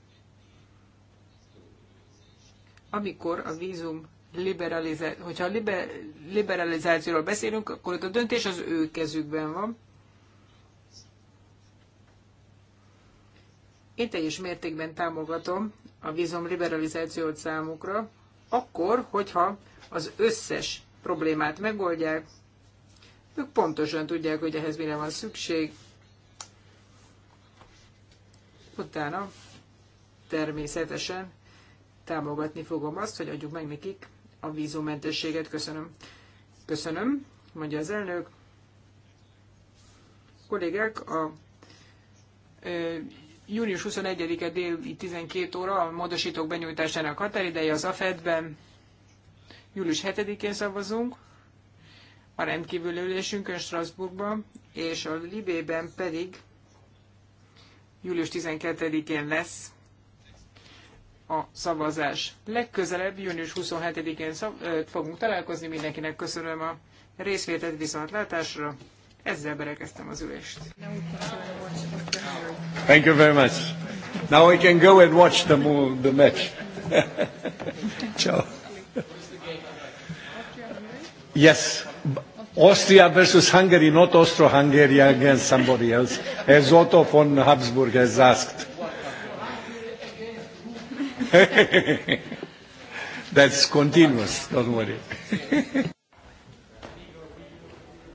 amikor a vízum liberalizáció, hogyha a liber, liberalizációról beszélünk, akkor ott a döntés az ő kezükben van. Én teljes mértékben támogatom a vízum liberalizációt számukra, akkor, hogyha az összes problémát megoldják, ők pontosan tudják, hogy ehhez mire van szükség, Utána természetesen támogatni fogom azt, hogy adjuk meg nekik a vízumentességet. Köszönöm. Köszönöm, mondja az elnök. Kollégák, a ö, június 21-e déli 12 óra a módosítók benyújtásának határideje az AFED-ben. Július 7-én szavazunk a rendkívül ülésünkön Strasbourgban, és a Libében pedig Július 12-én lesz a szavazás. Legközelebb, június 27-én fogunk találkozni. Mindenkinek köszönöm a részvételt viszontlátásra. Ezzel berekeztem az ülést. Thank you very much. Now we can go and watch the, move, the match. (laughs) Ciao. Yes. Austria versus Hungary, not Austro-Hungary against somebody else, as Otto von Habsburg has asked. (laughs) That's continuous, don't worry. (laughs)